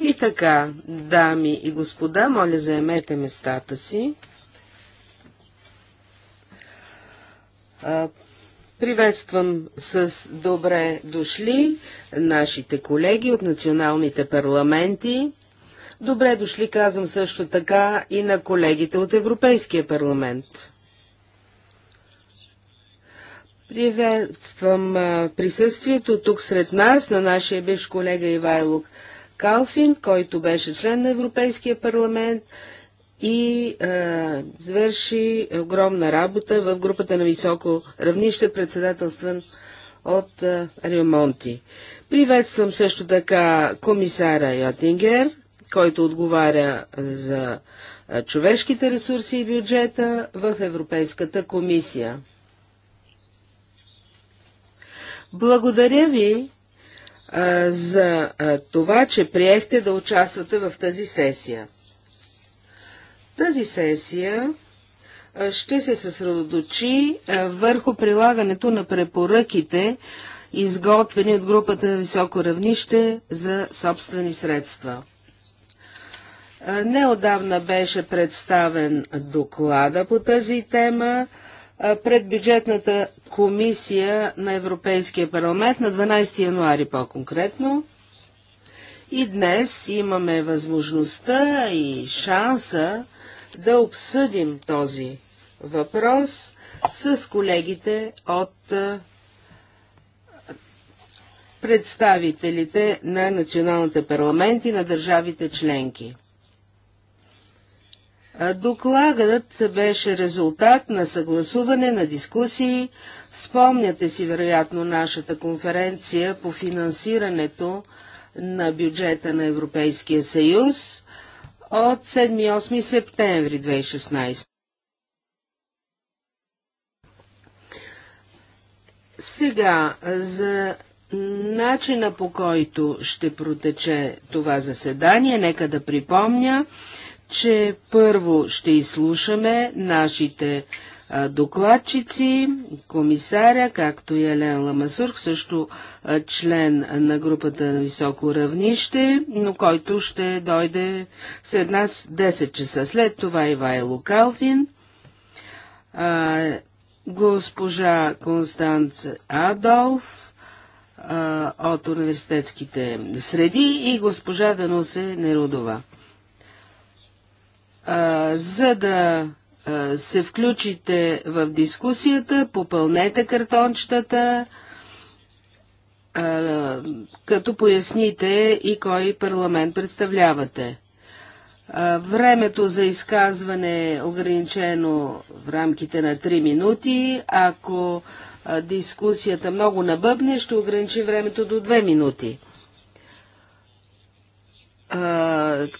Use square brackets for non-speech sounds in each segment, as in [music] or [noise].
И така, дами и господа, моля заемете местата си. Приветствам с добре дошли нашите колеги от националните парламенти. Добре дошли, казвам също така, и на колегите от Европейския парламент. Приветствам присъствието тук сред нас на нашия бивш колега Ивайлук Калфин, който беше член на Европейския парламент и е, завърши огромна работа в групата на високо равнище, председателстван от е, Риомонти. Приветствам също така комисара Йотингер, който отговаря за човешките ресурси и бюджета в Европейската комисия. Благодаря ви а, за а, това, че приехте да участвате в тази сесия. Тази сесия а, ще се съсредоточи върху прилагането на препоръките, изготвени от групата на високо равнище за собствени средства. Неодавна беше представен доклада по тази тема пред бюджетната комисия на Европейския парламент на 12 януари по-конкретно. И днес имаме възможността и шанса да обсъдим този въпрос с колегите от представителите на националните парламенти на държавите членки. Докладът беше резултат на съгласуване на дискусии. Спомняте си, вероятно, нашата конференция по финансирането на бюджета на Европейския съюз от 7-8 септември 2016. Сега, за начина по който ще протече това заседание, нека да припомня, че първо ще изслушаме нашите докладчици, комисаря, както и Елен Ламасурх, също член на групата на високо равнище, но който ще дойде след нас в 10 часа. След това Ивайло Калфин, госпожа Констанц Адолф от университетските среди и госпожа Данусе Нерудова за да се включите в дискусията, попълнете картончетата, като поясните и кой парламент представлявате. Времето за изказване е ограничено в рамките на 3 минути. Ако дискусията много набъбне, ще ограничи времето до 2 минути.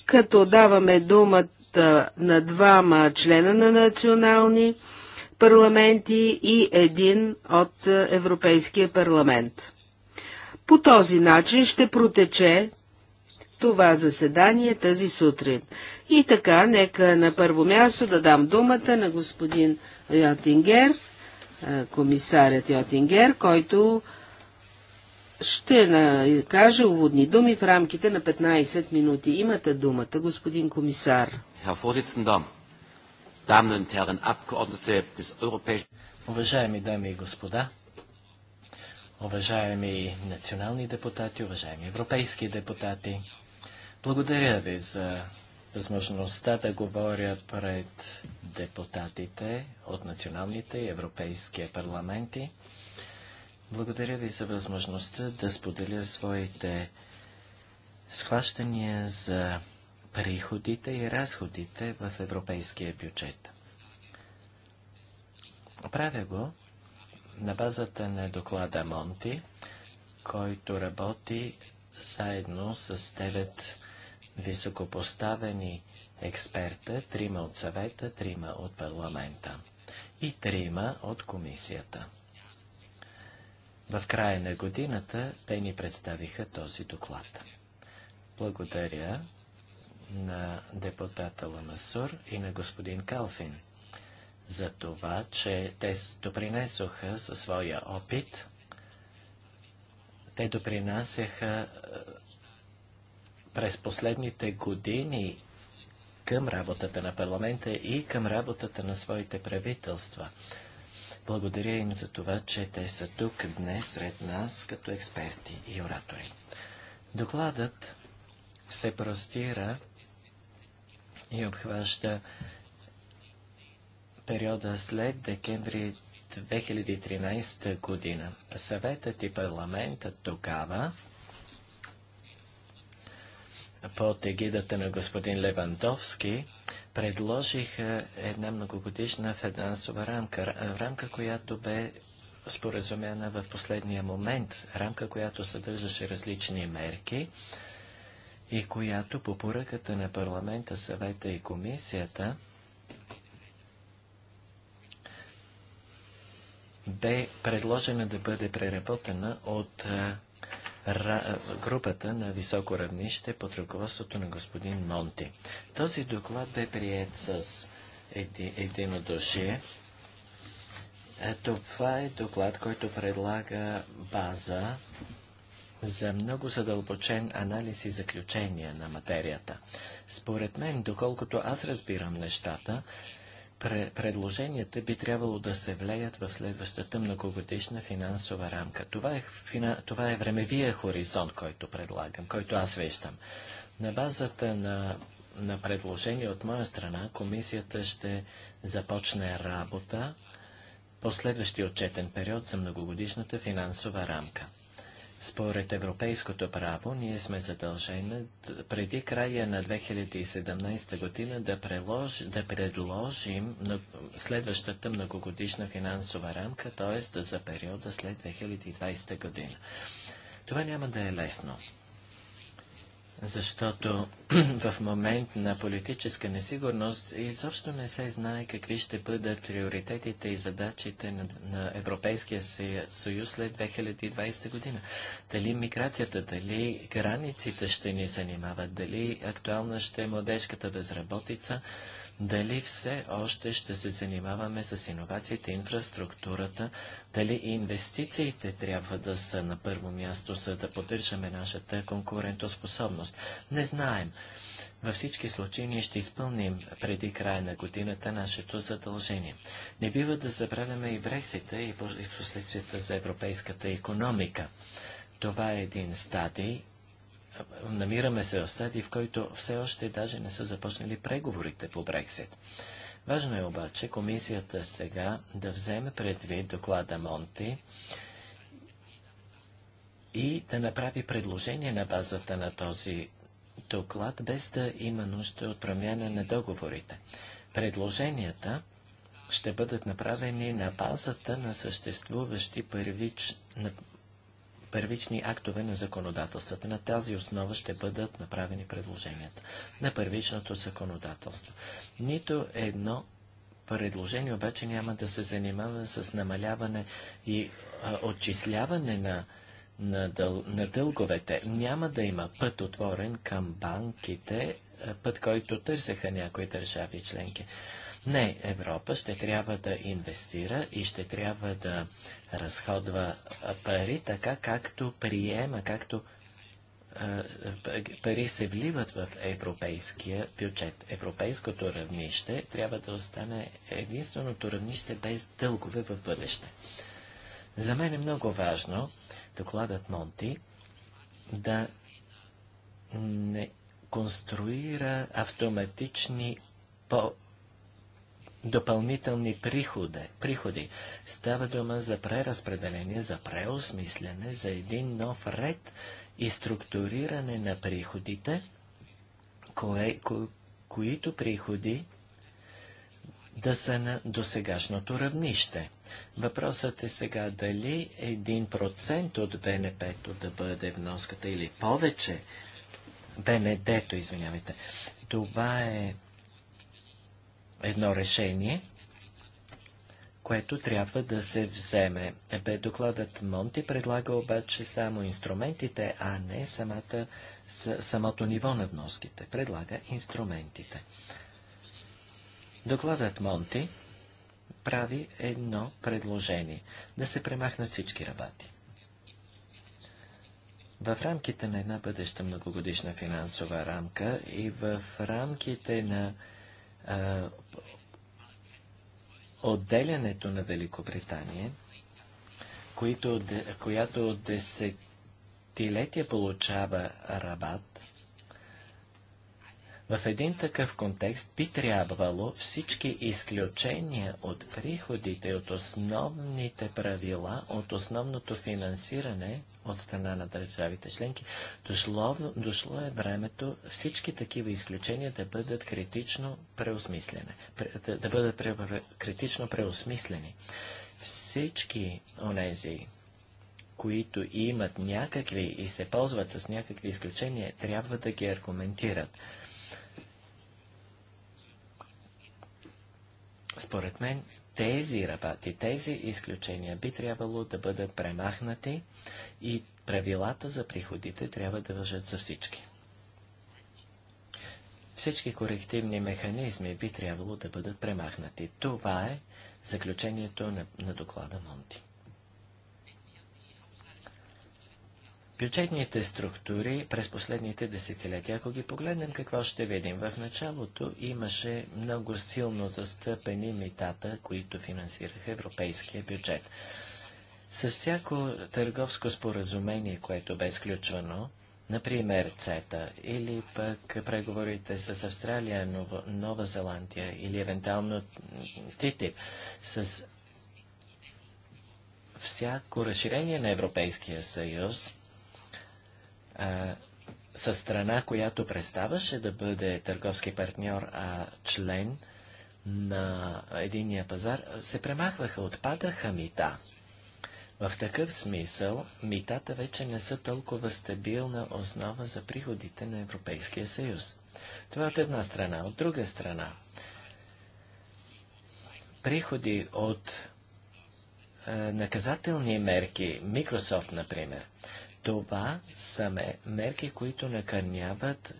Като даваме думата на двама члена на национални парламенти и един от Европейския парламент. По този начин ще протече това заседание тази сутрин. И така, нека на първо място да дам думата на господин Йотингер, комисарят Йотингер, който ще каже уводни думи в рамките на 15 минути. Имате думата, господин комисар. Herr Vorsitzender, Damen und Herren Abgeordnete des Europäischen Уважаеми дами и господа, уважаеми национални депутати, уважаеми европейски депутати, благодаря ви за възможността да говоря пред депутатите от националните и европейския парламенти. Благодаря ви за възможността да споделя своите схващания за приходите и разходите в европейския бюджет. Правя го на базата на доклада Монти, който работи заедно с девет високопоставени експерта, трима от съвета, трима от парламента и трима от комисията. В края на годината те ни представиха този доклад. Благодаря на депутата Ламасур и на господин Калфин за това, че те допринесоха със своя опит, те допринасяха е, през последните години към работата на парламента и към работата на своите правителства. Благодаря им за това, че те са тук днес сред нас като експерти и оратори. Докладът се простира и обхваща периода след декември 2013 година. Съветът и парламентът тогава под егидата на господин Левандовски предложиха една многогодишна финансова рамка, рамка, която бе споразумена в последния момент, рамка, която съдържаше различни мерки, и която по поръката на парламента, съвета и комисията бе предложена да бъде преработена от групата на високо равнище под ръководството на господин Монти. Този доклад бе прият с еди, единодушие. Е, това е доклад, който предлага база за много задълбочен анализ и заключение на материята. Според мен, доколкото аз разбирам нещата, предложенията би трябвало да се влеят в следващата многогодишна финансова рамка. Това е, фина... това е времевия хоризонт, който предлагам, който аз виждам. На базата на, на предложение от моя страна, комисията ще започне работа по следващия отчетен период за многогодишната финансова рамка. Според европейското право, ние сме задължени преди края на 2017 година да, прелож, да предложим следващата многогодишна финансова рамка, т.е. за периода след 2020 година. Това няма да е лесно защото [clears throat] в момент на политическа несигурност изобщо не се знае какви ще бъдат приоритетите и задачите на, на Европейския съюз след 2020 година. Дали миграцията, дали границите ще ни занимават, дали актуална ще е младежката безработица дали все още ще се занимаваме с иновациите, инфраструктурата, дали инвестициите трябва да са на първо място, за да поддържаме нашата конкурентоспособност. Не знаем. Във всички случаи ние ще изпълним преди края на годината нашето задължение. Не бива да забравяме и Брексита и последствията за европейската економика. Това е един стадий, намираме се в стадий, в който все още даже не са започнали преговорите по Брексит. Важно е обаче комисията сега да вземе предвид доклада Монти и да направи предложение на базата на този доклад, без да има нужда от промяна на договорите. Предложенията ще бъдат направени на базата на съществуващи първич, на първични актове на законодателствата. На тази основа ще бъдат направени предложенията на първичното законодателство. Нито едно предложение обаче няма да се занимава с намаляване и а, отчисляване на, на, дъл, на дълговете. Няма да има път отворен към банките, път, който търсеха някои държави членки. Не, Европа ще трябва да инвестира и ще трябва да разходва пари така, както приема, както пари се вливат в европейския бюджет. Европейското равнище трябва да остане единственото равнище без дългове в бъдеще. За мен е много важно докладът Монти да не конструира автоматични допълнителни приходи. приходи. Става дума за преразпределение, за преосмислене, за един нов ред и структуриране на приходите, кое, ко, които приходи да са на досегашното равнище. Въпросът е сега дали един процент от БНП-то да бъде вноската или повече БНД-то, извинявайте. Това е едно решение, което трябва да се вземе. Бе докладът Монти предлага обаче само инструментите, а не самата, самото ниво на вноските. Предлага инструментите. Докладът Монти прави едно предложение – да се премахнат всички работи. В рамките на една бъдеща многогодишна финансова рамка и в рамките на отделянето на Великобритания, които, която от десетилетия получава рабат, в един такъв контекст би трябвало всички изключения от приходите, от основните правила, от основното финансиране от страна на държавите членки, дошло, дошло е времето всички такива изключения да бъдат критично преосмислени. Да, бъдат пре, критично преосмислени. Всички онези, които имат някакви и се ползват с някакви изключения, трябва да ги аргументират. Според мен тези работи, тези изключения би трябвало да бъдат премахнати и правилата за приходите трябва да въжат за всички. Всички корективни механизми би трябвало да бъдат премахнати. Това е заключението на, на доклада Монти. бюджетните структури през последните десетилетия. Ако ги погледнем, какво ще видим? В началото имаше много силно застъпени митата, които финансираха европейския бюджет. С всяко търговско споразумение, което бе сключвано, например ЦЕТА, или пък преговорите с Австралия, Нова, Нова Зеландия, или евентуално ТИТИП, с всяко разширение на Европейския съюз, със страна, която представаше да бъде търговски партньор, а член на единия пазар, се премахваха, отпадаха мита. В такъв смисъл, митата вече не са толкова стабилна основа за приходите на Европейския съюз. Това е от една страна. От друга страна, приходи от е, наказателни мерки, Microsoft, например, това са мерки, които накърняват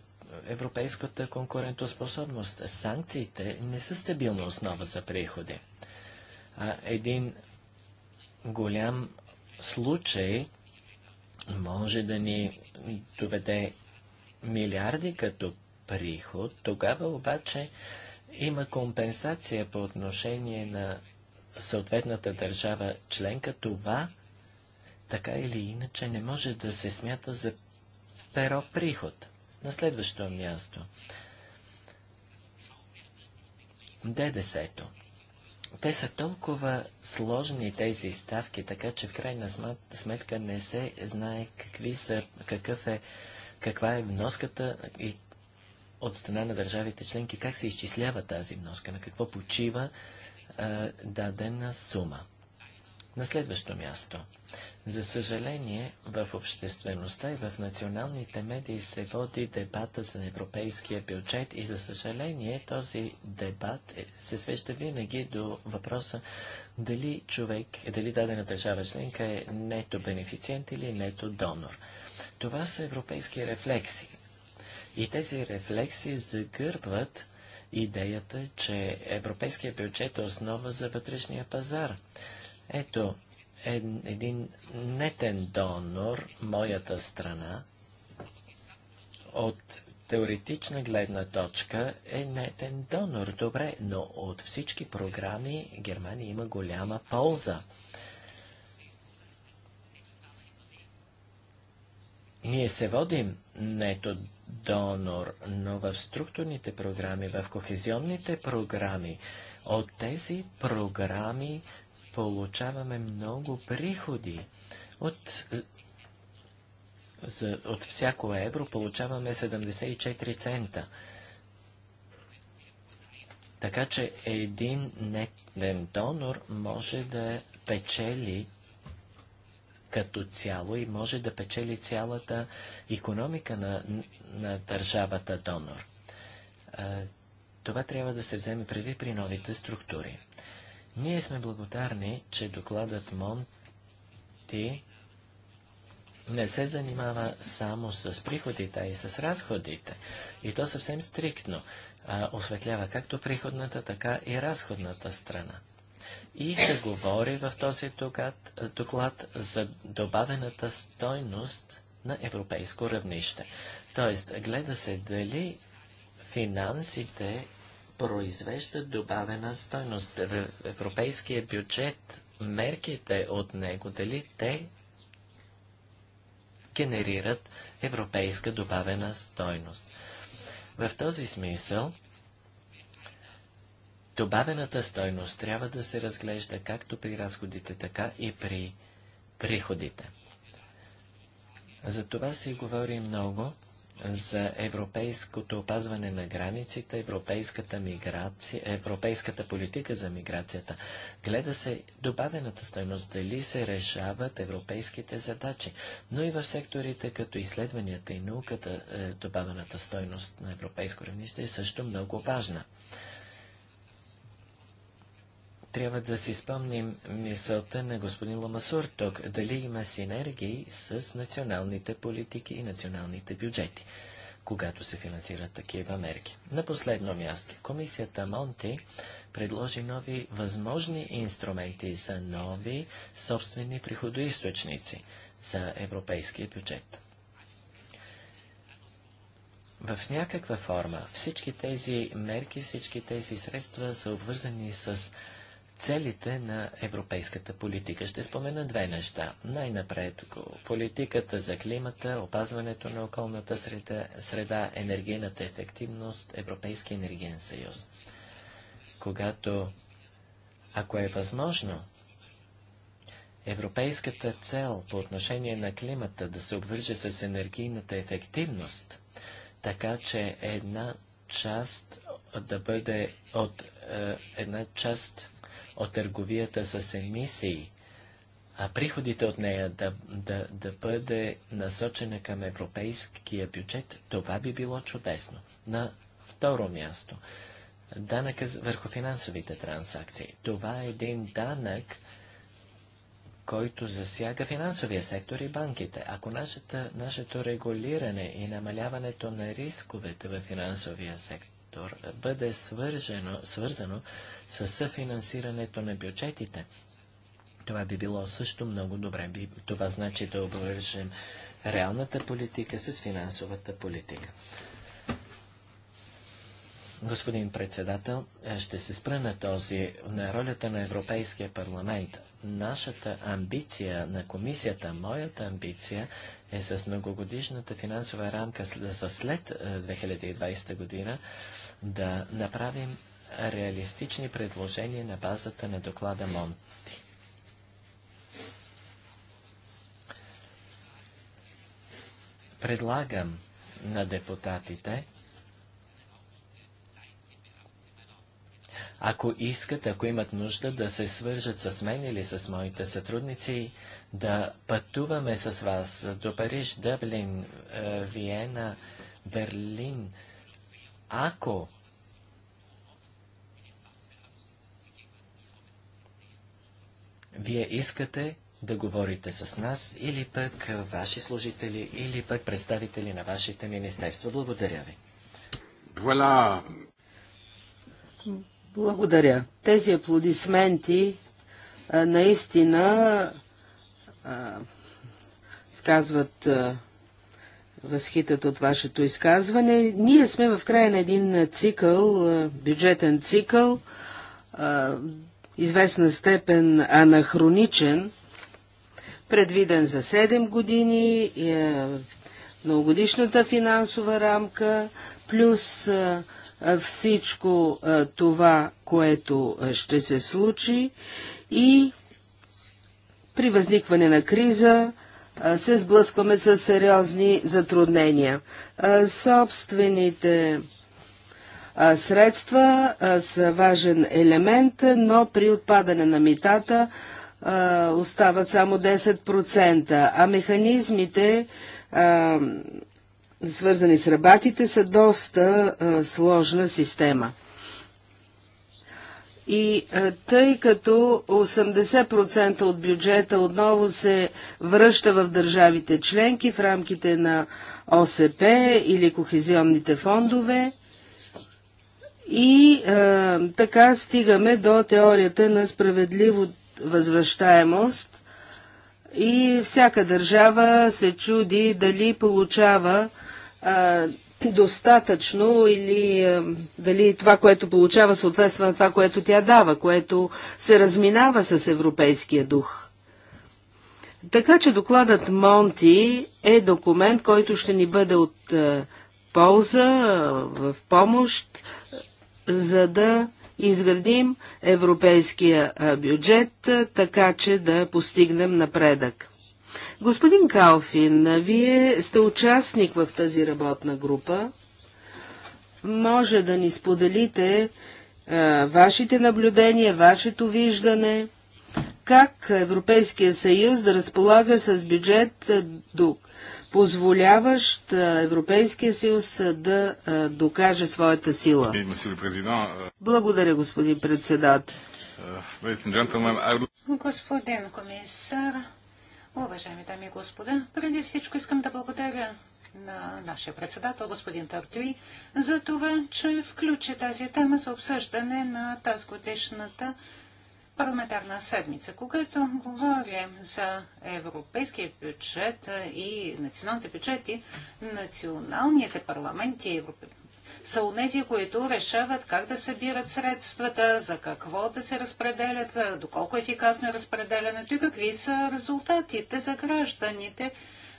европейската конкурентоспособност. Санкциите не са стабилна основа за приходи. А един голям случай може да ни доведе милиарди като приход, тогава обаче има компенсация по отношение на съответната държава членка. Това така или иначе не може да се смята за перо приход. На следващото място. ДДС. -то. Те са толкова сложни тези ставки, така че в крайна сметка не се знае какви са, какъв е, каква е вноската и от страна на държавите членки, как се изчислява тази вноска, на какво почива дадена сума. На следващо място. За съжаление, в обществеността и в националните медии се води дебата за европейския бюджет и за съжаление този дебат е- се свежда винаги до въпроса дали човек, дали дадена държава членка е нето бенефициент или нето донор. Това са европейски рефлекси. И тези рефлекси загърбват идеята, че европейския бюджет е основа за вътрешния пазар. Ето, ед, един нетен донор, моята страна, от теоретична гледна точка е нетен донор. Добре, но от всички програми Германия има голяма полза. Ние се водим нето донор, но в структурните програми, в кохезионните програми, от тези програми получаваме много приходи. От, за, от всяко евро получаваме 74 цента. Така че един нетен донор може да печели като цяло и може да печели цялата економика на, на държавата донор. това трябва да се вземе преди при новите структури. Ние сме благодарни, че докладът Монти не се занимава само с приходите, а и с разходите. И то съвсем стриктно а, осветлява както приходната, така и разходната страна. И се говори в този доклад, доклад за добавената стойност на европейско равнище. Тоест, гледа се дали финансите произвеждат добавена стойност. Е, в европейския бюджет, мерките от него, дали те генерират европейска добавена стойност. В този смисъл, добавената стойност трябва да се разглежда както при разходите, така и при приходите. За това се говори много за европейското опазване на границите, европейската миграция, европейската политика за миграцията. Гледа се добавената стойност, дали се решават европейските задачи, но и в секторите като изследванията и науката, е, добавената стойност на европейско равнище е също много важна трябва да си спомним мисълта на господин Ламасур тук, дали има синергии с националните политики и националните бюджети, когато се финансират такива мерки. На последно място, комисията Монти предложи нови възможни инструменти за нови собствени приходоисточници за европейския бюджет. В някаква форма всички тези мерки, всички тези средства са обвързани с целите на европейската политика. Ще спомена две неща. Най-напред политиката за климата, опазването на околната среда, среда енергийната ефективност, Европейски енергиен съюз. Когато, ако е възможно, европейската цел по отношение на климата да се обвърже с енергийната ефективност, така че една част да бъде от е, една част от търговията с емисии, а приходите от нея да, да, да бъде насочена към европейския бюджет, това би било чудесно. На второ място, Данък върху финансовите транзакции. Това е един данък, който засяга финансовия сектор и банките. Ако нашата, нашето регулиране и намаляването на рисковете в финансовия сектор сектор бъде свържено, свързано с съфинансирането на бюджетите. Това би било също много добре. това значи да обвържем реалната политика с финансовата политика. Господин председател, ще се спра на този, на ролята на Европейския парламент. Нашата амбиция на комисията, моята амбиция е с многогодишната финансова рамка за след 2020 е, година да направим реалистични предложения на базата на доклада Монти. Предлагам на депутатите Ако искат, ако имат нужда да се свържат с мен или с моите сътрудници, да пътуваме с вас до Париж, Дъблин, е, Виена, Берлин. Ако вие искате да говорите с нас или пък ваши служители или пък представители на вашите министерства. Благодаря ви. Voilà. Благодаря. Тези аплодисменти а, наистина а, сказват а, възхитът от вашето изказване. Ние сме в края на един цикъл, а, бюджетен цикъл, а, известна степен анахроничен, предвиден за 7 години, а, е, многогодишната финансова рамка, плюс а, всичко това, което ще се случи и при възникване на криза се сблъскваме с сериозни затруднения. Собствените средства са важен елемент, но при отпадане на митата остават само 10%, а механизмите свързани с работите са доста а, сложна система. И а, тъй като 80% от бюджета отново се връща в държавите членки в рамките на ОСП или кохезионните фондове, и а, така стигаме до теорията на справедливо възвръщаемост, и всяка държава се чуди дали получава а, достатъчно или а, дали това, което получава, съответства на това, което тя дава, което се разминава с европейския дух. Така че докладът Монти е документ, който ще ни бъде от а, полза, в помощ, за да изградим европейския бюджет, така че да постигнем напредък. Господин Калфин, вие сте участник в тази работна група. Може да ни споделите а, е, вашите наблюдения, вашето виждане, как Европейския съюз да разполага с бюджет е, до позволяващ е, Европейския съюз да докаже своята сила. Благодаря, господин председател. Господин комисар, Уважаеми дами и господа, преди всичко искам да благодаря на нашия председател, господин Тартюи, за това, че включи тази тема за обсъждане на тази годишната парламентарна седмица. Когато говорим за европейския бюджет и националните бюджети, националните парламенти, европейски са онези, които решават как да събират средствата, за какво да се разпределят, доколко е ефикасно е разпределянето и какви са резултатите за гражданите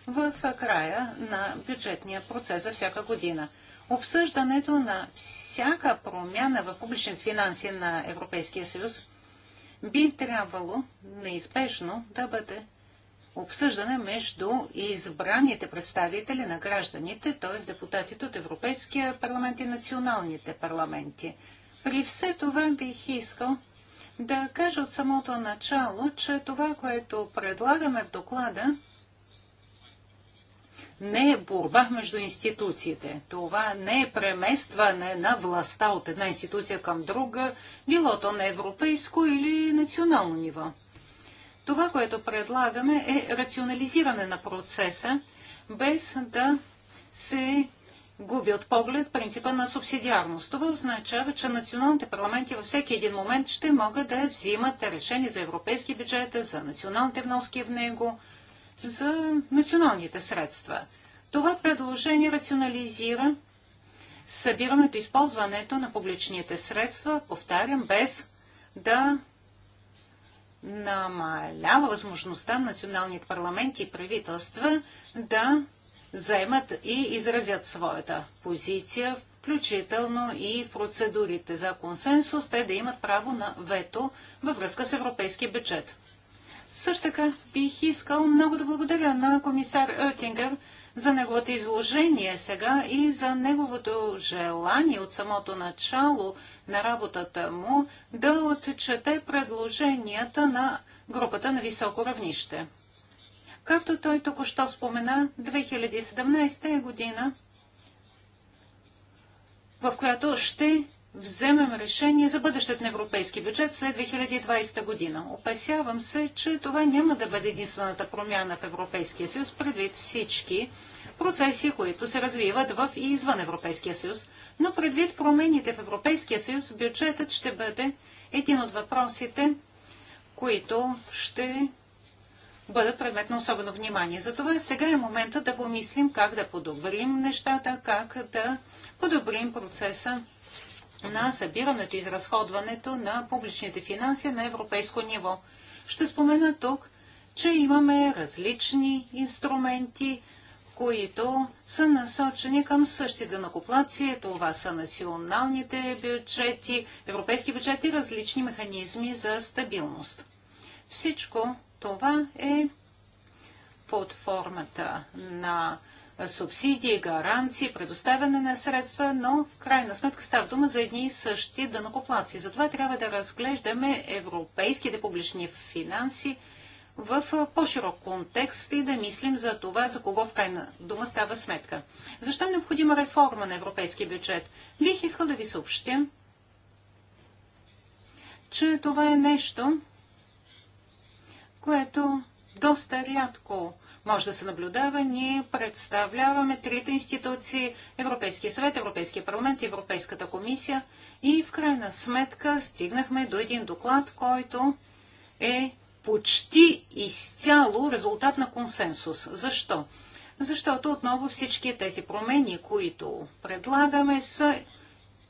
в края на бюджетния процес за всяка година. Обсъждането на всяка промяна в публичните финанси на Европейския съюз би трябвало неизбежно да бъде обсъждане между избраните представители на гражданите, т.е. депутатите от Европейския парламент и националните парламенти. При все това бих искал да кажа от самото начало, че това, което предлагаме в доклада, не е борба между институциите. Това не е преместване на властта от една институция към друга, било то на европейско или национално ниво. Това, което предлагаме е рационализиране на процеса, без да се губи от поглед принципа на субсидиарност. Това означава, че националните парламенти във всеки един момент ще могат да взимат решения за европейски бюджет, за националните вноски в него, за националните средства. Това предложение рационализира събирането и използването на публичните средства, повтарям, без да намалява възможността на националните парламент и правителства да заемат и изразят своята позиция, включително и в процедурите за консенсус, те да имат право на вето във връзка с европейския бюджет. Също така бих искал много да благодаря на комисар Оттингер за неговото изложение сега и за неговото желание от самото начало на работата му да отчете предложенията на групата на високо равнище. Както той току-що спомена, 2017 е година, в която ще вземем решение за бъдещето на европейски бюджет след 2020 година. Опасявам се, че това няма да бъде единствената промяна в Европейския съюз, предвид всички процеси, които се развиват в и извън Европейския съюз но предвид промените в Европейския съюз, бюджетът ще бъде един от въпросите, които ще бъдат предмет на особено внимание. Затова сега е момента да помислим как да подобрим нещата, как да подобрим процеса на събирането и изразходването на публичните финанси на европейско ниво. Ще спомена тук, че имаме различни инструменти които са насочени към същите накоплаци. Това са националните бюджети, европейски бюджети, различни механизми за стабилност. Всичко това е под формата на субсидии, гаранции, предоставяне на средства, но в крайна сметка става дума за едни и същи дънокоплаци. Затова трябва да разглеждаме европейските публични финанси – в по-широк контекст и да мислим за това, за кого в крайна дума става сметка. Защо е необходима реформа на европейския бюджет? Бих искал да ви съобщя, че това е нещо, което доста рядко може да се наблюдава. Ние представляваме трите институции Европейския съвет, Европейския парламент и Европейската комисия и в крайна сметка стигнахме до един доклад, който е почти изцяло резултат на консенсус. Защо? Защото отново всички тези промени, които предлагаме, са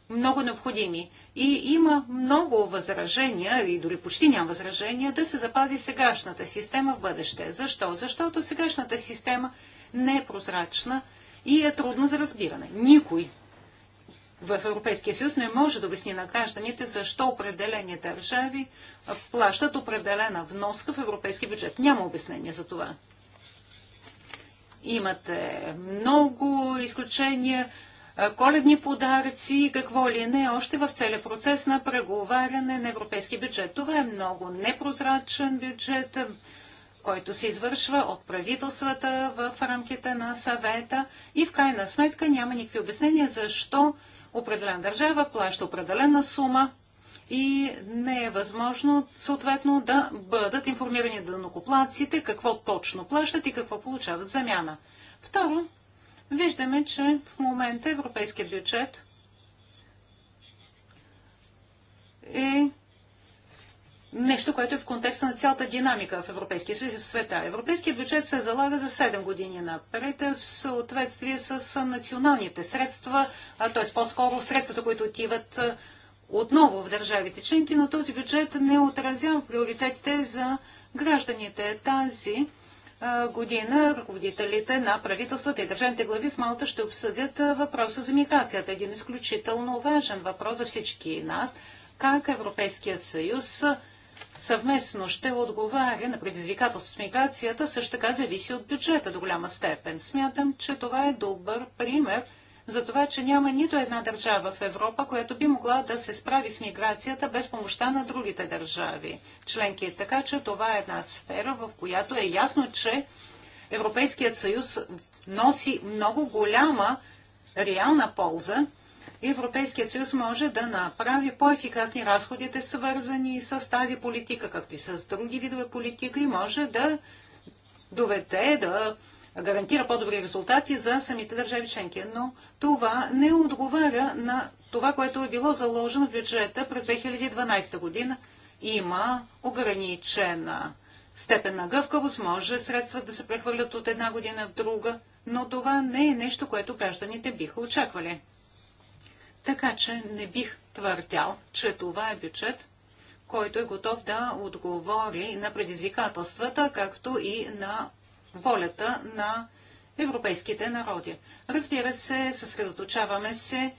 много необходими. И има много възражения, и дори почти няма възражения, да се запази сегашната система в бъдеще. Защо? Защото сегашната система не е прозрачна и е трудно за разбиране. Никой в Европейския съюз не може да обясни на гражданите защо определени държави плащат определена вноска в европейски бюджет. Няма обяснение за това. Имате много изключения, коледни подаръци, какво ли не, още в целия процес на преговаряне на европейски бюджет. Това е много непрозрачен бюджет, който се извършва от правителствата в рамките на съвета и в крайна сметка няма никакви обяснения защо определена държава плаща определена сума и не е възможно съответно да бъдат информирани данокоплаците какво точно плащат и какво получават замяна. Второ, виждаме, че в момента европейският бюджет е нещо, което е в контекста на цялата динамика в Европейския съюз и в света. Европейския бюджет се залага за 7 години напред в съответствие с националните средства, т.е. по-скоро средствата, които отиват отново в държавите членки, но този бюджет не отразява приоритетите за гражданите. Тази година ръководителите на правителствата и държавните глави в Малта ще обсъдят въпроса за миграцията. Един изключително важен въпрос за всички нас. Как Европейският съюз съвместно ще отговаря на предизвикателство с миграцията, също така зависи от бюджета до голяма степен. Смятам, че това е добър пример за това, че няма нито една държава в Европа, която би могла да се справи с миграцията без помощта на другите държави членки. Така че това е една сфера, в която е ясно, че Европейският съюз носи много голяма реална полза Европейският съюз може да направи по-ефикасни разходите, свързани с тази политика, както и с други видове политика, и може да доведе да гарантира по-добри резултати за самите държави членки. Но това не отговаря на това, което е било заложено в бюджета през 2012 година. Има ограничена степен на гъвкавост, може средства да се прехвърлят от една година в друга, но това не е нещо, което гражданите биха очаквали. Така че не бих твърдял, че това е бюджет, който е готов да отговори на предизвикателствата, както и на волята на европейските народи. Разбира се, съсредоточаваме се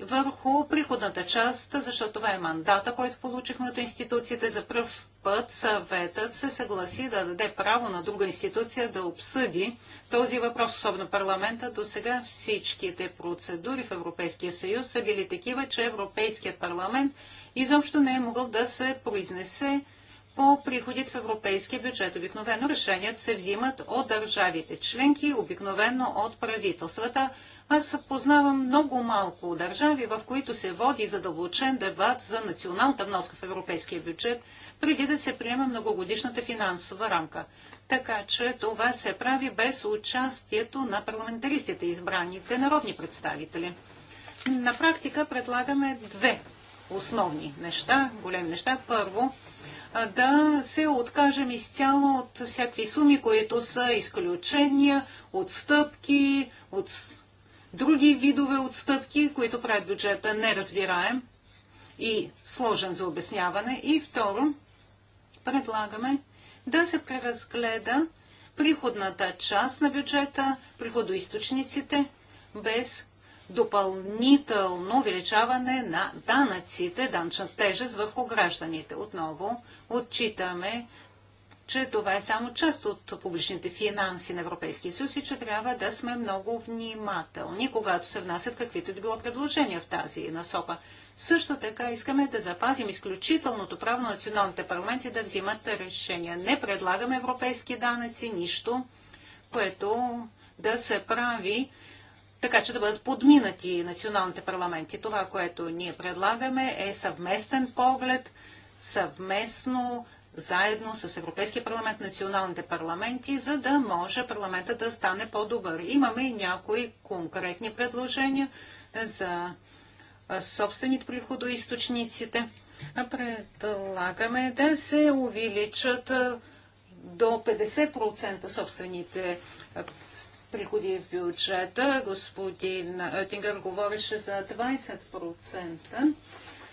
върху приходната част, защото това е мандата, който получихме от институциите за пръв път съветът се съгласи да даде право на друга институция да обсъди този въпрос, особено парламента. До сега всичките процедури в Европейския съюз са били такива, че Европейският парламент изобщо не е могъл да се произнесе по приходите в европейския бюджет. Обикновено решенията се взимат от държавите членки, обикновено от правителствата. Аз познавам много малко държави, в които се води задълбочен дебат за националната вноска в европейския бюджет преди да се приема многогодишната финансова рамка. Така че това се прави без участието на парламентаристите, избраните народни представители. На практика предлагаме две основни неща, големи неща. Първо, да се откажем изцяло от всякакви суми, които са изключения, отстъпки, от други видове отстъпки, които правят бюджета неразбираем и сложен за обясняване. И второ, предлагаме да се преразгледа приходната част на бюджета, приходоисточниците, без допълнително увеличаване на данъците, данъчна тежест върху гражданите. Отново отчитаме, че това е само част от публичните финанси на Европейския съюз и че трябва да сме много внимателни, когато се внасят каквито и да било предложения в тази насока. Също така искаме да запазим изключителното право на националните парламенти да взимат решения. Не предлагаме европейски данъци, нищо, което да се прави така че да бъдат подминати националните парламенти. Това, което ние предлагаме е съвместен поглед, съвместно, заедно с Европейския парламент, националните парламенти, за да може парламента да стане по-добър. Имаме и някои конкретни предложения за собствените приходоисточниците. Предлагаме да се увеличат до 50% собствените приходи в бюджета. Господин Тингър говореше за 20%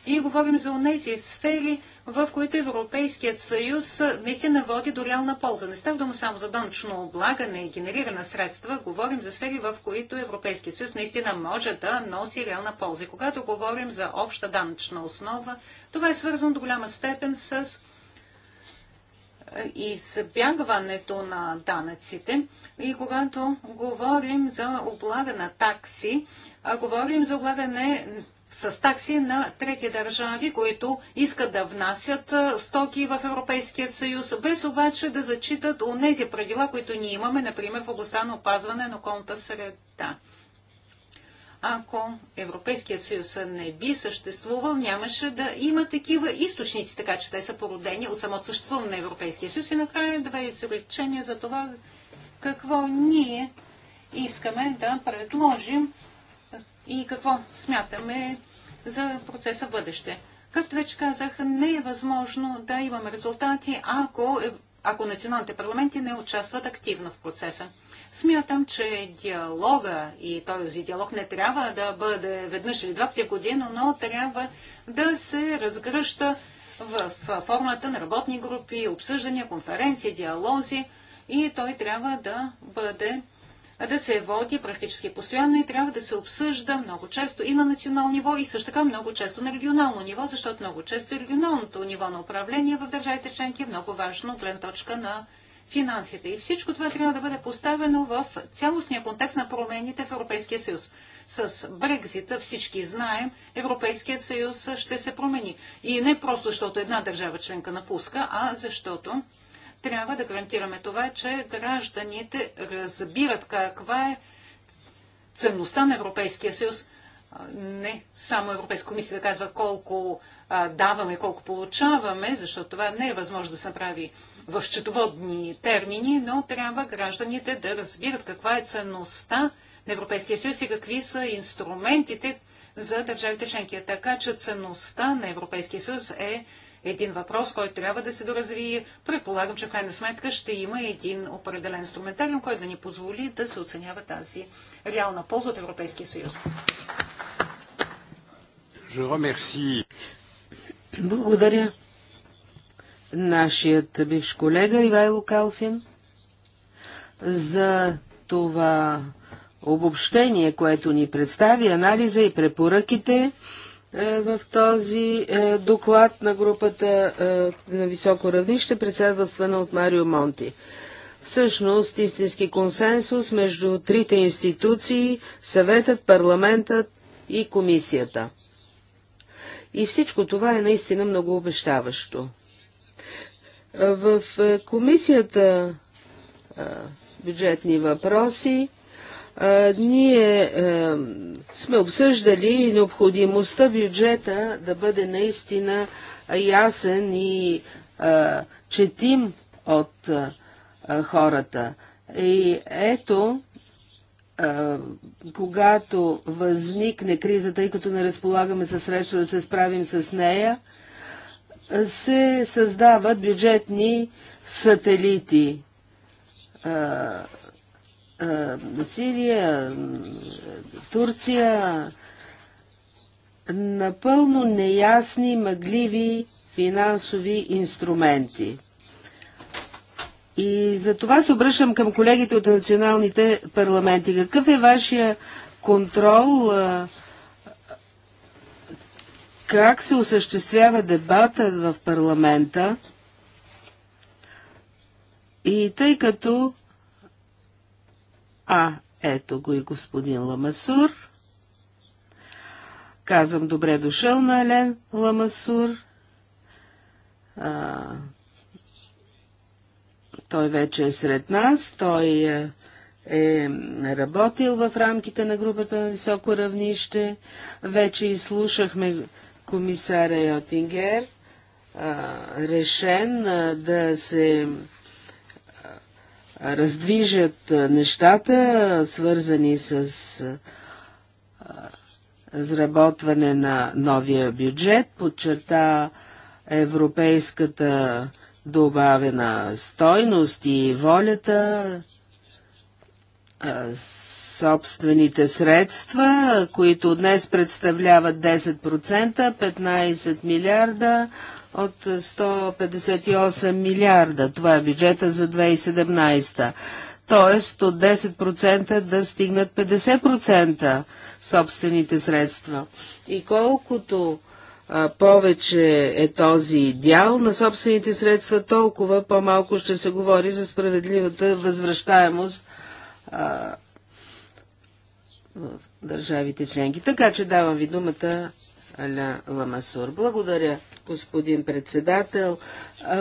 и говорим за онези сфери, в които Европейският съюз наистина води до реална полза. Не става дума само за данъчно облагане и генерирана средства, говорим за сфери, в които Европейският съюз наистина може да носи реална полза. И когато говорим за обща данъчна основа, това е свързано до голяма степен с избягването на данъците. И когато говорим за облага на такси, говорим за облагане с такси на трети държави, които искат да внасят стоки в Европейския съюз, без обаче да зачитат онези правила, които ние имаме, например в областта на опазване на околната среда. Ако Европейският съюз не би съществувал, нямаше да има такива източници, така че те са породени от самото съществуване на Европейския съюз. И накрая две изречения за това какво ние искаме да предложим и какво смятаме за процеса бъдеще. Както вече казах, не е възможно да имаме резултати, ако, е, ако националните парламенти не участват активно в процеса. Смятам, че диалога и този диалог не трябва да бъде веднъж или два пъти година, но трябва да се разгръща в формата на работни групи, обсъждания, конференции, диалози и той трябва да бъде да се води практически постоянно и трябва да се обсъжда много често и на национално ниво, и също така много често на регионално ниво, защото много често е регионалното ниво на управление в държавите членки е много важно от гледна точка на финансите. И всичко това трябва да бъде поставено в цялостния контекст на промените в Европейския съюз. С Брекзита всички знаем, Европейският съюз ще се промени. И не просто защото една държава членка напуска, а защото трябва да гарантираме това, че гражданите разбират каква е ценността на Европейския съюз. Не само Европейска комисия да казва колко даваме, колко получаваме, защото това не е възможно да се направи в счетоводни термини, но трябва гражданите да разбират каква е ценността на Европейския съюз и какви са инструментите за държавите членки. Така че ценността на Европейския съюз е един въпрос, който трябва да се доразвие. Предполагам, че в крайна сметка ще има един определен инструментариум, който да ни позволи да се оценява тази реална полза от Европейския съюз. Благодаря. Нашият бивш колега Ивайло Калфин за това обобщение, което ни представи, анализа и препоръките. Е, в този е, доклад на групата е, на високо равнище, председателствана от Марио Монти. Всъщност, истински консенсус между трите институции – съветът, парламентът и комисията. И всичко това е наистина много обещаващо. В комисията бюджетни въпроси ние е, сме обсъждали необходимостта бюджета да бъде наистина ясен и четим от хората. И ето, когато възникне криза, тъй като не разполагаме със средства да се справим с нея, се създават бюджетни сателити Сирия, Турция, напълно неясни, мъгливи финансови инструменти. И за това се обръщам към колегите от националните парламенти. Какъв е вашия контрол? Как се осъществява дебата в парламента? И тъй като а, ето го и господин Ламасур. Казвам добре дошъл на Елен Ламасур. А, той вече е сред нас. Той е, е работил в рамките на групата на високо равнище. Вече изслушахме комисаря Йотингер, а, решен а, да се раздвижат нещата, свързани с разработване на новия бюджет, подчерта европейската добавена стойност и волята, собствените средства, които днес представляват 10%, 15 милиарда, от 158 милиарда. Това е бюджета за 2017. Тоест от 10% да стигнат 50% собствените средства. И колкото а, повече е този дял на собствените средства, толкова по-малко ще се говори за справедливата възвръщаемост а, в държавите членки. Така че давам ви думата Аля Ламасур. Благодаря, господин председател.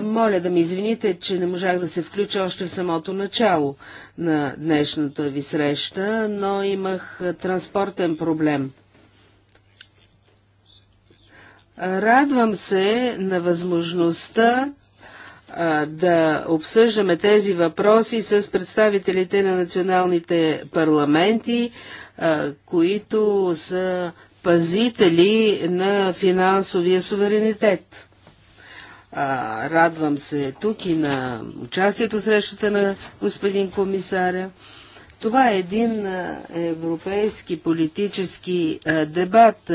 Моля да ми извините, че не можах да се включа още в самото начало на днешната ви среща, но имах транспортен проблем. Радвам се на възможността да обсъждаме тези въпроси с представителите на националните парламенти, които са пазители на финансовия суверенитет. А, радвам се тук и на участието в срещата на господин комисаря. Това е един европейски политически дебат.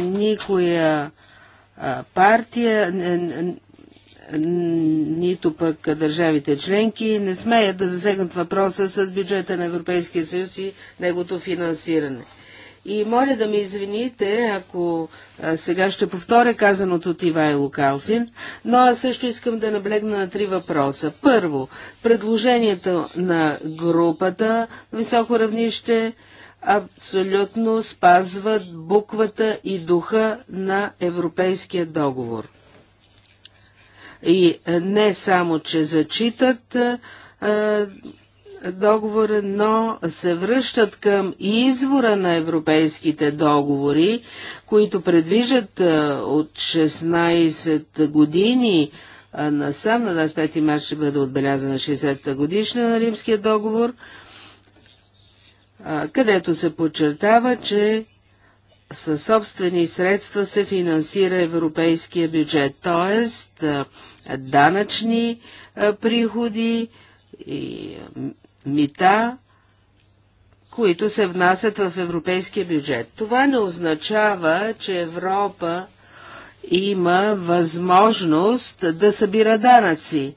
никоя партия, нито пък държавите членки не смеят да засегнат въпроса с бюджета на Европейския съюз и негото финансиране. И моля да ме извините, ако а, сега ще повторя казаното от Ивайло Калфин, но аз също искам да наблегна на три въпроса. Първо, предложението на групата високо равнище абсолютно спазват буквата и духа на Европейския договор. И не само, че зачитат а, договора, но се връщат към извора на европейските договори, които предвижат от 16 години насам, на 25 марта ще бъде отбелязана 60-та годишна на Римския договор, където се подчертава, че със собствени средства се финансира европейския бюджет, т.е. данъчни приходи и мита, които се внасят в европейския бюджет. Това не означава, че Европа има възможност да събира данъци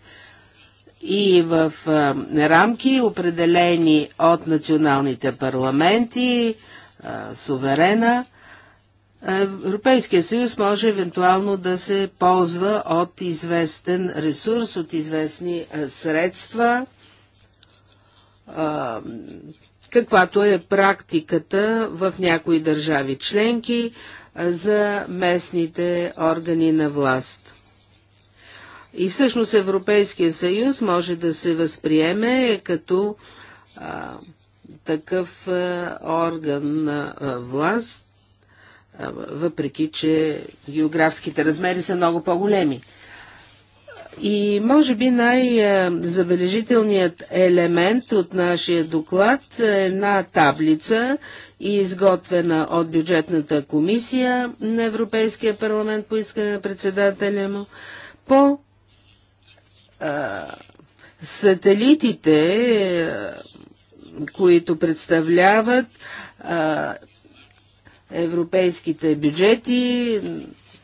и в а, рамки, определени от националните парламенти, а, суверена, Европейския съюз може евентуално да се ползва от известен ресурс, от известни а, средства каквато е практиката в някои държави членки за местните органи на власт. И всъщност Европейския съюз може да се възприеме като а, такъв а, орган на власт, а, въпреки че географските размери са много по-големи. И може би най-забележителният елемент от нашия доклад е една таблица, изготвена от бюджетната комисия на Европейския парламент по искане на председателя му, по а, сателитите, които представляват а, европейските бюджети,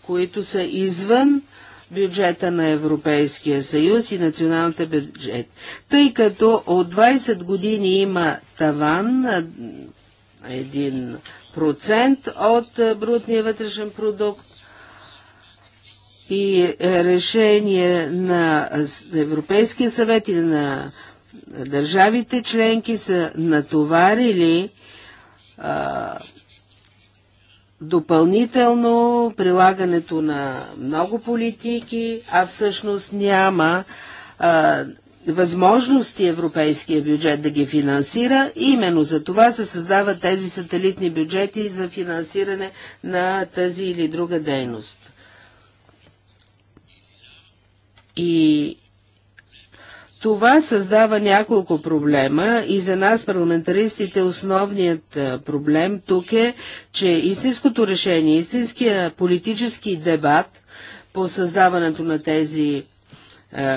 които са извън бюджета на Европейския съюз и националните бюджет. Тъй като от 20 години има таван, един процент от брутния вътрешен продукт, и решение на Европейския съвет и на държавите членки са натоварили а, допълнително прилагането на много политики, а всъщност няма а, възможности европейския бюджет да ги финансира. Именно за това се създават тези сателитни бюджети за финансиране на тази или друга дейност. И това създава няколко проблема и за нас парламентаристите основният проблем тук е, че истинското решение, истинския политически дебат по създаването на тези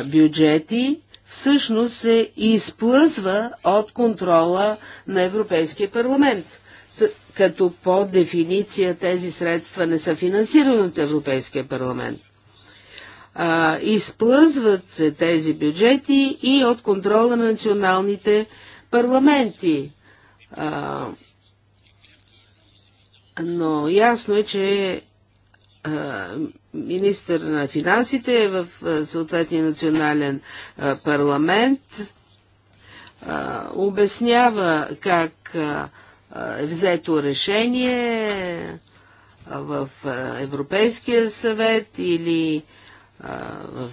бюджети всъщност се изплъзва от контрола на Европейския парламент като по дефиниция тези средства не са финансирани от Европейския парламент. А, изплъзват се тези бюджети и от контрола на националните парламенти. А, но ясно е, че а, министър на финансите е в съответния национален а, парламент а, обяснява как а, е взето решение в Европейския съвет или в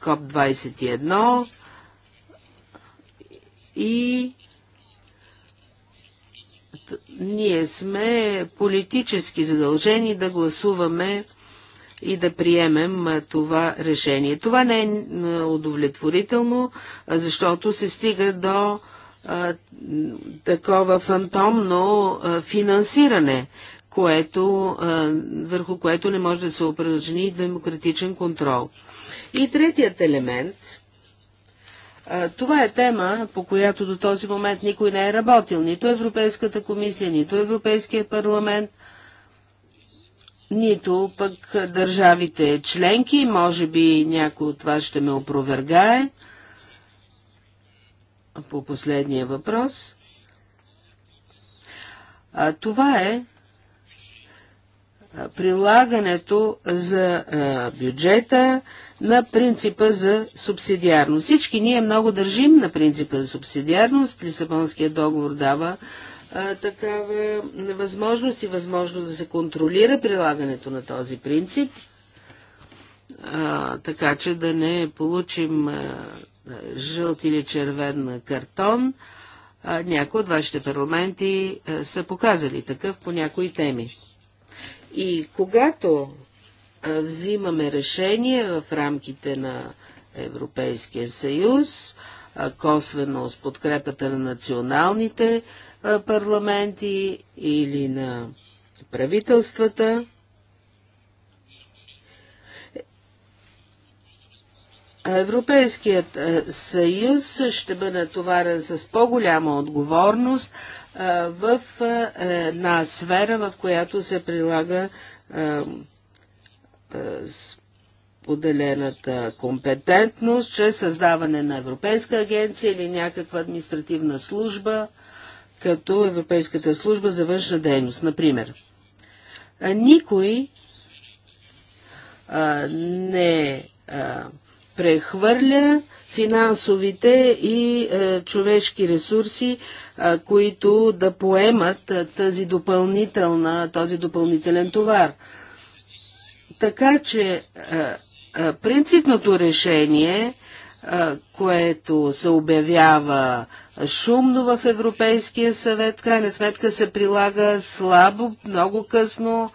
КОП-21 и ние сме политически задължени да гласуваме и да приемем това решение. Това не е удовлетворително, защото се стига до такова фантомно финансиране, което, върху което не може да се упражни демократичен контрол. И третият елемент – това е тема, по която до този момент никой не е работил. Нито Европейската комисия, нито Европейския парламент, нито пък държавите членки. Може би някой от вас ще ме опровергае по последния въпрос. А, това е прилагането за бюджета на принципа за субсидиарност. Всички ние много държим на принципа за субсидиарност. Лисабонския договор дава такава възможност и възможност да се контролира прилагането на този принцип, а, така че да не получим а, жълт или червен картон. Някои от вашите парламенти са показали такъв по някои теми. И когато взимаме решение в рамките на Европейския съюз, косвено с подкрепата на националните парламенти или на правителствата, Европейският съюз ще бъде натоварен с по-голяма отговорност, в една сфера, в която се прилага поделената компетентност, чрез създаване на Европейска агенция или някаква административна служба, като Европейската служба за външна дейност, например. Никой а, не а, прехвърля финансовите и е, човешки ресурси, е, които да поемат е, тази допълнителна, този допълнителен товар. Така че принципното решение, което се обявява шумно в Европейския съвет, в крайна сметка се прилага слабо, много късно,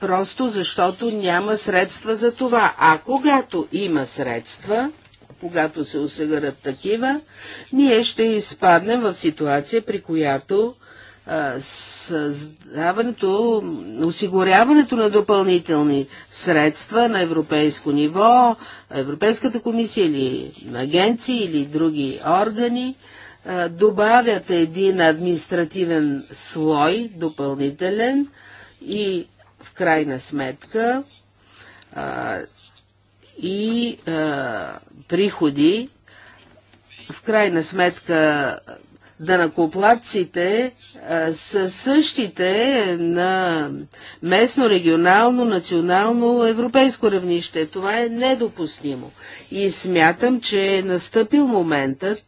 просто защото няма средства за това. А когато има средства, когато се осъгърят такива, ние ще изпаднем в ситуация, при която създаването, осигуряването на допълнителни средства на европейско ниво, Европейската комисия или агенции или други органи, добавят един административен слой допълнителен и в крайна сметка и приходи, в крайна сметка данакоплатците са същите на местно, регионално, национално, европейско равнище. Това е недопустимо. И смятам, че е настъпил моментът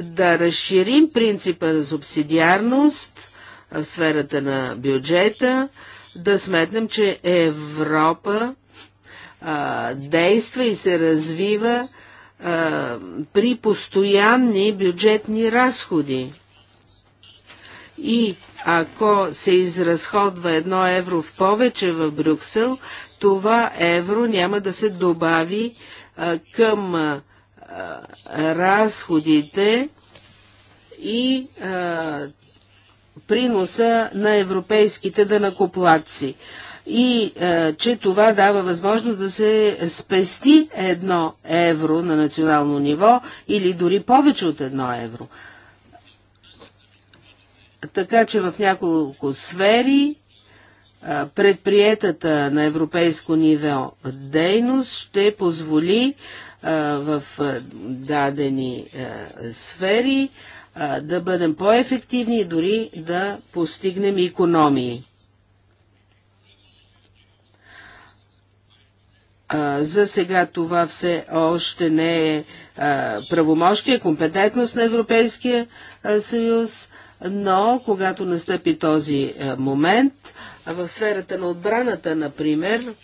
да разширим принципа на субсидиарност в сферата на бюджета, да сметнем, че Европа а, действа и се развива а, при постоянни бюджетни разходи. И ако се изразходва едно евро в повече в Брюксел, това евро няма да се добави а, към а, разходите и а, приноса на европейските данакоплатци и е, че това дава възможност да се спести едно евро на национално ниво или дори повече от едно евро. Така че в няколко сфери е, предприетата на европейско ниво дейност ще позволи е, в е, дадени сфери да бъдем по-ефективни и дори да постигнем економии. за сега това все още не е правомощие, компетентност на Европейския съюз, но когато настъпи този момент, в сферата на отбраната, например,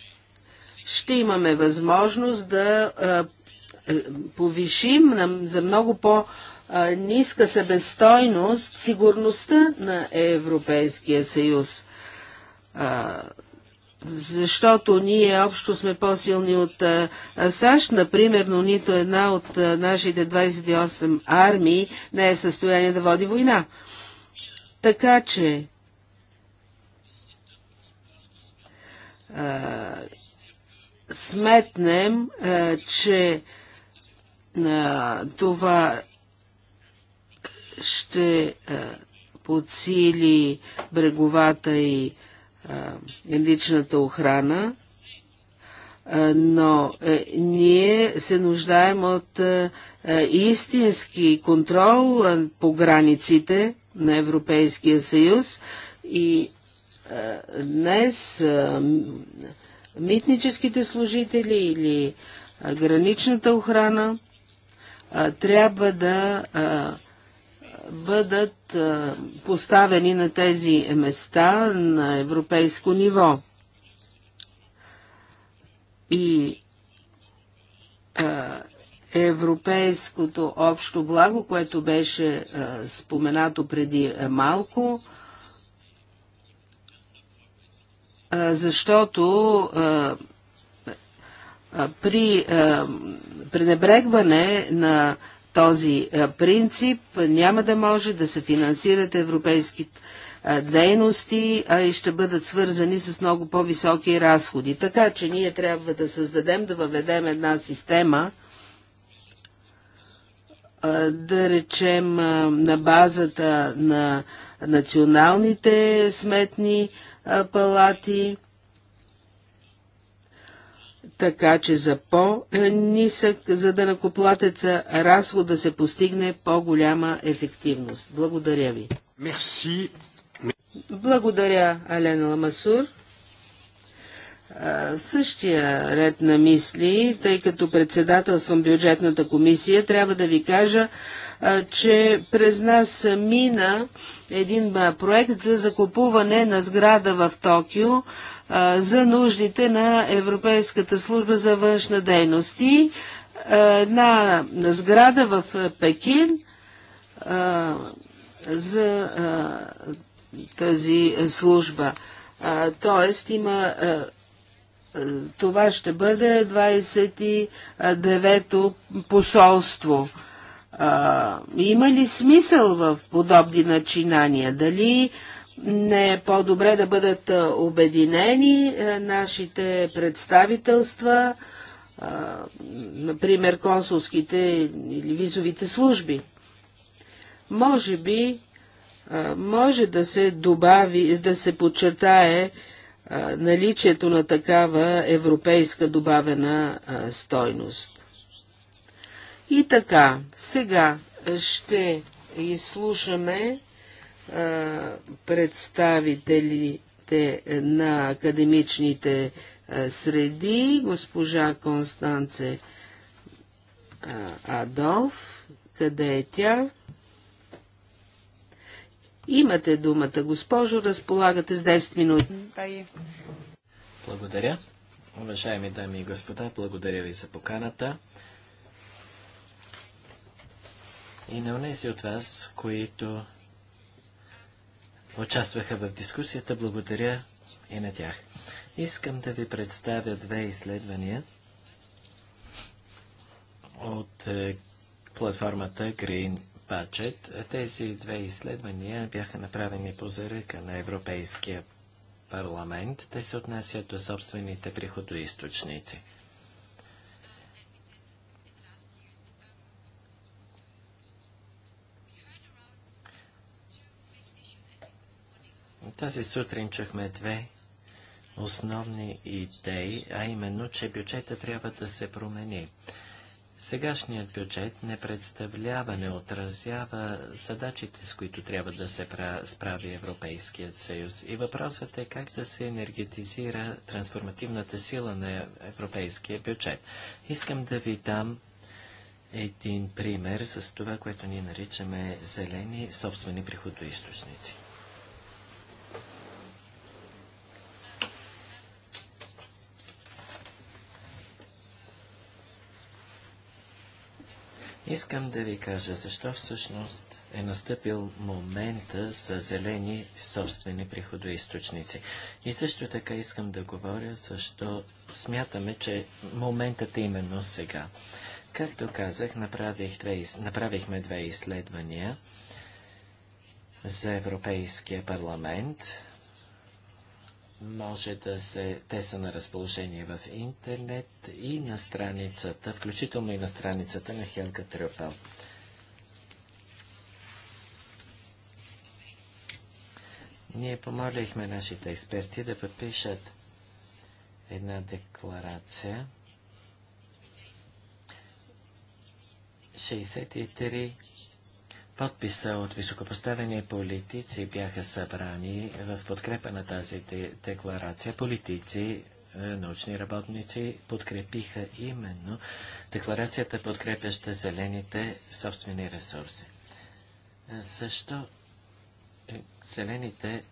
ще имаме възможност да повишим за много по- ниска себестойност сигурността на Европейския съюз защото ние общо сме по-силни от а, САЩ. Например, но нито една от а, нашите 28 армии не е в състояние да води война. Така че а, сметнем, а, че а, това ще а, подсили бреговата и личната охрана, но е, ние се нуждаем от истински контрол по границите на Европейския съюз и днес митническите служители или граничната охрана трябва да бъдат е, поставени на тези места на европейско ниво. И е, европейското общо благо, което беше е, споменато преди малко, защото при пренебрегване на този принцип няма да може да се финансират европейските дейности и ще бъдат свързани с много по-високи разходи. Така че ние трябва да създадем, да въведем една система, да речем на базата на националните сметни палати, така че за по-нисък за данакоплатеца разход да се постигне по-голяма ефективност. Благодаря ви. Мерси. Благодаря, Алена Ламасур. В същия ред на мисли, тъй като председателствам бюджетната комисия, трябва да ви кажа, че през нас мина един проект за закупуване на сграда в Токио за нуждите на Европейската служба за външна дейност. И една сграда в Пекин за тази служба. Тоест има това ще бъде 29-то посолство. А, има ли смисъл в подобни начинания? Дали не е по-добре да бъдат обединени е, нашите представителства, например консулските или визовите служби. Може би може да се добави, да се подчертае наличието на такава европейска добавена стойност. И така, сега ще изслушаме представителите на академичните среди, госпожа Констанце Адолф. Къде е тя? Имате думата, госпожо. Разполагате с 10 минути. Благодаря. Уважаеми дами и господа, благодаря ви за поканата. И на унези от вас, които участваха в дискусията. Благодаря и на тях. Искам да ви представя две изследвания от е, платформата Green Budget. Тези две изследвания бяха направени по заръка на Европейския парламент. Те се отнасят до собствените приходоисточници. Тази сутрин чухме две основни идеи, а именно, че бюджета трябва да се промени. Сегашният бюджет не представлява, не отразява задачите, с които трябва да се справи Европейският съюз. И въпросът е как да се енергетизира трансформативната сила на европейския бюджет. Искам да ви дам един пример с това, което ние наричаме зелени собствени приходоисточници. Искам да ви кажа защо всъщност е настъпил момента за зелени собствени приходоисточници. И също така искам да говоря защо смятаме, че моментът е именно сега. Както казах, направих две, направихме две изследвания за Европейския парламент може да се... Те са на разположение в интернет и на страницата, включително и на страницата на Хелга Трюпел. Ние помолихме нашите експерти да подпишат една декларация. 63 Подписа от високопоставени политици бяха събрани в подкрепа на тази декларация. Политици, е, научни работници подкрепиха именно декларацията, подкрепяща зелените собствени ресурси. Също е, е, зелените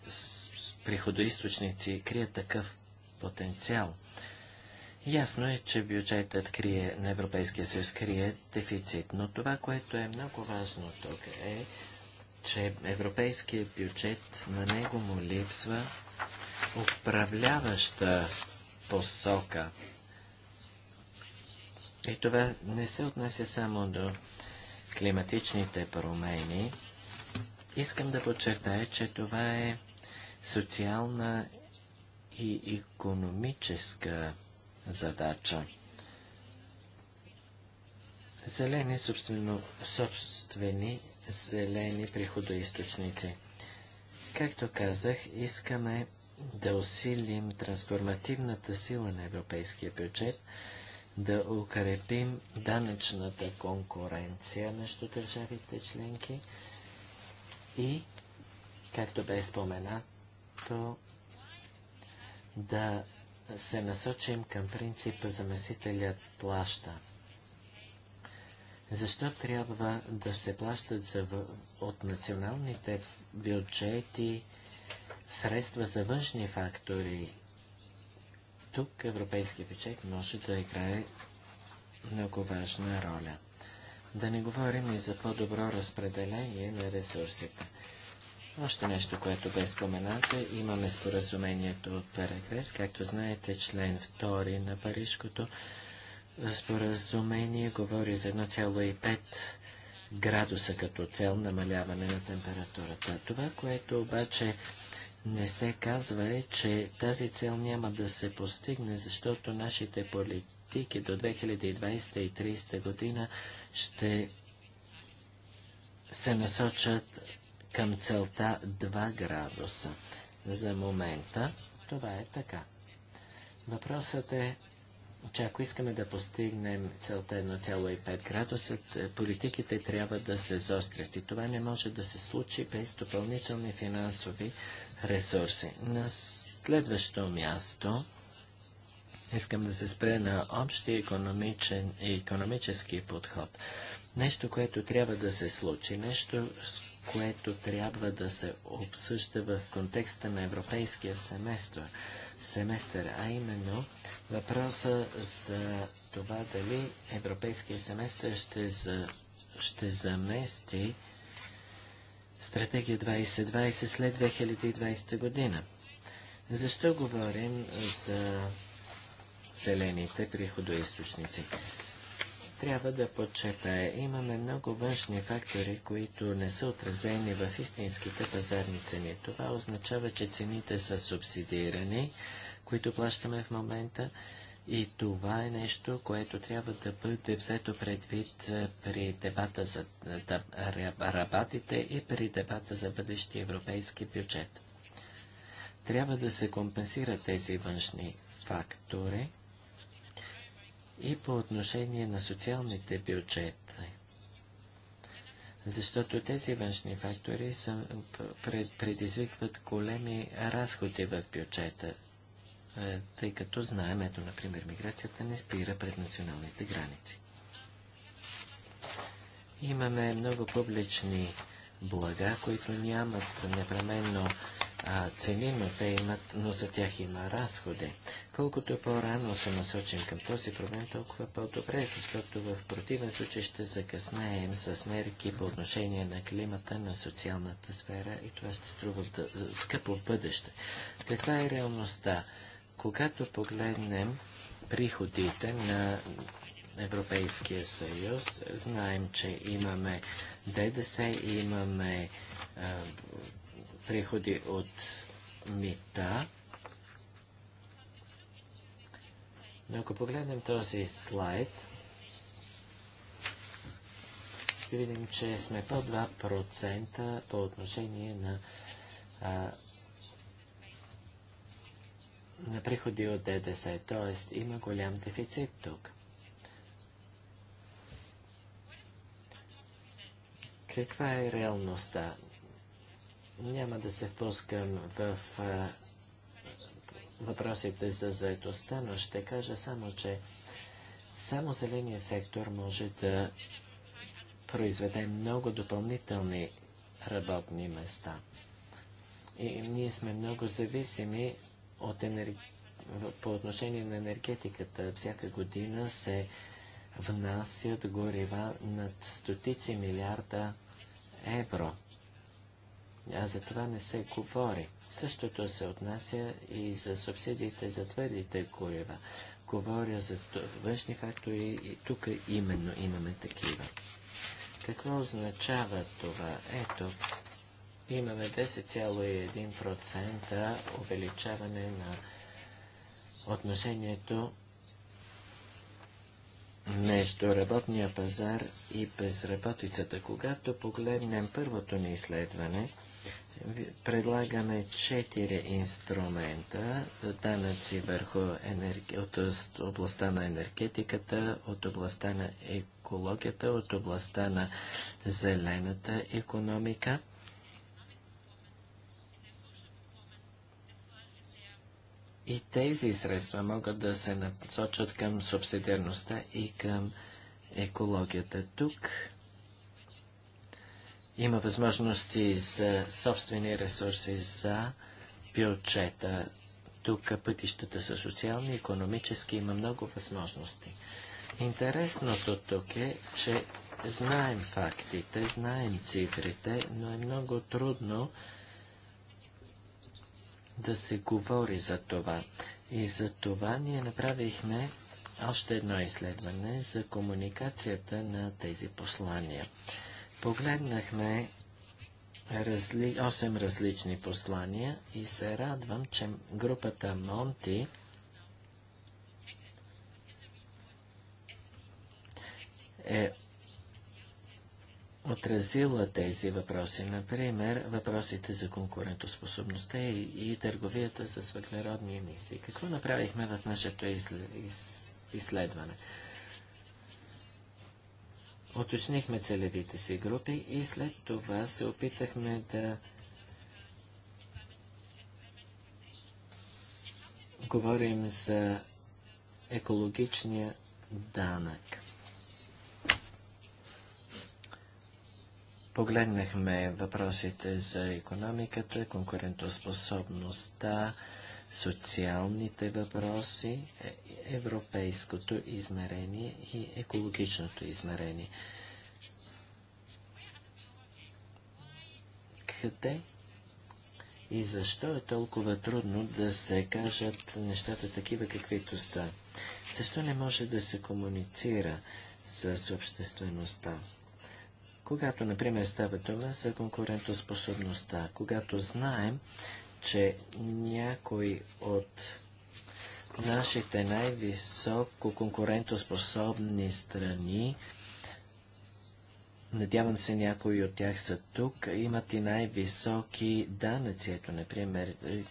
приходоисточници крият такъв потенциал? Ясно е, че бюджетът крие, на Европейския съюз крие дефицит, но това, което е много важно тук е, че европейският бюджет на него му липсва управляваща посока. И това не се отнася само до климатичните промени. Искам да подчертая, че това е социална и економическа задача. Зелени собствено, собствени зелени приходоисточници. Както казах, искаме да усилим трансформативната сила на европейския бюджет, да укрепим данъчната конкуренция между държавите членки и, както бе споменато, да се насочим към принципа замесителят плаща. Защо трябва да се плащат за, от националните бюджети средства за външни фактори? Тук европейски бюджет може да играе много важна роля. Да не говорим и за по-добро разпределение на ресурсите. Още нещо, което бе споменато, имаме споразумението от Парагрес. Както знаете, член 2 на Парижкото споразумение говори за 1,5 градуса като цел намаляване на температурата. Това, което обаче не се казва е, че тази цел няма да се постигне, защото нашите политики до 2020 и 2030 година ще се насочат към целта 2 градуса. За момента това е така. Въпросът е, че ако искаме да постигнем целта 1,5 градуса, политиките трябва да се заострят и това не може да се случи без допълнителни финансови ресурси. На следващо място искам да се спре на общия економичен и економически подход. Нещо, което трябва да се случи, нещо, с което трябва да се обсъжда в контекста на европейския семестър, семестър а именно въпроса за това дали европейския семестър ще, за, ще замести стратегия 2020 след 2020 година. Защо говорим за зелените приходоисточници? трябва да подчертая, имаме много външни фактори, които не са отразени в истинските пазарни цени. Това означава, че цените са субсидирани, които плащаме в момента. И това е нещо, което трябва да бъде взето предвид е, при дебата за е, работите рабатите и при дебата за бъдещи европейски бюджет. Трябва да се компенсират тези външни фактори и по отношение на социалните бюджети. Защото тези външни фактори са, пред, предизвикват големи разходи в бюджета, е, тъй като знаем, ето, например, миграцията не спира пред националните граници. Имаме много публични блага, които нямат непременно а, целим, те имат, но за тях има разходи. Колкото по-рано се насочим към този проблем, толкова по-добре, защото в противен случай ще закъснеем с мерки по отношение на климата, на социалната сфера и това ще струва да, скъпо в бъдеще. Каква е реалността? Когато погледнем приходите на Европейския съюз, знаем, че имаме ДДС, имаме а, приходи от мита. Но ако погледнем този слайд, ще видим, че сме по 2% по отношение на, а, на приходи от ДДС. Т.е. има голям дефицит тук. Каква е реалността? Няма да се впускам в а, въпросите за заедостта, но ще кажа само, че само зеления сектор може да произведе много допълнителни работни места. И ние сме много зависими от енер... по отношение на енергетиката. Всяка година се внасят горива над стотици милиарда евро а за това не се говори. Същото се отнася и за субсидиите за твърдите горива. Говоря за външни фактори и тук именно имаме такива. Какво означава това? Ето, имаме 10,1% увеличаване на отношението между работния пазар и безработицата. Когато погледнем първото ни изследване, предлагаме четири инструмента. Данъци върху енерги... от областта на енергетиката, от областта на екологията, от областта на зелената економика. И тези средства могат да се насочат към субсидиарността и към екологията. Тук има възможности за собствени ресурси за бюджета. Тук пътищата са социални, економически, има много възможности. Интересното тук е, че знаем фактите, знаем цифрите, но е много трудно да се говори за това. И за това ние направихме още едно изследване за комуникацията на тези послания. Погледнахме разли... 8 различни послания и се радвам, че групата Монти е отразила тези въпроси. Например, въпросите за конкурентоспособността и, и търговията с въглеродни емисии. Какво направихме в нашето из, из, изследване? Оточнихме целевите си групи и след това се опитахме да говорим за екологичния данък. Погледнахме въпросите за економиката, конкурентоспособността, социалните въпроси европейското измерение и екологичното измерение. Къде и защо е толкова трудно да се кажат нещата такива, каквито са? Защо не може да се комуницира с обществеността? Когато, например, става дума за конкурентоспособността, когато знаем, че някой от нашите най-високо конкурентоспособни страни, надявам се някои от тях са тук, имат и най-високи данъци, ето, например, е,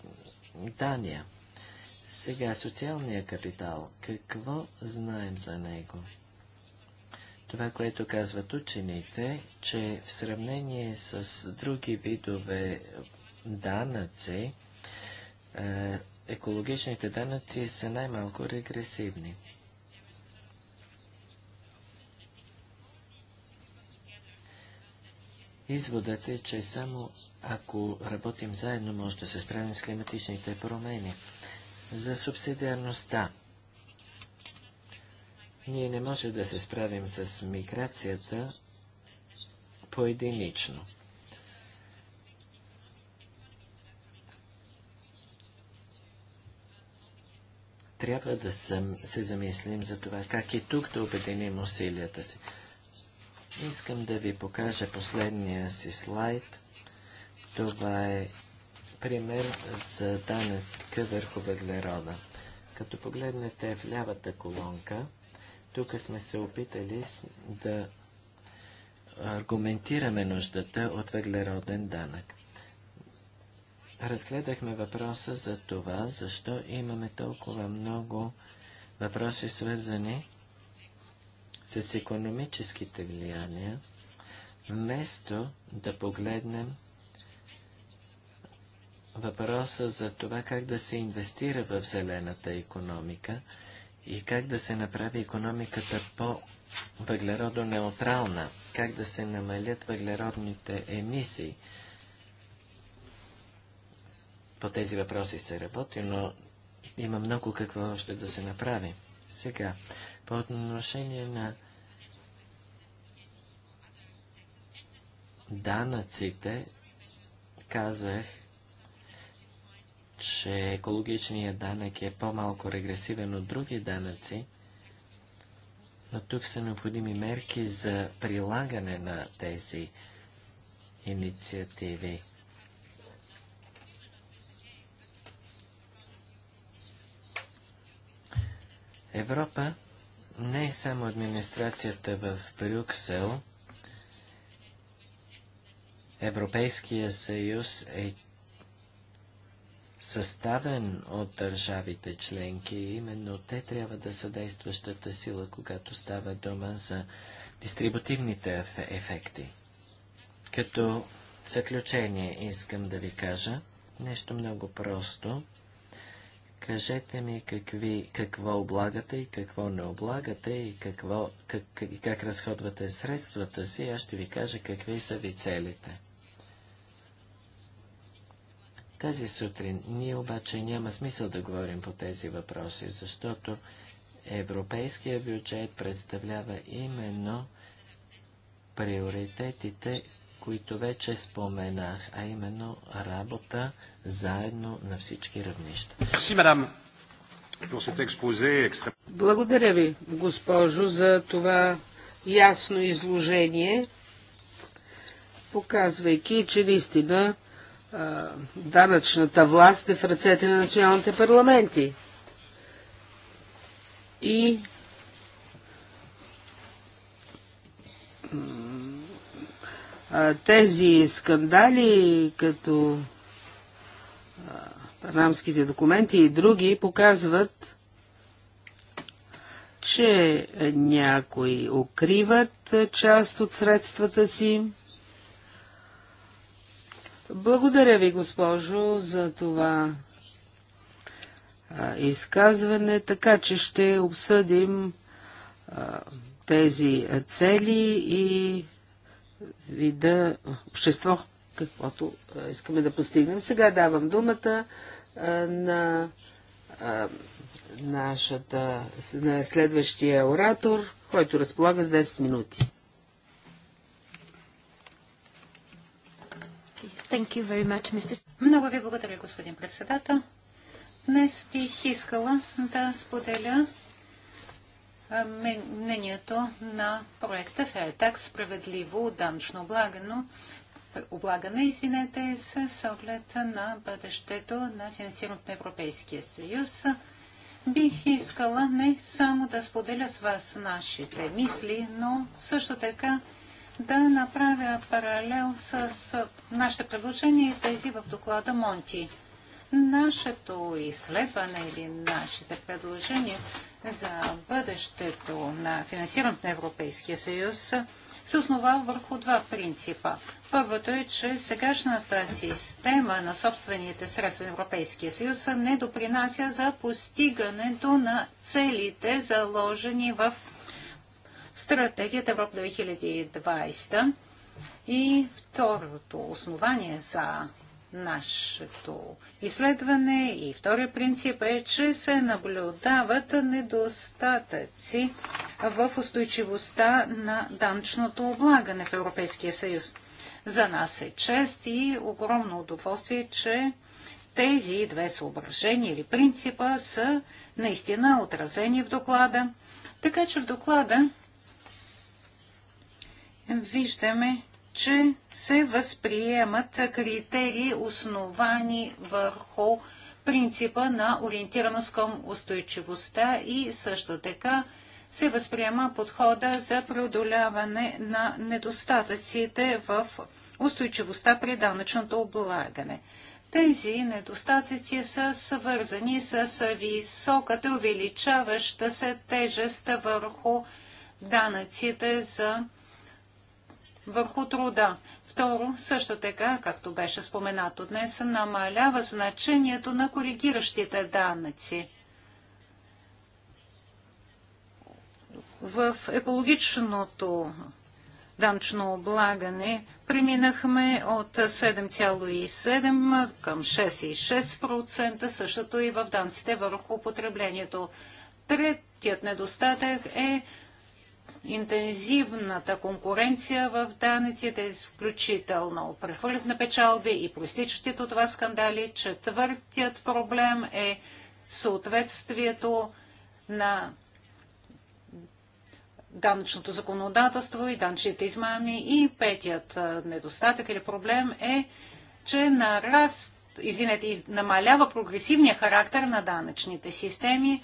Дания. Сега, социалния капитал. Какво знаем за него? Това, което казват учените, че в сравнение с други видове данъци, е, екологичните данъци са най-малко регресивни. Изводът е, че само ако работим заедно, може да се справим с климатичните промени. За субсидиарността. Ние не може да се справим с миграцията поединично. трябва да съм, се замислим за това, как и тук да обединим усилията си. Искам да ви покажа последния си слайд. Това е пример за данъка върху въглерода. Като погледнете в лявата колонка, тук сме се опитали да аргументираме нуждата от въглероден данък разгледахме въпроса за това, защо имаме толкова много въпроси, свързани с економическите влияния, вместо да погледнем въпроса за това как да се инвестира в зелената економика и как да се направи економиката по-въглеродонеутрална, как да се намалят въглеродните емисии – по тези въпроси се работи, но има много какво още да се направи. Сега, по отношение на данъците, казах, че екологичният данък е по-малко регресивен от други данъци, но тук са необходими мерки за прилагане на тези инициативи. Европа не е само администрацията в Брюксел. Европейския съюз е съставен от държавите членки и именно те трябва да са действащата сила, когато става дума за дистрибутивните ефекти. Като заключение искам да ви кажа нещо много просто – Кажете ми какви, какво облагате и какво не облагате и какво, как, как разходвате средствата си. Аз ще ви кажа какви са ви целите. Тази сутрин ние обаче няма смисъл да говорим по тези въпроси, защото европейския бюджет представлява именно приоритетите които вече споменах, а именно работа заедно на всички равнища. Благодаря ви, госпожо, за това ясно изложение, показвайки, че наистина данъчната власт е в ръцете на националните парламенти. И тези скандали, като панамските документи и други, показват, че някои укриват част от средствата си. Благодаря ви, госпожо, за това изказване, така че ще обсъдим тези цели и вида общество, каквото искаме да постигнем. Сега давам думата на нашата, на следващия оратор, който разполага с 10 минути. Thank you very much, Mr. Много ви благодаря, господин председател. Днес бих искала да споделя мнението на проекта Fairtax справедливо данъчно облагано, облагане, извинете, с оглед на бъдещето на финансирането на Европейския съюз. Бих искала не само да споделя с вас нашите мисли, но също така да направя паралел с нашите предложения и тези в доклада Монти. Нашето изследване или нашите предложения за бъдещето на финансирането на Европейския съюз се основава върху два принципа. Първото е, че сегашната система на собствените средства на Европейския съюз не допринася за постигането на целите, заложени в стратегията Европа 2020. И второто основание за нашето изследване и втория принцип е, че се наблюдават недостатъци в устойчивостта на данчното облагане в Европейския съюз. За нас е чест и огромно удоволствие, че тези две съображения или принципа са наистина отразени в доклада. Така че в доклада виждаме, че се възприемат критерии, основани върху принципа на ориентираност към устойчивостта и също така се възприема подхода за преодоляване на недостатъците в устойчивостта при данъчното облагане. Тези недостатъци са свързани с високата увеличаваща се тежест върху данъците за върху труда. Второ, също така, както беше споменато днес, намалява значението на коригиращите данъци. В екологичното данчно облагане преминахме от 7,7 към 6,6%, същото и в данците върху потреблението. Третият недостатък е интензивната конкуренция в данъците, включително прехвърлят на печалби и проистичащите от това скандали. Четвъртият проблем е съответствието на данъчното законодателство и данъчните измами. И петият недостатък или проблем е, че нараст, извинете, намалява прогресивния характер на данъчните системи,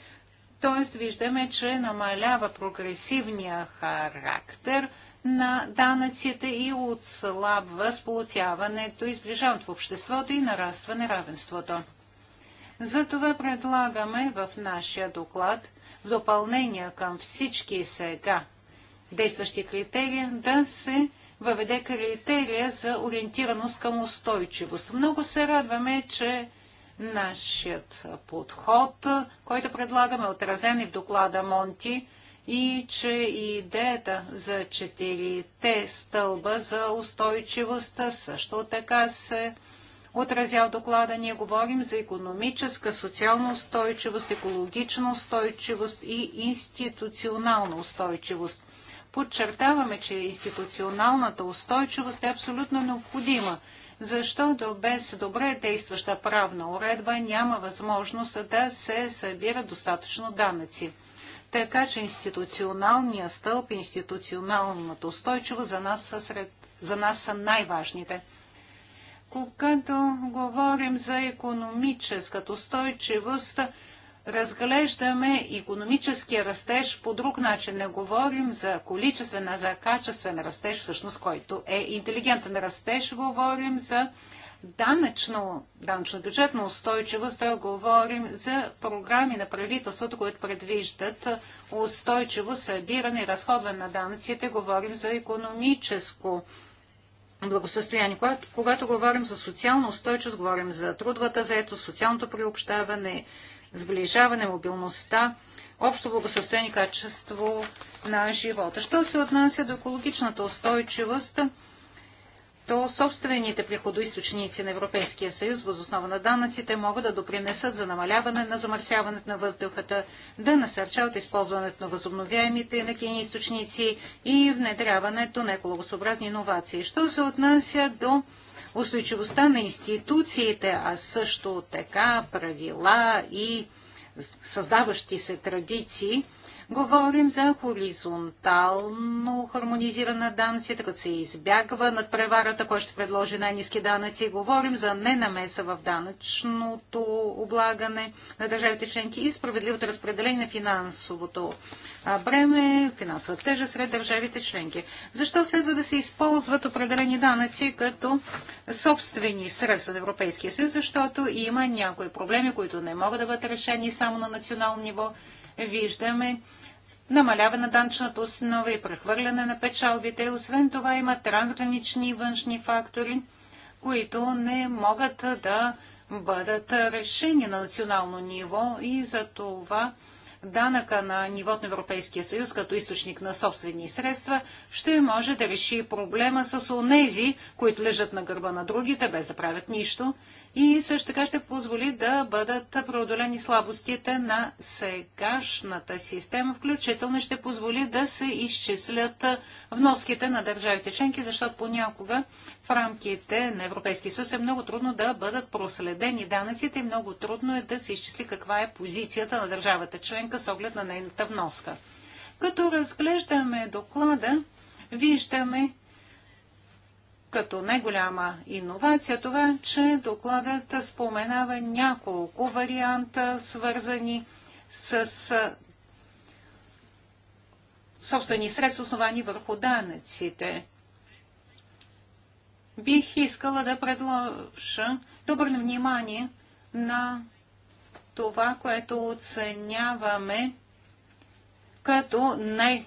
т.е. виждаме, че намалява прогресивния характер на данъците и отслабва сплотяването, изближаването в обществото и нараства неравенството. Затова предлагаме в нашия доклад в допълнение към всички сега действащи критерии да се въведе критерия за ориентираност към устойчивост. Много се радваме, че Нашият подход, който предлагаме, отразен и в доклада Монти, и че идеята за четирите стълба за устойчивост също така се отразя в доклада. Ние говорим за економическа, социална устойчивост, екологична устойчивост и институционална устойчивост. Подчертаваме, че институционалната устойчивост е абсолютно необходима защото без добре действаща правна уредба няма възможност да се събира достатъчно данъци. Така че институционалния стълб, институционалната устойчиво за нас са, сред, за нас са най-важните. Когато говорим за економическата устойчивост, разглеждаме економическия растеж по друг начин. Не говорим за количествен, а за качествен растеж, всъщност, който е интелигентен растеж. Говорим за данъчно, данъчно бюджетно устойчивост, Той говорим за програми на правителството, които предвиждат устойчиво събиране и разходване на данъците, говорим за економическо благосъстояние. Когато, когато говорим за социална устойчивост, говорим за трудвата заето, социалното приобщаване, сближаване, мобилността, общо благосъстояние и качество на живота. Що се отнася до екологичната устойчивост, то собствените приходоисточници на Европейския съюз въз основа на данъците могат да допринесат за намаляване на замърсяването на въздухата, да насърчават използването на възобновяемите енергийни източници и внедряването на екологосъобразни иновации. Що се отнася до устойчивостта на институциите, а също така правила и създаващи се традиции – Говорим за хоризонтално хармонизиране данъци, данъците, като се избягва над преварата, кой ще предложи най-низки данъци. Говорим за ненамеса в данъчното облагане на държавите членки и справедливото разпределение на финансовото бреме, финансова тежа сред държавите членки. Защо следва да се използват определени данъци като собствени средства на Европейския съюз? Защото има някои проблеми, които не могат да бъдат решени само на национално ниво виждаме намаляване на данчната основа и прехвърляне на печалбите. Освен това има трансгранични външни фактори, които не могат да бъдат решени на национално ниво и за това данъка на нивото на Европейския съюз като източник на собствени средства ще може да реши проблема с онези, които лежат на гърба на другите, без да правят нищо и също така ще позволи да бъдат преодолени слабостите на сегашната система, включително ще позволи да се изчислят вноските на държавите членки, защото понякога в рамките на Европейския съюз е много трудно да бъдат проследени данъците и много трудно е да се изчисли каква е позицията на държавата членка с оглед на нейната вноска. Като разглеждаме доклада, виждаме, като най-голяма иновация това, че докладът споменава няколко варианта, свързани с собствени средства, основани върху данъците. Бих искала да предложа да внимание на това, което оценяваме като най-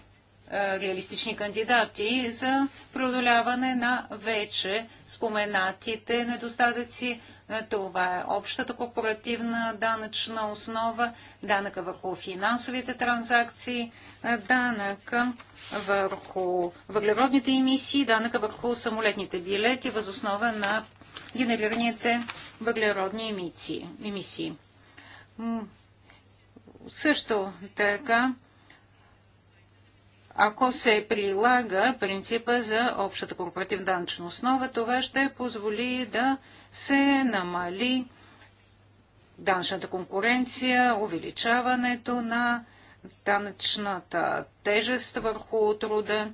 е, реалистични кандидати за продоляване на вече споменатите недостатъци. Е, това е общата корпоративна данъчна основа, данъка върху финансовите транзакции, е, данъка върху въглеродните емисии, данъка върху самолетните билети, възоснова на генерираните въглеродни емисии. Също така ако се прилага принципа за общата корпоративна данъчна основа, това ще позволи да се намали данъчната конкуренция, увеличаването на данъчната тежест върху труда,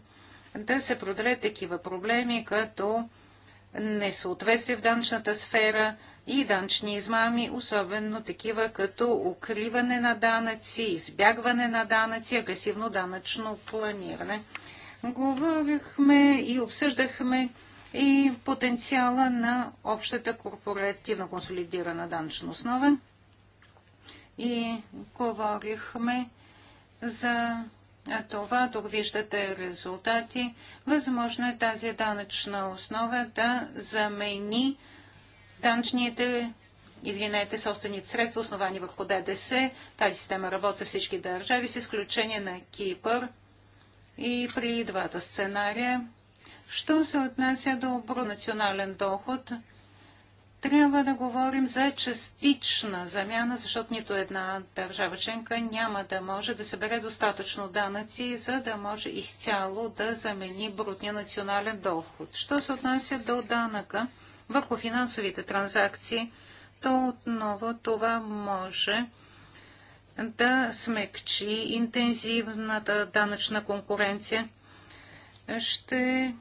да се продаде такива проблеми като несъответствие в данъчната сфера, и данчни измами, особено такива като укриване на данъци, избягване на данъци, агресивно данъчно планиране. Говорихме и обсъждахме и потенциала на общата корпоративно консолидирана данъчна основа. И говорихме за това, тук виждате резултати. Възможно е тази данъчна основа да замени данъчните извинете, собствените средства, основани върху ДДС. Тази система работи всички държави, с изключение на Кипър и при двата сценария. Що се отнася до бронационален доход, трябва да говорим за частична замяна, защото нито една държава членка няма да може да събере достатъчно данъци, за да може изцяло да замени брутния национален доход. Що се отнася до данъка, върху финансовите транзакции, то отново това може да смекчи интензивната данъчна конкуренция, ще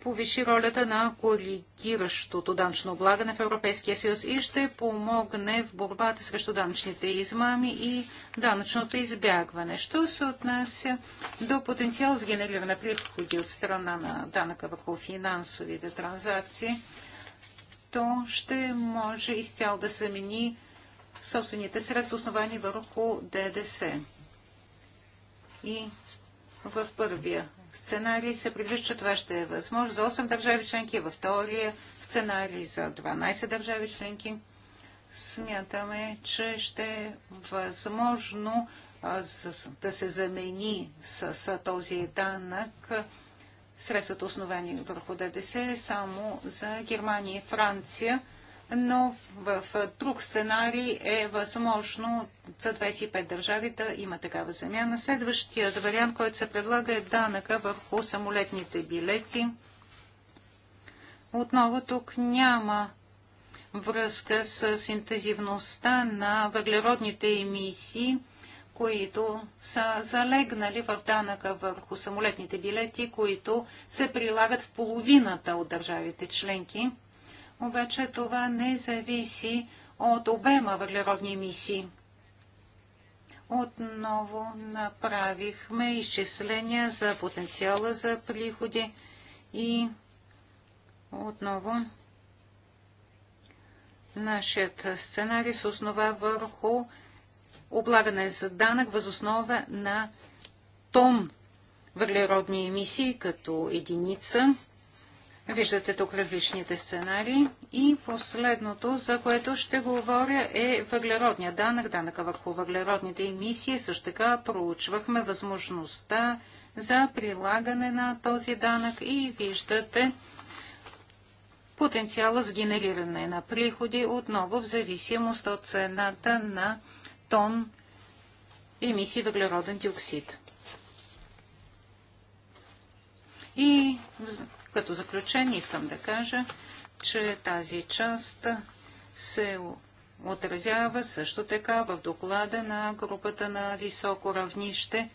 повиши ролята на коригиращото данъчно облагане в Европейския съюз и ще помогне в борбата срещу данъчните измами и данъчното избягване. Що се отнася до потенциал с генериране приходи от страна на данъка върху финансовите транзакции, то ще може изцяло да замени собствените средства, основани върху ДДС. И в първия сценарий се предвижда, че това ще е възможно за 8 държави членки, във втория сценарий за 12 държави членки. Смятаме, че ще е възможно да се замени с този данък средствата основани върху ДДС само за Германия и Франция, но в друг сценарий е възможно за 25 държави да има такава замяна. Следващият вариант, който се предлага е данъка върху самолетните билети. Отново тук няма връзка с интензивността на въглеродните емисии които са залегнали в данъка върху самолетните билети, които се прилагат в половината от държавите членки. Обаче това не зависи от обема въглеродни емисии. Отново направихме изчисления за потенциала за приходи и отново нашият сценарий се основа върху облагане за данък възоснова на тон въглеродни емисии като единица. Виждате тук различните сценарии. И последното, за което ще говоря, е въглеродния данък, данъка върху въглеродните емисии. Също така проучвахме възможността за прилагане на този данък и виждате потенциала с генериране на приходи отново в зависимост от цената на тон емисии въглероден диоксид. И като заключение искам да кажа, че тази част се отразява също така в доклада на групата на високо равнище.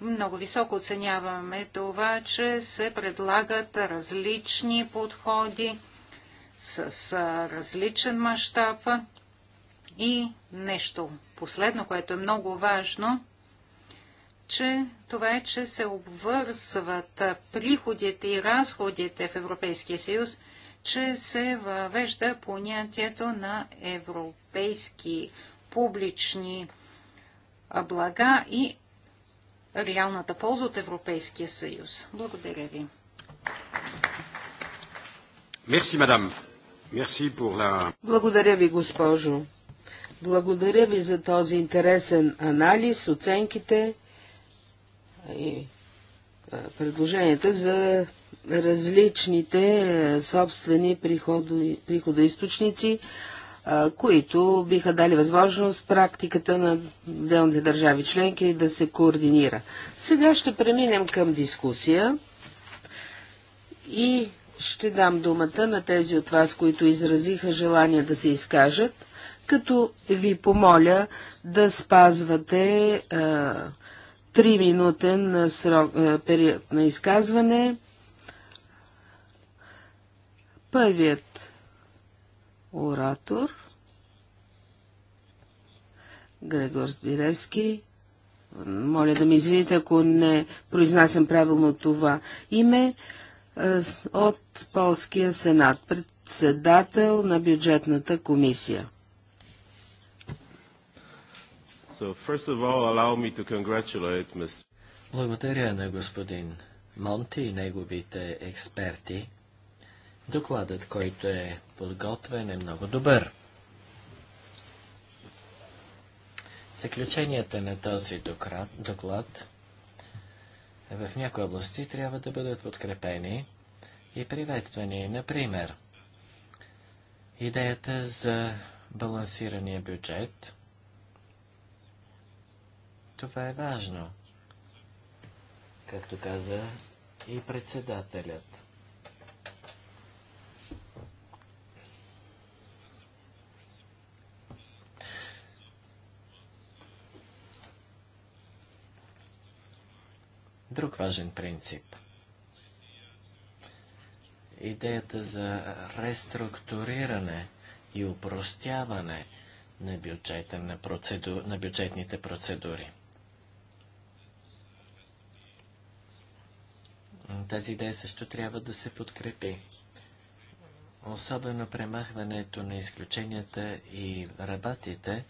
Много високо оценяваме това, че се предлагат различни подходи с различен мащаб и нещо последно, което е много важно, че това е, че се обвързват приходите и разходите в Европейския съюз, че се въвежда понятието на европейски публични блага и реалната полза от Европейския съюз. Благодаря ви. Merci, Merci la... Благодаря ви, госпожо. Благодаря ви за този интересен анализ, оценките и предложенията за различните собствени приходоисточници, които биха дали възможност практиката на отделните държави членки да се координира. Сега ще преминем към дискусия и ще дам думата на тези от вас, които изразиха желание да се изкажат като ви помоля да спазвате на срок, период на изказване. Първият оратор Грегор Сбирески. Моля да ми извините, ако не произнасям правилно това име от Полския сенат, председател на бюджетната комисия. So first of all, allow me to congratulate Благодаря на господин Монти и неговите експерти. Докладът, който е подготвен, е много добър. Заключенията на този доклад в някои области трябва да бъдат подкрепени и приветствани. Например, идеята за балансирания бюджет – това е важно, както каза и председателят. Друг важен принцип. Идеята за реструктуриране и упростяване на, бюджета, на, процеду... на бюджетните процедури. Тази идея също трябва да се подкрепи. Особено премахването на изключенията и работите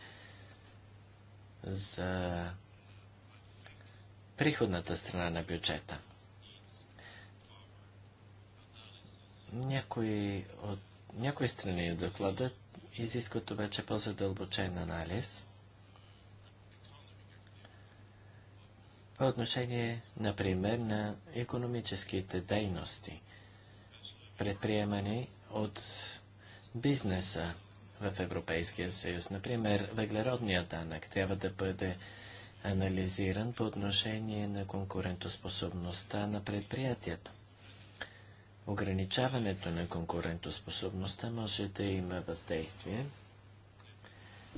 за приходната страна на бюджета. Някои, от, някои страни от доклада изискват обаче по-задълбочен анализ – по отношение, например, на економическите дейности, предприемани от бизнеса в Европейския съюз. Например, въглеродният данък трябва да бъде анализиран по отношение на конкурентоспособността на предприятията. Ограничаването на конкурентоспособността може да има въздействие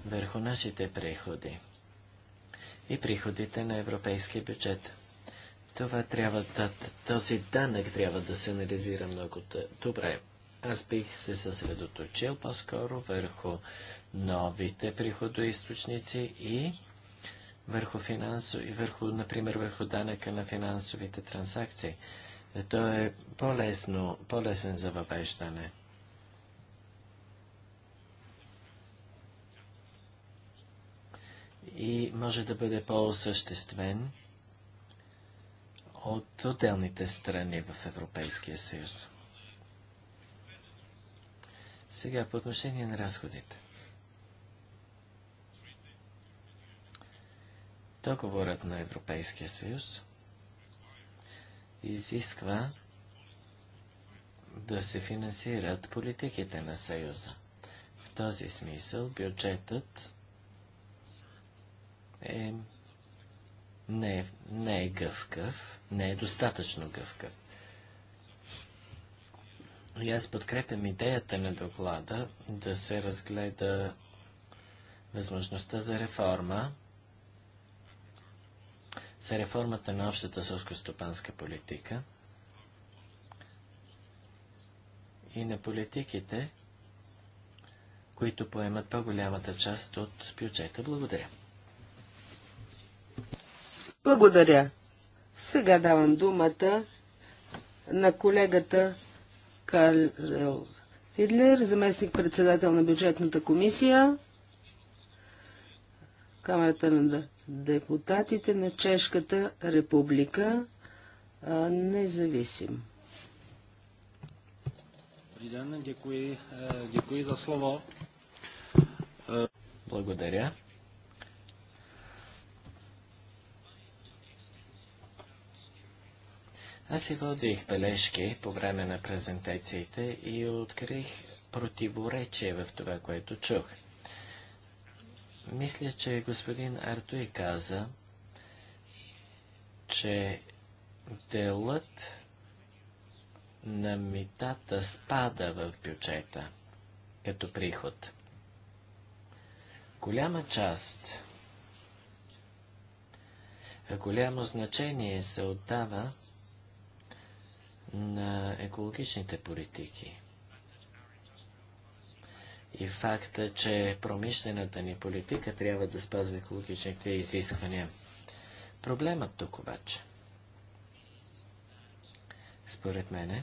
върху нашите преходи и приходите на европейския бюджет. Това трябва да, този данък трябва да се анализира много добре. Аз бих се съсредоточил по-скоро върху новите приходоисточници и върху финансо, и върху, например, върху данъка на финансовите транзакции. Е, то е по-лесно, по-лесен за въвеждане. и може да бъде по-осъществен от отделните страни в Европейския съюз. Сега по отношение на разходите. Договорът на Европейския съюз изисква да се финансират политиките на Съюза. В този смисъл бюджетът е, не, е, не е гъвкав, не е достатъчно гъвкав. И аз подкрепям идеята на доклада да се разгледа възможността за реформа, за реформата на общата сълскостопанска политика и на политиките, които поемат по-голямата част от бюджета. Благодаря. Благодаря. Сега давам думата на колегата Карл Фидлер, заместник председател на бюджетната комисия, Камерата на депутатите на Чешката република, независим. Е, Благодаря. Аз си водих бележки по време на презентациите и открих противоречие в това, което чух. Мисля, че господин Артуи каза, че делът на митата спада в бюджета като приход. Голяма част, голямо значение се отдава на екологичните политики. И факта, че промишлената ни политика трябва да спазва екологичните изисквания. Проблемът тук обаче, според мен,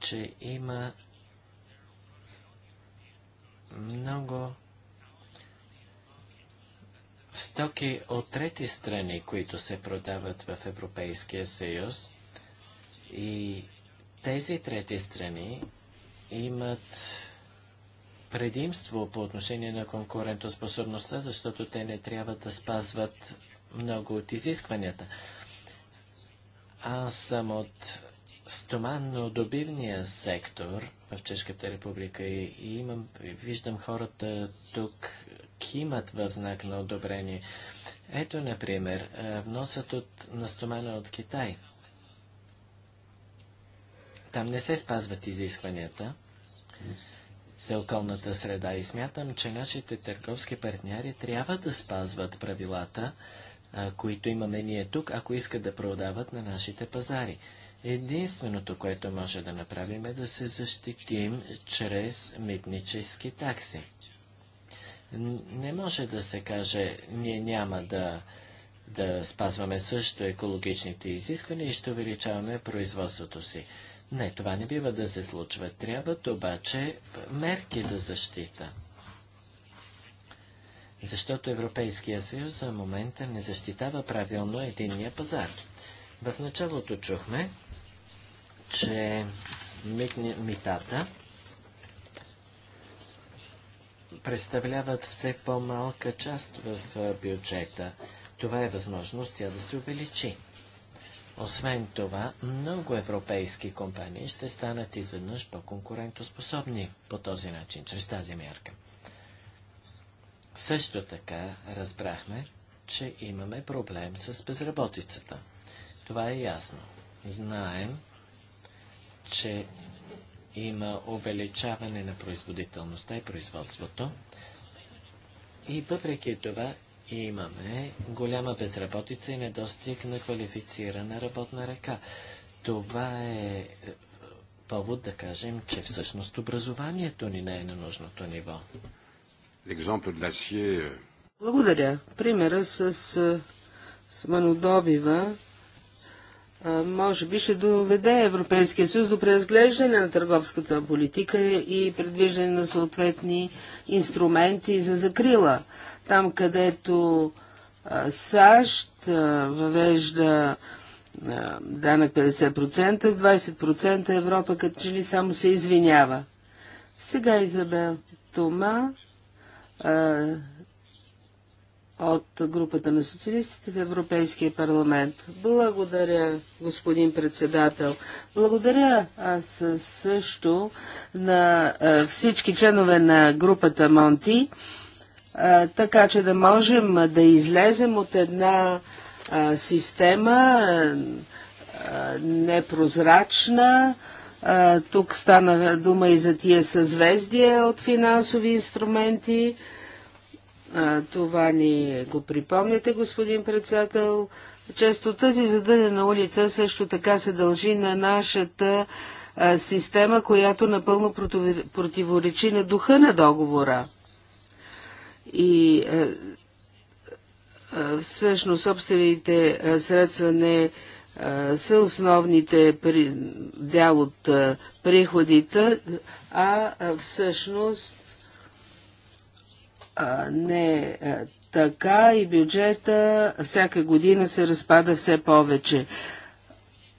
че има много стоки от трети страни, които се продават в Европейския съюз. И тези трети страни имат предимство по отношение на конкурентоспособността, защото те не трябва да спазват много от изискванията. Аз съм от стоманно-добивния сектор в Чешката република и, имам, виждам хората тук кимат в знак на одобрение. Ето, например, е, вносът от, на стомана от Китай. Там не се спазват изискванията за околната среда и смятам, че нашите търговски партньори трябва да спазват правилата, е, които имаме ние тук, ако искат да продават на нашите пазари. Единственото, което може да направим е да се защитим чрез митнически такси. Не може да се каже, ние няма да, да спазваме също екологичните изисквания и ще увеличаваме производството си. Не, това не бива да се случва. Трябват обаче мерки за защита. Защото Европейския съюз за момента не защитава правилно единния пазар. В началото чухме, че митата представляват все по-малка част в бюджета. Това е възможност тя да се увеличи. Освен това, много европейски компании ще станат изведнъж по-конкурентоспособни по този начин, чрез тази мярка. Също така разбрахме, че имаме проблем с безработицата. Това е ясно. Знаем, че има увеличаване на производителността и производството. И въпреки това имаме голяма безработица и недостиг на квалифицирана работна ръка. Това е, е повод да кажем, че всъщност образованието ни не е на нужното ниво. Е, Благодаря. Примера с, е, с манодобива може би ще доведе Европейския съюз до преразглеждане на търговската политика и предвиждане на съответни инструменти за закрила. Там, където САЩ въвежда данък 50%, с 20% Европа като че ли само се извинява. Сега Изабел Тома от групата на социалистите в Европейския парламент. Благодаря, господин председател. Благодаря аз също на всички членове на групата Монти, така че да можем да излезем от една система непрозрачна, тук стана дума и за тия съзвездия от финансови инструменти, това ни го припомняте, господин председател. Често тази задънена улица също така се дължи на нашата а, система, която напълно противоречи на духа на договора. И а, а, всъщност собствените средства не са основните при... дял от приходите, а всъщност а, не е така и бюджета всяка година се разпада все повече.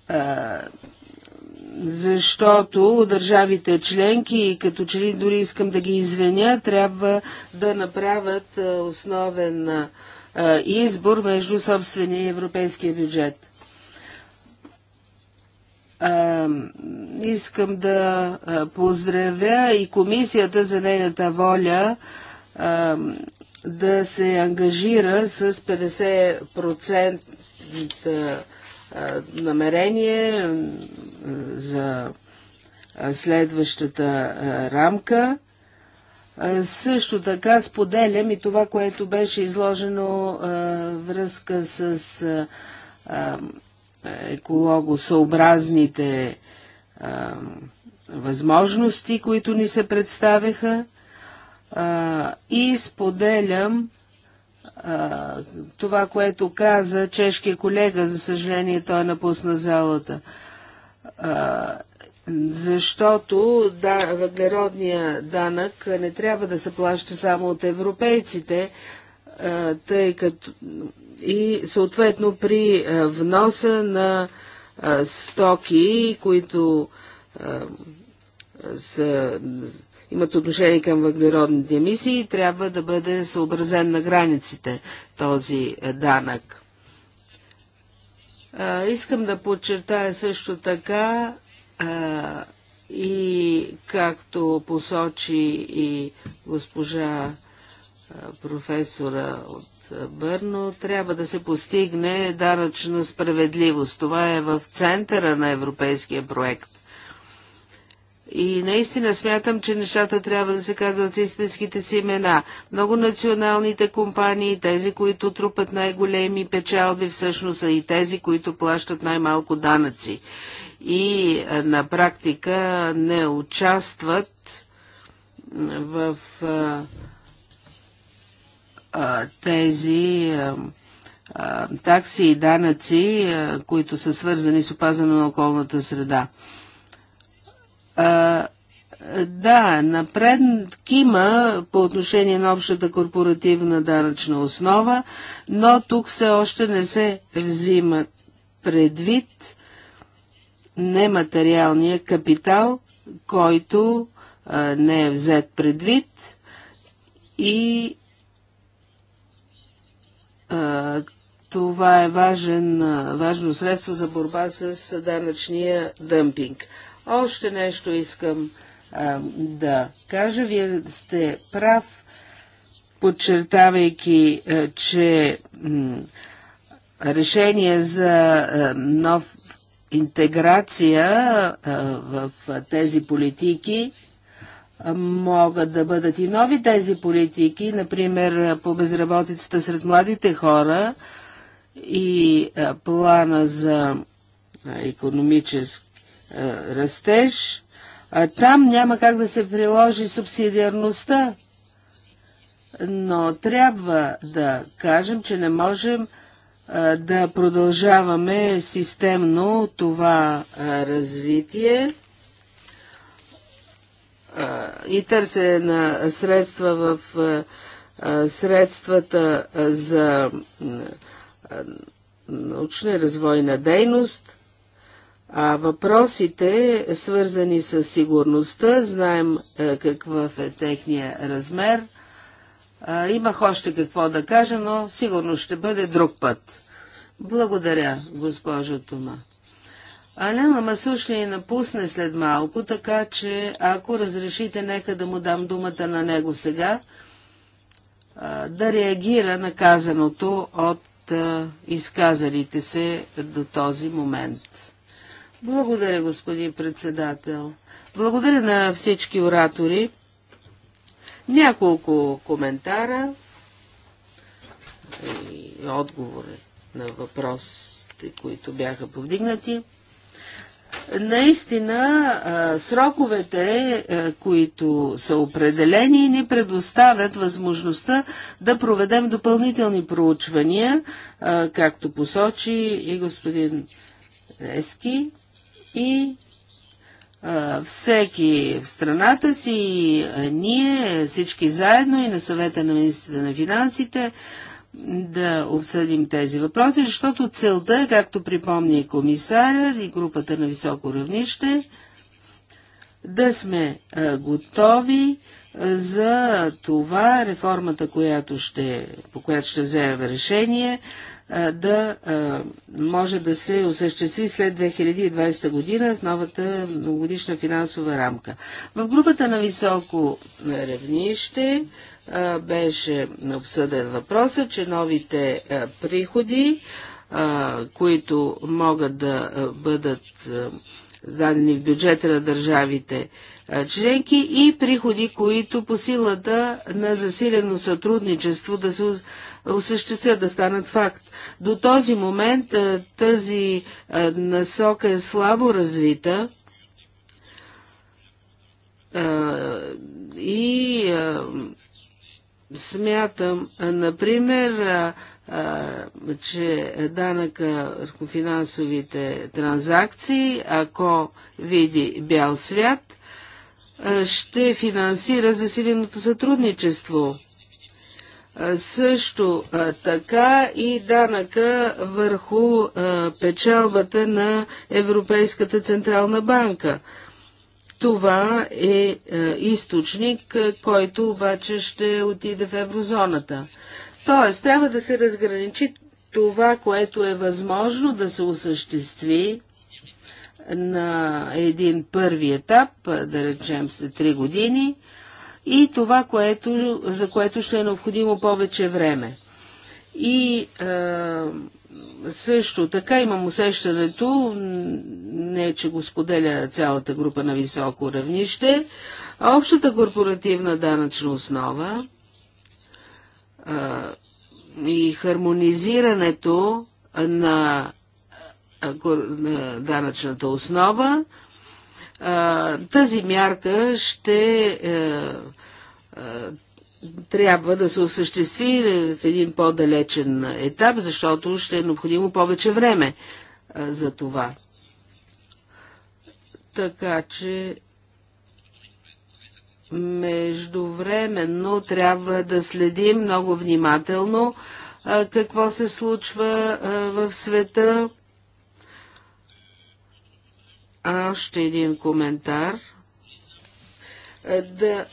А, защото държавите членки, като че ли дори искам да ги извиня, трябва да направят основен избор между собствения и европейския бюджет. искам да поздравя и комисията за нейната воля да се ангажира с 50% намерение за следващата рамка. Също така споделям и това, което беше изложено връзка с екологосъобразните възможности, които ни се представяха и споделям това, което каза чешкия колега, за съжаление той напусна залата. защото да, въглеродния данък не трябва да се плаща само от европейците, тъй като и съответно при вноса на стоки, които са имат отношение към въглеродните емисии, трябва да бъде съобразен на границите този е, данък. А, искам да подчертая също така а, и както посочи и госпожа професора от Бърно, трябва да се постигне данъчна справедливост. Това е в центъра на европейския проект. И наистина смятам, че нещата трябва да се казват с истинските си имена. Много националните компании, тези, които трупат най-големи печалби, всъщност са и тези, които плащат най-малко данъци. И е, на практика не участват в а, е, а, е, тези а, а, такси и данъци, а, които са свързани с опазване на околната среда. А, да, напред има по отношение на общата корпоративна данъчна основа, но тук все още не се взима предвид нематериалния капитал, който а, не е взет предвид и а, това е важен, важно средство за борба с данъчния дъмпинг. Още нещо искам а, да кажа. Вие сте прав, подчертавайки, а, че решение за а, нов интеграция а, в тези политики могат да бъдат и нови тези политики, например по безработицата сред младите хора и плана за економическо растеж, а там няма как да се приложи субсидиарността. Но трябва да кажем, че не можем да продължаваме системно това развитие и търсене на средства в средствата за научна и развойна дейност – а въпросите, свързани с сигурността, знаем е, какъв е техния размер. Имах още какво да кажа, но сигурно ще бъде друг път. Благодаря, госпожо Тома. Алена Масур ще напусне след малко, така че ако разрешите, нека да му дам думата на него сега, да реагира на казаното от изказалите се до този момент. Благодаря, господин председател. Благодаря на всички оратори. Няколко коментара и отговори на въпросите, които бяха повдигнати. Наистина, сроковете, които са определени, ни предоставят възможността да проведем допълнителни проучвания, както посочи и господин Лески и всеки в страната си, и ние всички заедно и на съвета на министрите на финансите да обсъдим тези въпроси, защото целта, както припомня и комисаря и групата на високо равнище, да сме готови за това реформата, която ще, по която ще вземем решение, да може да се осъществи след 2020 година в новата годишна финансова рамка. В групата на високо равнище беше обсъден въпроса, че новите приходи, които могат да бъдат зададени в бюджета на държавите членки и приходи, които по силата на засилено сътрудничество да се осъществят, да станат факт. До този момент тази насока е слабо развита и смятам, например, че данъка върху финансовите транзакции, ако види бял свят, ще финансира засиленото сътрудничество. Също така и данъка върху печалбата на Европейската Централна банка. Това е източник, който обаче ще отиде в еврозоната. Тоест, трябва да се разграничи това, което е възможно да се осъществи на един първи етап, да речем след три години, и това, което, за което ще е необходимо повече време. И е, също така имам усещането, не че го споделя цялата група на високо равнище, общата корпоративна данъчна основа и хармонизирането на данъчната основа, тази мярка ще е, е, трябва да се осъществи в един по-далечен етап, защото ще е необходимо повече време за това. Така че Междувременно трябва да следим много внимателно какво се случва в света. Още един коментар. да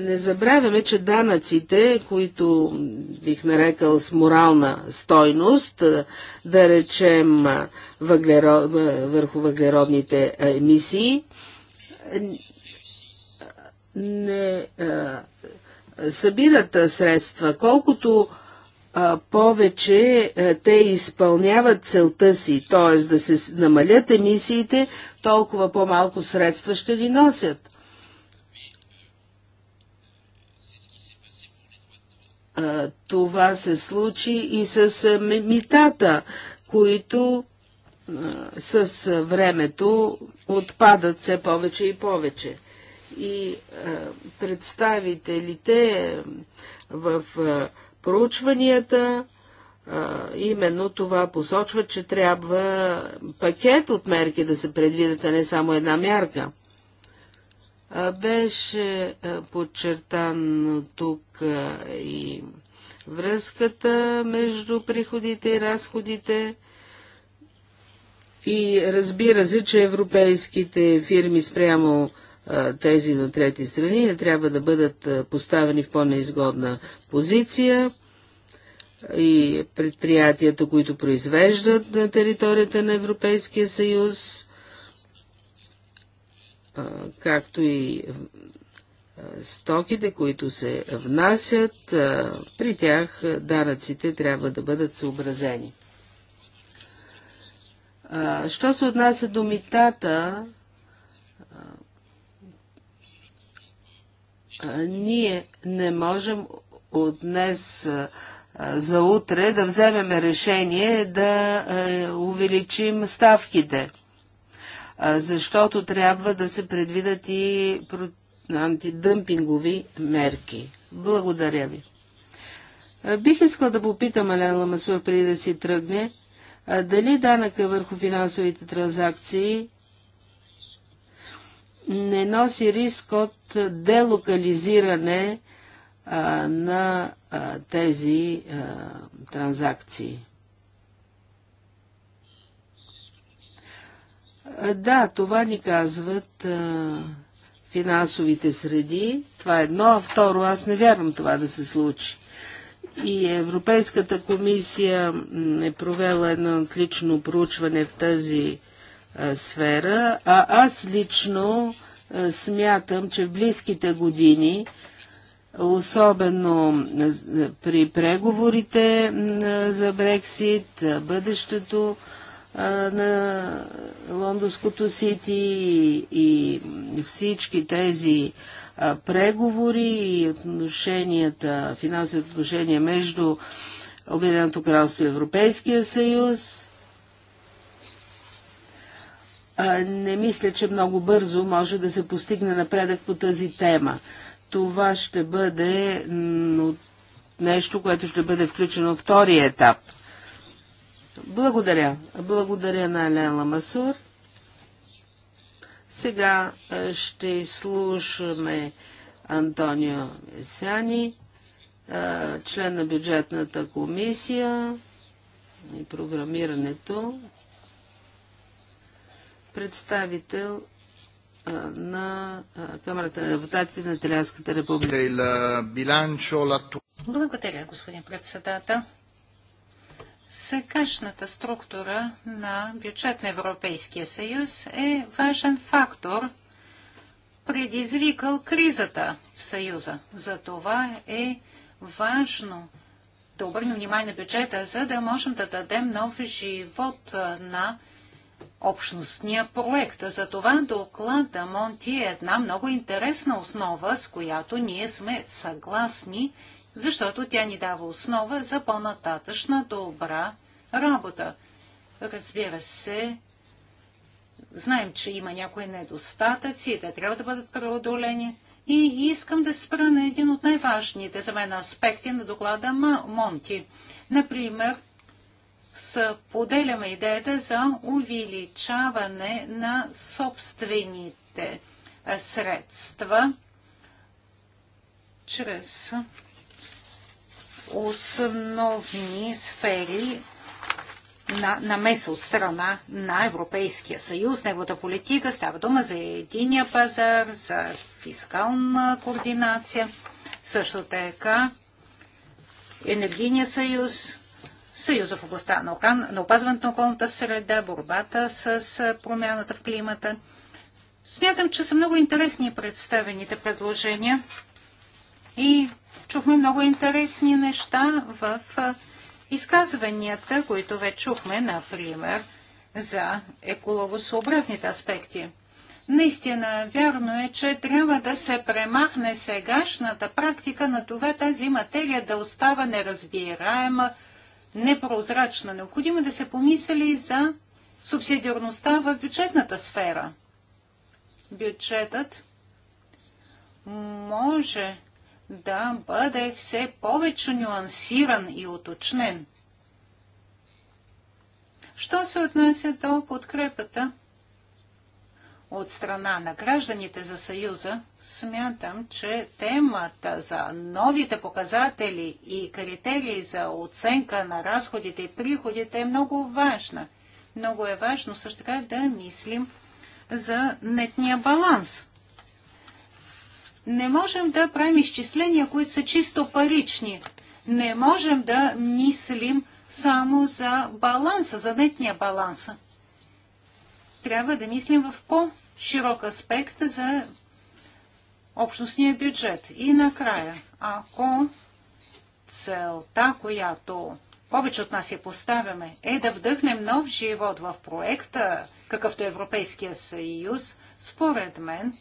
не забравяме, че данъците, които бих нарекал с морална стойност, да речем върху въглеродните емисии, не е, а, събират средства, колкото а, повече а, е, те изпълняват целта си, т.е. да се намалят емисиите, толкова по-малко средства ще ни носят. А, това се случи и с а, митата, които а, с времето отпадат все повече и повече и е, представителите е, в е, проучванията именно това посочва, че трябва пакет от мерки да се предвидят, а не само една мярка. Беше подчертан тук и връзката между приходите и разходите. И разбира се, че европейските фирми спрямо тези на трети страни не трябва да бъдат поставени в по-неизгодна позиция и предприятията, които произвеждат на територията на Европейския съюз, както и стоките, които се внасят, при тях данъците трябва да бъдат съобразени. Що се отнася до митата, ние не можем от днес за утре да вземем решение да увеличим ставките, защото трябва да се предвидат и антидъмпингови мерки. Благодаря ви. Бих искала да попитам Елена Ламасур преди да си тръгне, дали данъка върху финансовите транзакции не носи риск от делокализиране а, на а, тези а, транзакции. Да, това ни казват а, финансовите среди. Това е едно, а второ, аз не вярвам това да се случи. И Европейската комисия е провела едно отлично проучване в тази сфера, а аз лично смятам, че в близките години, особено при преговорите за Брексит, бъдещето на Лондонското Сити и всички тези преговори и отношенията, финансови отношения между Обединеното кралство и Европейския съюз, не мисля, че много бързо може да се постигне напредък по тази тема. Това ще бъде нещо, което ще бъде включено втория етап. Благодаря. Благодаря на Елен Ламасур. Сега ще изслушаме Антонио Месяни, член на бюджетната комисия и програмирането представител на Камерата на депутатите на Италианската република. Благодаря, господин председател. Сегашната структура на бюджет на Европейския съюз е важен фактор, предизвикал кризата в съюза. За това е важно да обърнем внимание на бюджета, за да можем да дадем нов живот на общностния проект. За това доклада Монти е една много интересна основа, с която ние сме съгласни, защото тя ни дава основа за по-нататъчна добра работа. Разбира се, знаем, че има някои недостатъци, те трябва да бъдат преодолени. И искам да спра на един от най-важните за мен аспекти на доклада Монти. Например, споделяме идеята за увеличаване на собствените средства чрез основни сфери на намеса от страна на Европейския съюз. Неговата политика става дума за единия пазар, за фискална координация, също така енергийния съюз, Съюза в областта на, на опазването на околната среда, борбата с промяната в климата. Смятам, че са много интересни представените предложения и чухме много интересни неща в изказванията, които вече чухме, например, за еколовосообразните аспекти. Наистина, вярно е, че трябва да се премахне сегашната практика на това тази материя да остава неразбираема, непрозрачна. Необходимо е да се помисли за субсидиарността в бюджетната сфера. Бюджетът може да бъде все повече нюансиран и уточнен. Що се отнася до подкрепата от страна на гражданите за Съюза, смятам, че темата за новите показатели и критерии за оценка на разходите и приходите е много важна. Много е важно също така да мислим за нетния баланс. Не можем да правим изчисления, които са чисто парични. Не можем да мислим само за баланса, за нетния баланс. Трябва да мислим в по- широк аспект за общностния бюджет. И накрая, ако целта, която повече от нас я поставяме, е да вдъхнем нов живот в проекта, какъвто е Европейския съюз, според мен,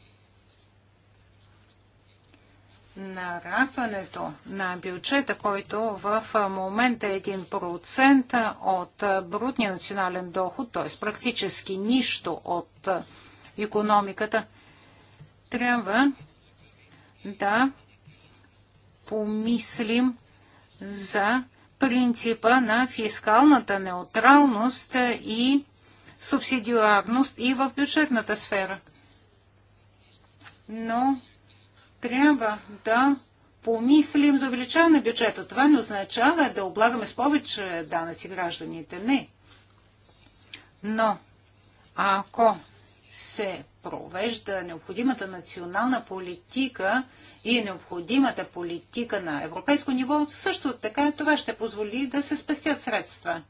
нарастването на бюджета, който в момента е 1% от брутния национален доход, т.е. практически нищо от економиката. Трябва да помислим за принципа на фискалната неутралност и субсидиарност и в бюджетната сфера. Но трябва да помислим за увеличаване на бюджета. Това не означава да облагаме с повече данъци гражданите. Не. Но ако се провежда необходимата национална политика и необходимата политика на европейско ниво, също така това ще позволи да се спестят средства.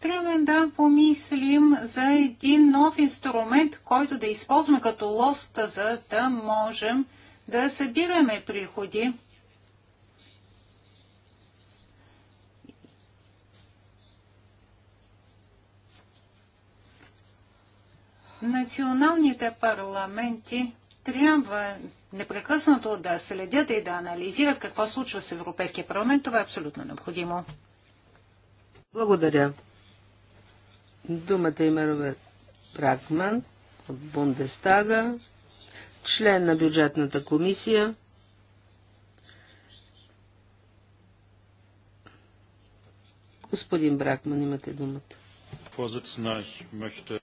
Трябва да помислим за един нов инструмент, който да използваме като лоста, за да можем да събираме приходи националните парламенти трябва непрекъснато да следят и да анализират какво случва с Европейския парламент. Това е абсолютно необходимо. Благодаря. Думата има Роберт Бракман от Бундестага, член на бюджетната комисия. Господин Бракман, имате думата.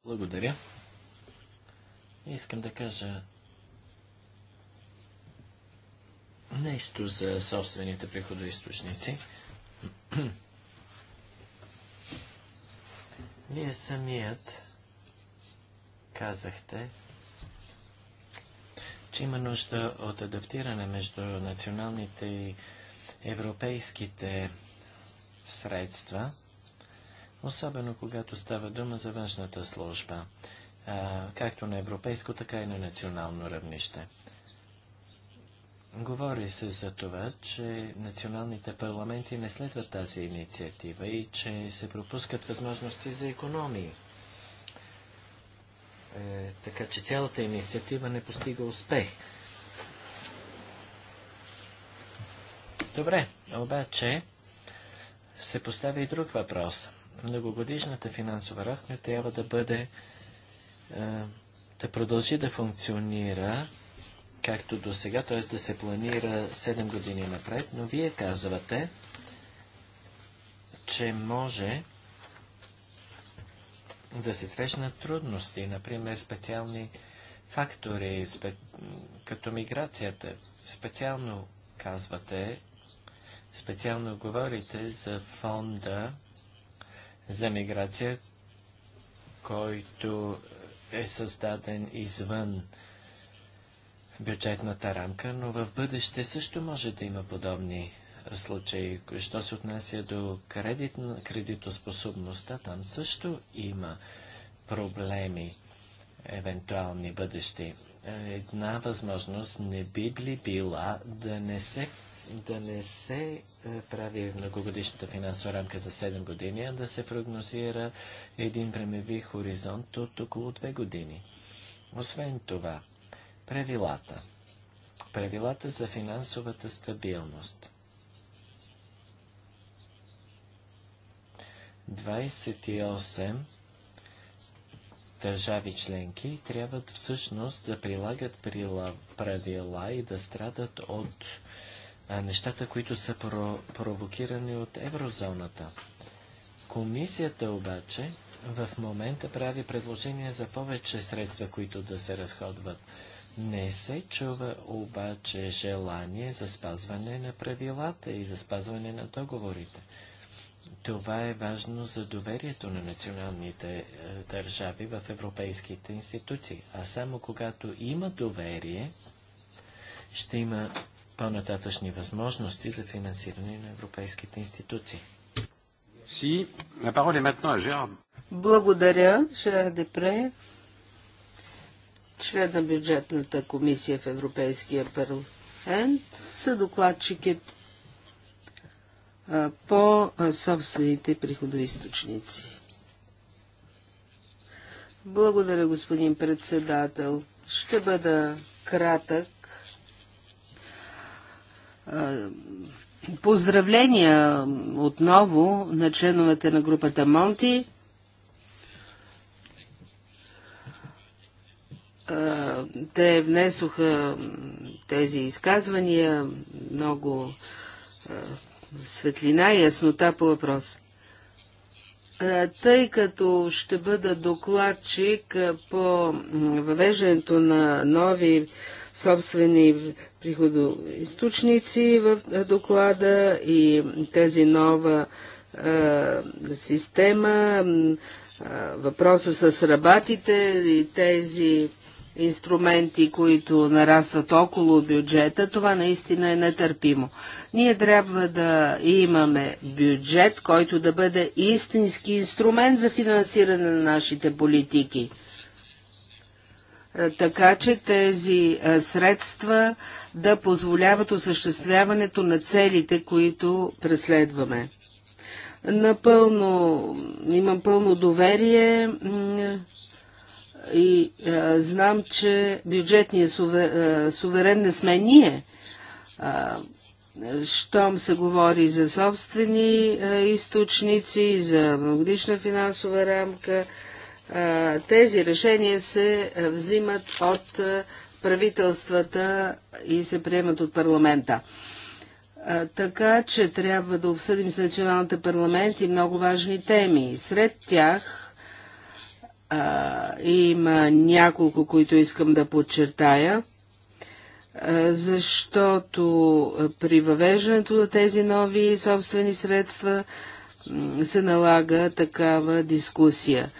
Благодаря. Искам да кажа нещо за собствените приходоисточници. [clears throat] Вие самият казахте, че има нужда от адаптиране между националните и европейските средства, особено когато става дума за външната служба както на европейско, така и на национално равнище. Говори се за това, че националните парламенти не следват тази инициатива и че се пропускат възможности за економии. Е, така че цялата инициатива не постига успех. Добре, обаче се поставя и друг въпрос. Многогодишната финансова рахна трябва да бъде да продължи да функционира както до сега, т.е. да се планира 7 години напред, но вие казвате, че може да се срещнат трудности, например специални фактори, спе... като миграцията. Специално казвате, специално говорите за фонда за миграция, който е създаден извън бюджетната рамка, но в бъдеще също може да има подобни случаи. Що се отнася до кредит, кредитоспособността, там също има проблеми, евентуални бъдещи. Една възможност не би ли била да не се да не се е, прави многогодишната финансова рамка за 7 години, а да се прогнозира един времеви хоризонт от около 2 години. Освен това, правилата. Правилата за финансовата стабилност. 28 държави членки трябва всъщност да прилагат правила и да страдат от нещата, които са про провокирани от еврозоната. Комисията обаче в момента прави предложение за повече средства, които да се разходват. Не се чува обаче желание за спазване на правилата и за спазване на договорите. Това е важно за доверието на националните е, държави в европейските институции. А само когато има доверие, ще има по-нататъчни възможности за финансиране на европейските институции. Си, на parole est Благодаря, Жерар Депре, член на бюджетната комисия в Европейския парламент, са докладчики е, по собствените приходоисточници. Благодаря, господин председател. Ще бъда кратък Поздравления отново на членовете на групата Монти. Те внесоха тези изказвания много светлина и яснота по въпрос. Тъй като ще бъда докладчик по въвеждането на нови собствени приходоисточници в доклада и тази нова система, въпроса с работите и тези инструменти, които нарастват около бюджета, това наистина е нетърпимо. Ние трябва да имаме бюджет, който да бъде истински инструмент за финансиране на нашите политики – така че тези средства да позволяват осъществяването на целите, които преследваме. Напълно, имам пълно доверие и знам, че бюджетният суверен, не сме ние. щом се говори за собствени източници, за многодишна финансова рамка, тези решения се взимат от правителствата и се приемат от парламента. Така че трябва да обсъдим с националните парламенти много важни теми. Сред тях а, има няколко, които искам да подчертая, а, защото при въвеждането на тези нови собствени средства се налага такава дискусия.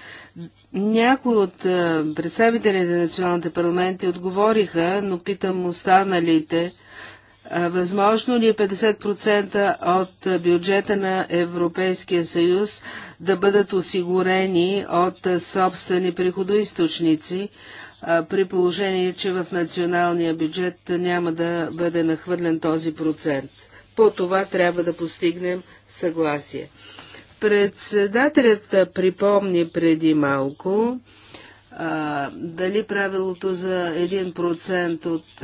Някои от е, представителите на националните парламенти отговориха, но питам останалите, е, възможно ли е 50% от бюджета на Европейския съюз да бъдат осигурени от собствени приходоисточници, е, при положение, че в националния бюджет няма да бъде нахвърлен този процент. По това трябва да постигнем съгласие. Председателят припомни преди малко а, дали правилото за 1% от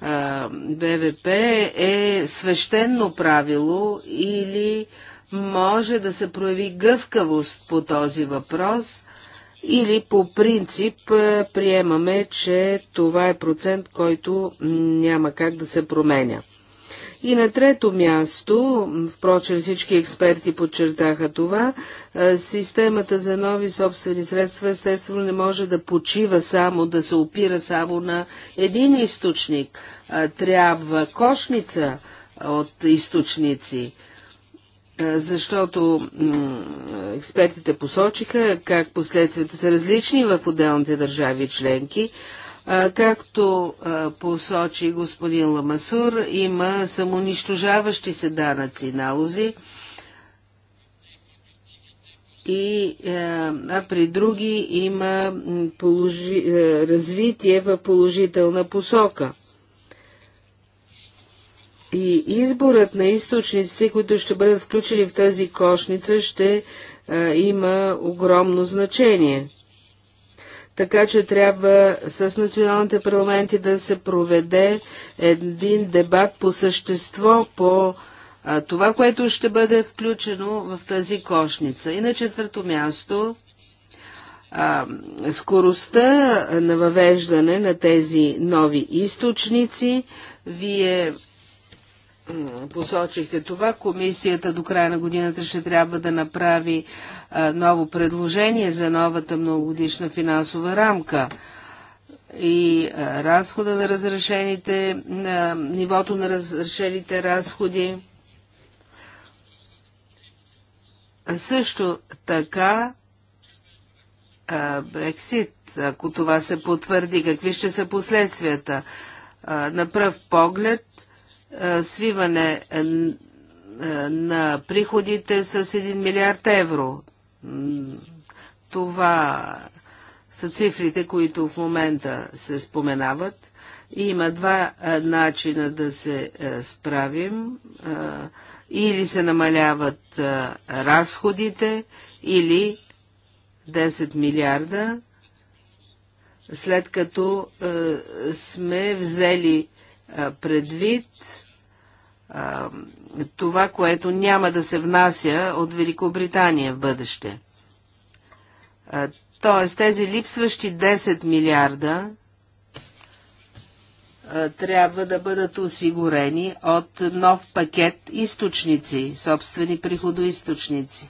а, БВП е свещено правило или може да се прояви гъвкавост по този въпрос или по принцип приемаме, че това е процент, който няма как да се променя. И на трето място, впрочем всички експерти подчертаха това, системата за нови собствени средства естествено не може да почива само, да се опира само на един източник. Трябва кошница от източници защото експертите посочиха как последствията са различни в отделните държави членки, Както посочи господин Ламасур, има самоунищожаващи се данъци налози, и, е, а при други има положи, е, развитие в положителна посока. И изборът на източниците, които ще бъдат включени в тази кошница, ще а, е, има огромно значение. Така че трябва с националните парламенти да се проведе един дебат по същество, по а, това, което ще бъде включено в тази кошница. И на четвърто място, а, скоростта на въвеждане на тези нови източници. Вие посочихте това. Комисията до края на годината ще трябва да направи ново предложение за новата многогодишна финансова рамка и разхода на разрешените, на нивото на разрешените разходи. Също така Брексит, ако това се потвърди, какви ще са последствията? на пръв поглед е, свиване е, е, на приходите с 1 милиард евро. Това са цифрите, които в момента се споменават. И има два начина да се справим. Или се намаляват разходите, или 10 милиарда, след като сме взели предвид това, което няма да се внася от Великобритания в бъдеще. Тоест, тези липсващи 10 милиарда трябва да бъдат осигурени от нов пакет източници, собствени приходоисточници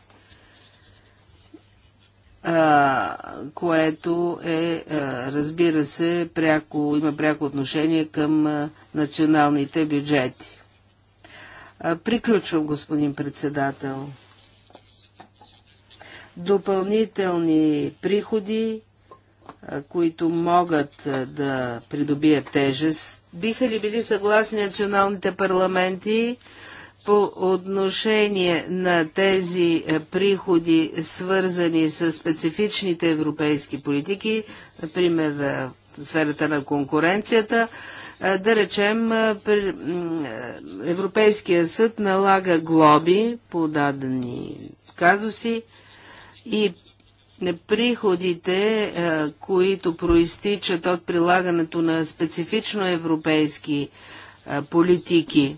което е, разбира се, пряко, има пряко отношение към националните бюджети. Приключвам, господин председател. Допълнителни приходи, които могат да придобият тежест, биха ли били съгласни националните парламенти по отношение на тези е, приходи, свързани с специфичните европейски политики, например е, в сферата на конкуренцията, е, да речем, Европейския съд налага глоби по дадени казуси и приходите, които проистичат от прилагането на специфично европейски политики,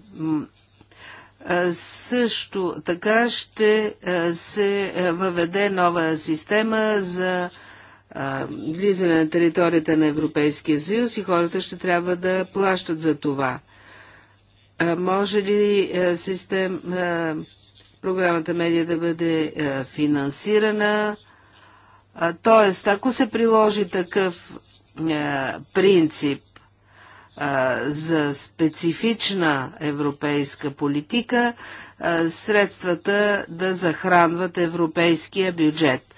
също така ще се въведе нова система за влизане на територията на Европейския съюз и хората ще трябва да плащат за това. Може ли систем, програмата медия да бъде финансирана? Тоест, ако се приложи такъв принцип, за специфична европейска политика средствата да захранват европейския бюджет.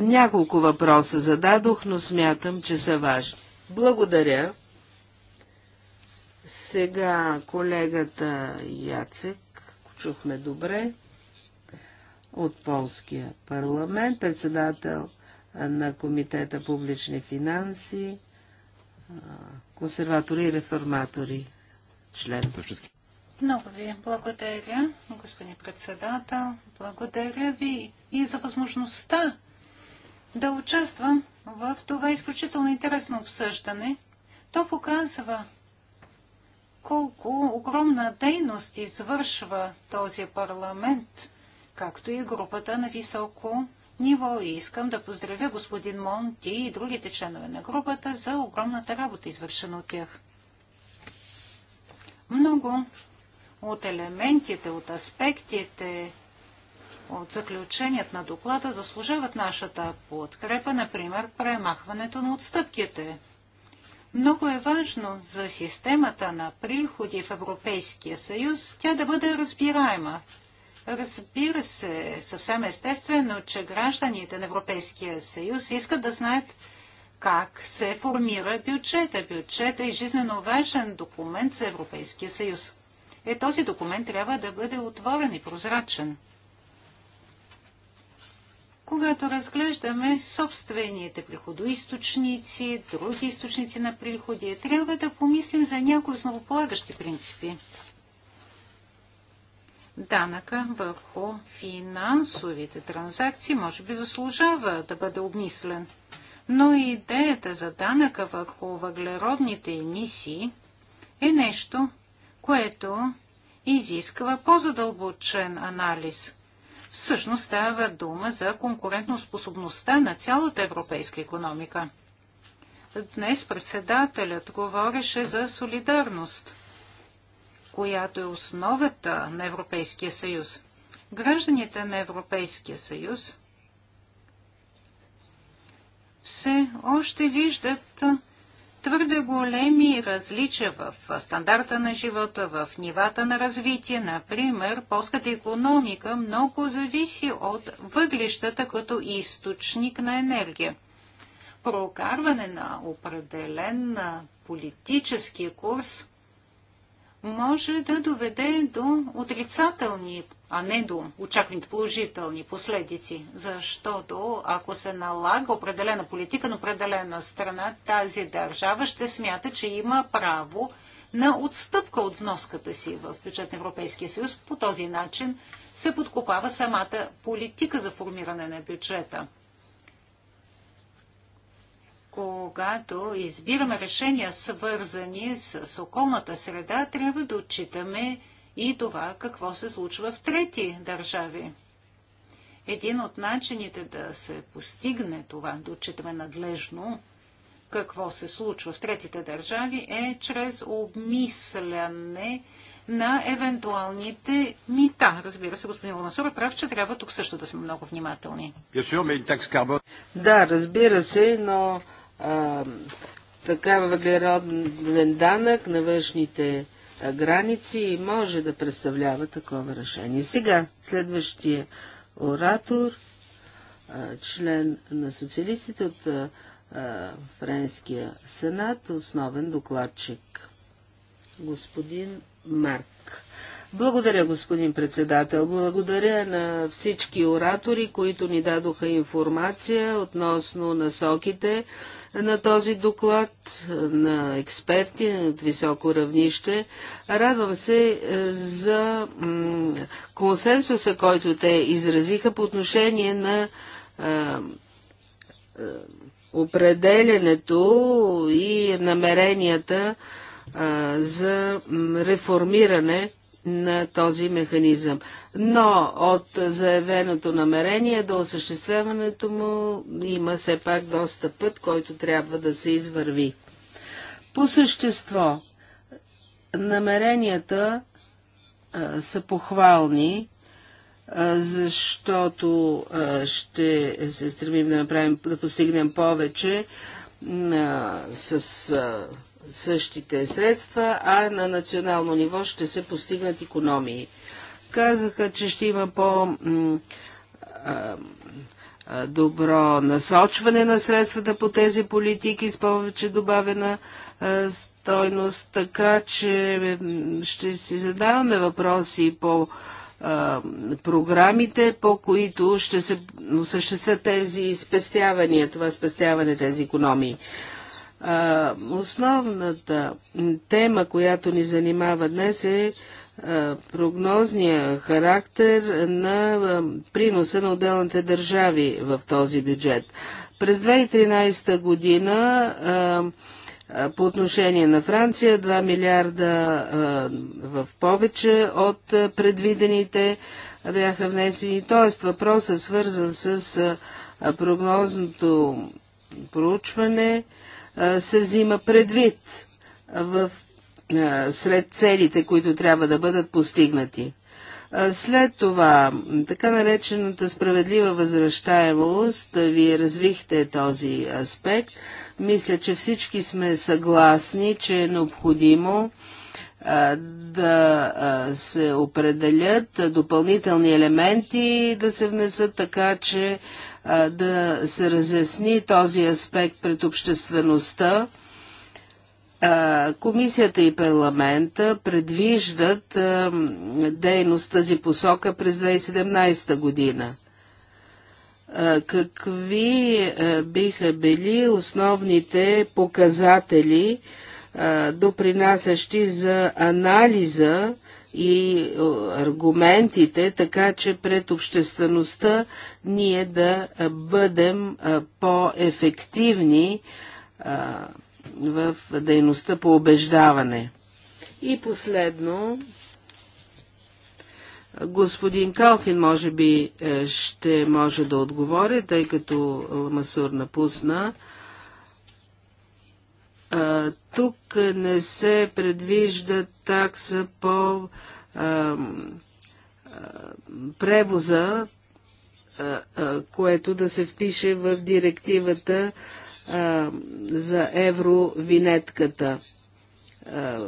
Няколко въпроса зададох, но смятам, че са важни. Благодаря. Сега колегата Яцек, чухме добре, от Полския парламент, председател на Комитета публични финанси консерватори и реформатори член. Много ви благодаря, господин председател. Благодаря ви и за възможността да участвам в това изключително интересно обсъждане. То показва колко огромна дейност извършва този парламент, както и групата на високо ниво и искам да поздравя господин Монти и другите членове на групата за огромната работа, извършена от тях. Много от елементите, от аспектите, от заключенията на доклада заслужават нашата подкрепа, например, премахването на отстъпките. Много е важно за системата на приходи в Европейския съюз тя да бъде разбираема, Разбира се, съвсем естествено, че гражданите на Европейския съюз искат да знаят как се формира бюджета. Бюджета е жизненно важен документ за Европейския съюз. Е, този документ трябва да бъде отворен и прозрачен. Когато разглеждаме собствените приходоисточници, други източници на приходи, трябва да помислим за някои основополагащи принципи данъка върху финансовите транзакции може би заслужава да бъде обмислен. Но идеята за данъка върху въглеродните емисии е нещо, което изисква по-задълбочен анализ. Всъщност става дума за конкурентоспособността на цялата европейска економика. Днес председателят говореше за солидарност – която е основата на Европейския съюз. Гражданите на Европейския съюз все още виждат твърде големи различия в стандарта на живота, в нивата на развитие. Например, полската економика много зависи от въглищата като източник на енергия. Прокарване на определен политически курс може да доведе до отрицателни, а не до очакваните положителни последици. Защото ако се налага определена политика на определена страна, тази държава ще смята, че има право на отстъпка от вноската си в бюджет на Европейския съюз. По този начин се подкопава самата политика за формиране на бюджета когато избираме решения, свързани с околната среда, трябва да отчитаме и това какво се случва в трети държави. Един от начините да се постигне това, да отчитаме надлежно какво се случва в третите държави, е чрез обмисляне на евентуалните мита. Разбира се, господин Ланасур е прав, че трябва тук също да сме много внимателни. Да, разбира се, но такава въглероден данък на външните граници и може да представлява такова решение. Сега, следващия оратор, член на социалистите от Френския сенат, основен докладчик, господин Марк. Благодаря, господин председател. Благодаря на всички оратори, които ни дадоха информация относно насоките на този доклад на експерти от високо равнище. Радвам се е, за консенсуса, който те изразиха по отношение на е, е, определенето и намеренията за реформиране на този механизъм. Но от заявеното намерение до осъществяването му има все пак доста път, който трябва да се извърви. По същество, намеренията а, са похвални, а, защото а, ще се стремим да, направим, да постигнем повече с същите средства, а на национално ниво ще се постигнат економии. Казаха, че ще има по- добро насочване на средствата по тези политики с повече добавена стойност, така че ще си задаваме въпроси по програмите, по които ще се осъществят тези спестявания, това спестяване, тези економии. Основната тема, която ни занимава днес е прогнозния характер на приноса на отделните държави в този бюджет. През 2013 година по отношение на Франция 2 милиарда в повече от предвидените бяха внесени. Тоест въпросът е свързан с прогнозното проучване се взима предвид в, сред целите, които трябва да бъдат постигнати. След това, така наречената справедлива възвръщаемост, вие развихте този аспект. Мисля, че всички сме съгласни, че е необходимо а, да а, се определят допълнителни елементи и да се внесат така, че да се разясни този аспект пред обществеността. Комисията и парламента предвиждат дейност тази посока през 2017 година. Какви биха били основните показатели, допринасящи за анализа и е, аргументите, така че пред обществеността ние да е, бъдем е, по-ефективни в дейността по убеждаване. И последно, господин Калфин може би ще може да отговори, тъй като Ламасур напусна. А, тук не се предвижда такса по а, превоза, което да се впише в директивата за евровинетката,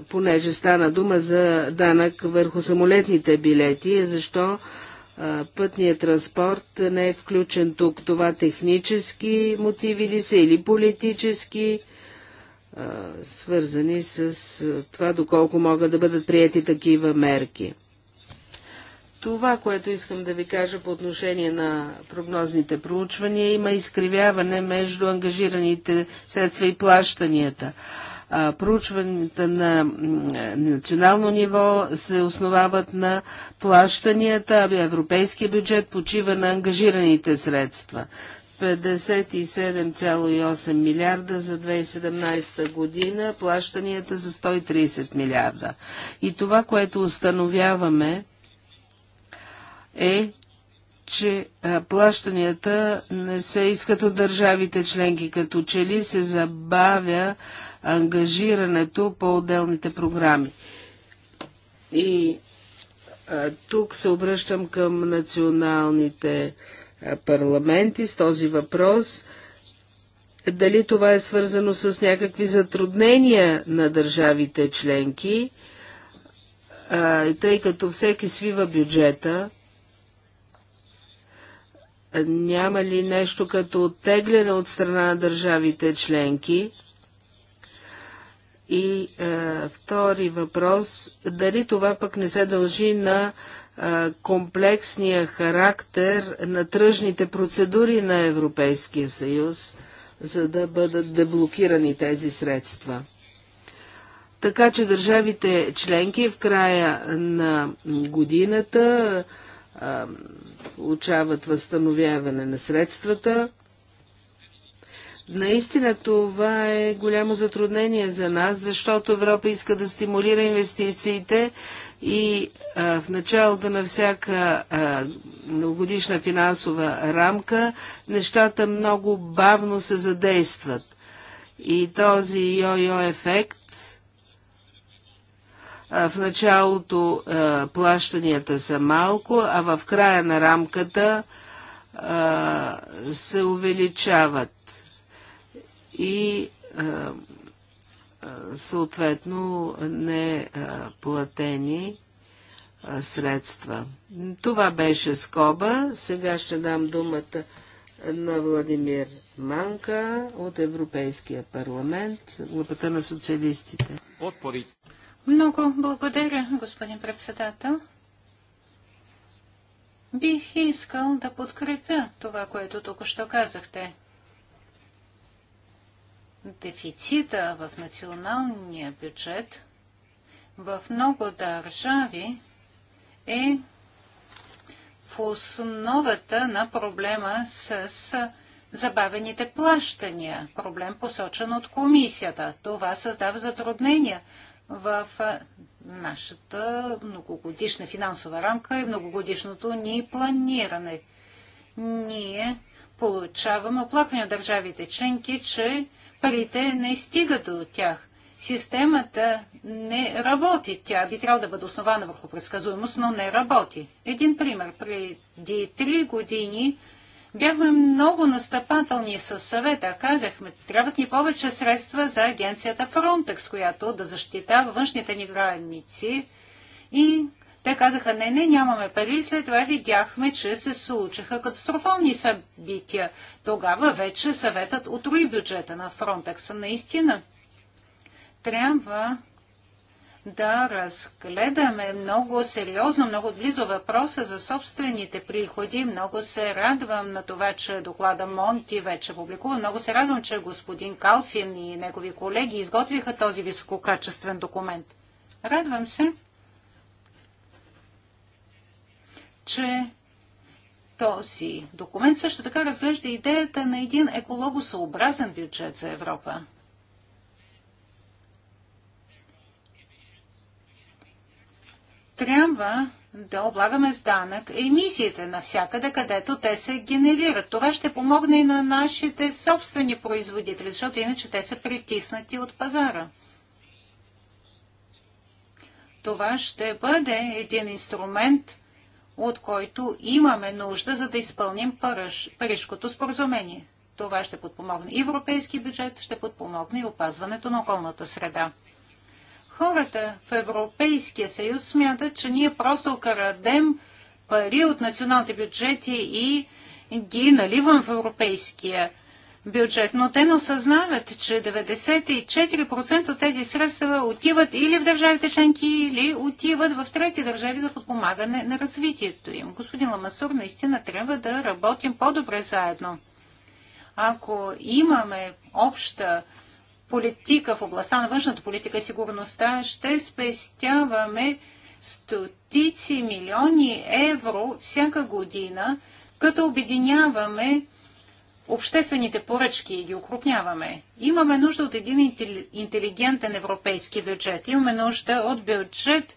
понеже стана дума за данък върху самолетните билети, е защо пътният транспорт не е включен тук. Това технически мотиви ли са или политически? свързани с това, доколко могат да бъдат прияти такива мерки. Това, което искам да ви кажа по отношение на прогнозните проучвания, има изкривяване между ангажираните средства и плащанията. проучванията на национално ниво се основават на плащанията, а европейския бюджет почива на ангажираните средства. 57,8 милиарда за 2017 година, плащанията за 130 милиарда. И това, което установяваме е, че плащанията не се искат от държавите членки, като че ли се забавя ангажирането по отделните програми. И а, тук се обръщам към националните а, парламенти с този въпрос. Дали това е свързано с някакви затруднения на държавите членки, тъй като всеки свива бюджета, няма ли нещо като оттегляне от страна на държавите членки? И е, втори въпрос, дали това пък не се дължи на комплексния характер на тръжните процедури на Европейския съюз, за да бъдат деблокирани тези средства. Така че държавите членки в края на годината а, получават възстановяване на средствата. Наистина това е голямо затруднение за нас, защото Европа иска да стимулира инвестициите, и а, в началото на всяка а, многогодишна финансова рамка нещата много бавно се задействат. И този йо-йо ефект а, в началото плащанията са малко, а в края на рамката се увеличават. И съответно не платени средства. Това беше скоба. Сега ще дам думата на Владимир Манка от Европейския парламент, групата на социалистите. Отпорите. Много благодаря, господин председател. Бих искал да подкрепя това, което тук що казахте дефицита в националния бюджет в много държави е в основата на проблема с забавените плащания, проблем посочен от комисията. Това създава затруднения в нашата многогодишна финансова рамка и многогодишното ни планиране. Ние получаваме оплакване от държавите членки, че парите не стигат до тях. Системата не работи. Тя би трябвало да бъде основана върху предсказуемост, но не работи. Един пример. Преди три години бяхме много настъпателни със съвета. Казахме, трябват ни повече средства за агенцията Frontex, която да защитава външните ни граници и те казаха, не, не, нямаме пари. и След това видяхме, че се случиха катастрофални събития. Тогава вече съветът отруи бюджета на Фронтекса. Наистина, трябва да разгледаме много сериозно, много близо въпроса за собствените приходи. Много се радвам на това, че доклада Монти вече публикува. Много се радвам, че господин Калфин и негови колеги изготвиха този висококачествен документ. Радвам се, че този документ също така разглежда идеята на един екологосъобразен бюджет за Европа. Трябва да облагаме с данък емисиите навсякъде, където те се генерират. Това ще помогне и на нашите собствени производители, защото иначе те са притиснати от пазара. Това ще бъде един инструмент – от който имаме нужда, за да изпълним Париж, Парижкото споразумение. Това ще подпомогне и европейски бюджет, ще подпомогне и опазването на околната среда. Хората в Европейския съюз смятат, че ние просто крадем пари от националните бюджети и ги наливам в Европейския съюз бюджет, но те не осъзнават, че 94% от тези средства отиват или в държавите членки, или отиват в трети държави за подпомагане на развитието им. Господин Ламасур, наистина трябва да работим по-добре заедно. Ако имаме обща политика в областта на външната политика и сигурността, ще спестяваме стотици милиони евро всяка година, като обединяваме обществените поръчки и ги укрупняваме. Имаме нужда от един интелигентен европейски бюджет. Имаме нужда от бюджет,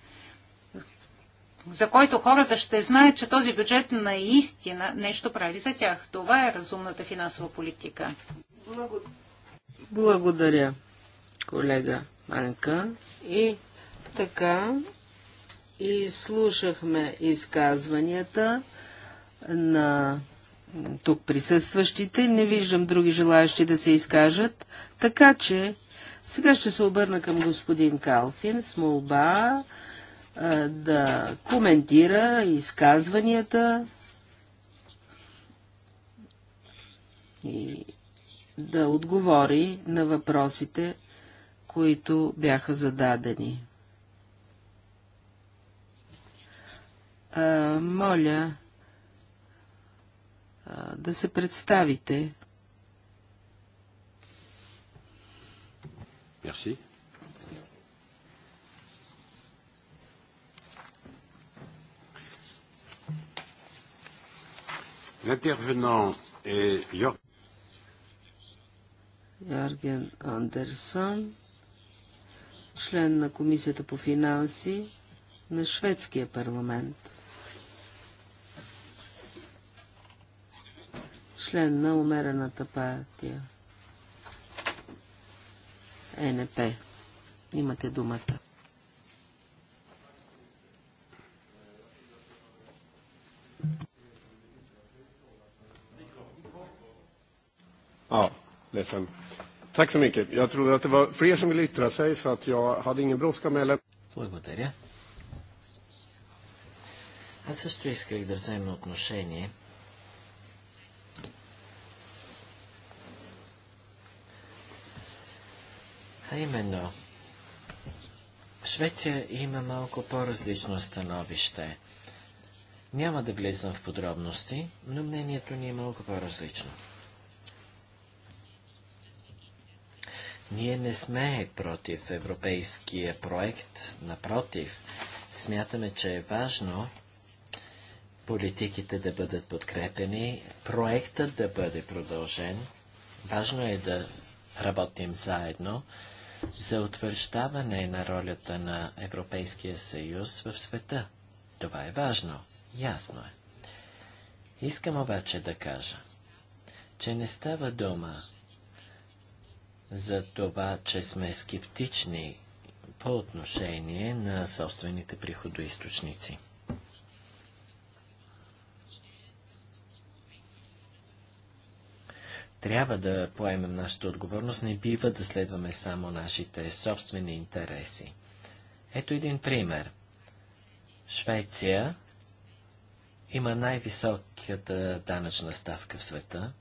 за който хората ще знаят, че този бюджет наистина нещо прави за тях. Това е разумната финансова политика. Благодаря, колега Анка. И така, и слушахме изказванията на тук присъстващите. Не виждам други желаящи да се изкажат, така че сега ще се обърна към господин Калфин с молба да коментира изказванията и да отговори на въпросите, които бяха зададени. А, моля да се представите. Мерси. L'intervenant est Йорген Андерсон, член на Комисията по финанси на шведския парламент. член на умерената партия. ЕНП. Имате думата. Ja, ledsen. Tack så mycket. Jag trodde att det var fler som ville yttra sig så att jag hade ingen brådska med eller... Благодаря. Аз Jag skulle vilja взема отношение А именно, Швеция има малко по-различно становище. Няма да влизам в подробности, но мнението ни е малко по-различно. Ние не сме против европейския проект, напротив, смятаме, че е важно политиките да бъдат подкрепени, проектът да бъде продължен. Важно е да работим заедно, за утвърждаване на ролята на Европейския съюз в света. Това е важно, ясно е. Искам обаче да кажа, че не става дума за това, че сме скептични по отношение на собствените приходоисточници. Трябва да поемем нашата отговорност, не бива да следваме само нашите собствени интереси. Ето един пример. Швеция има най-високата данъчна ставка в света.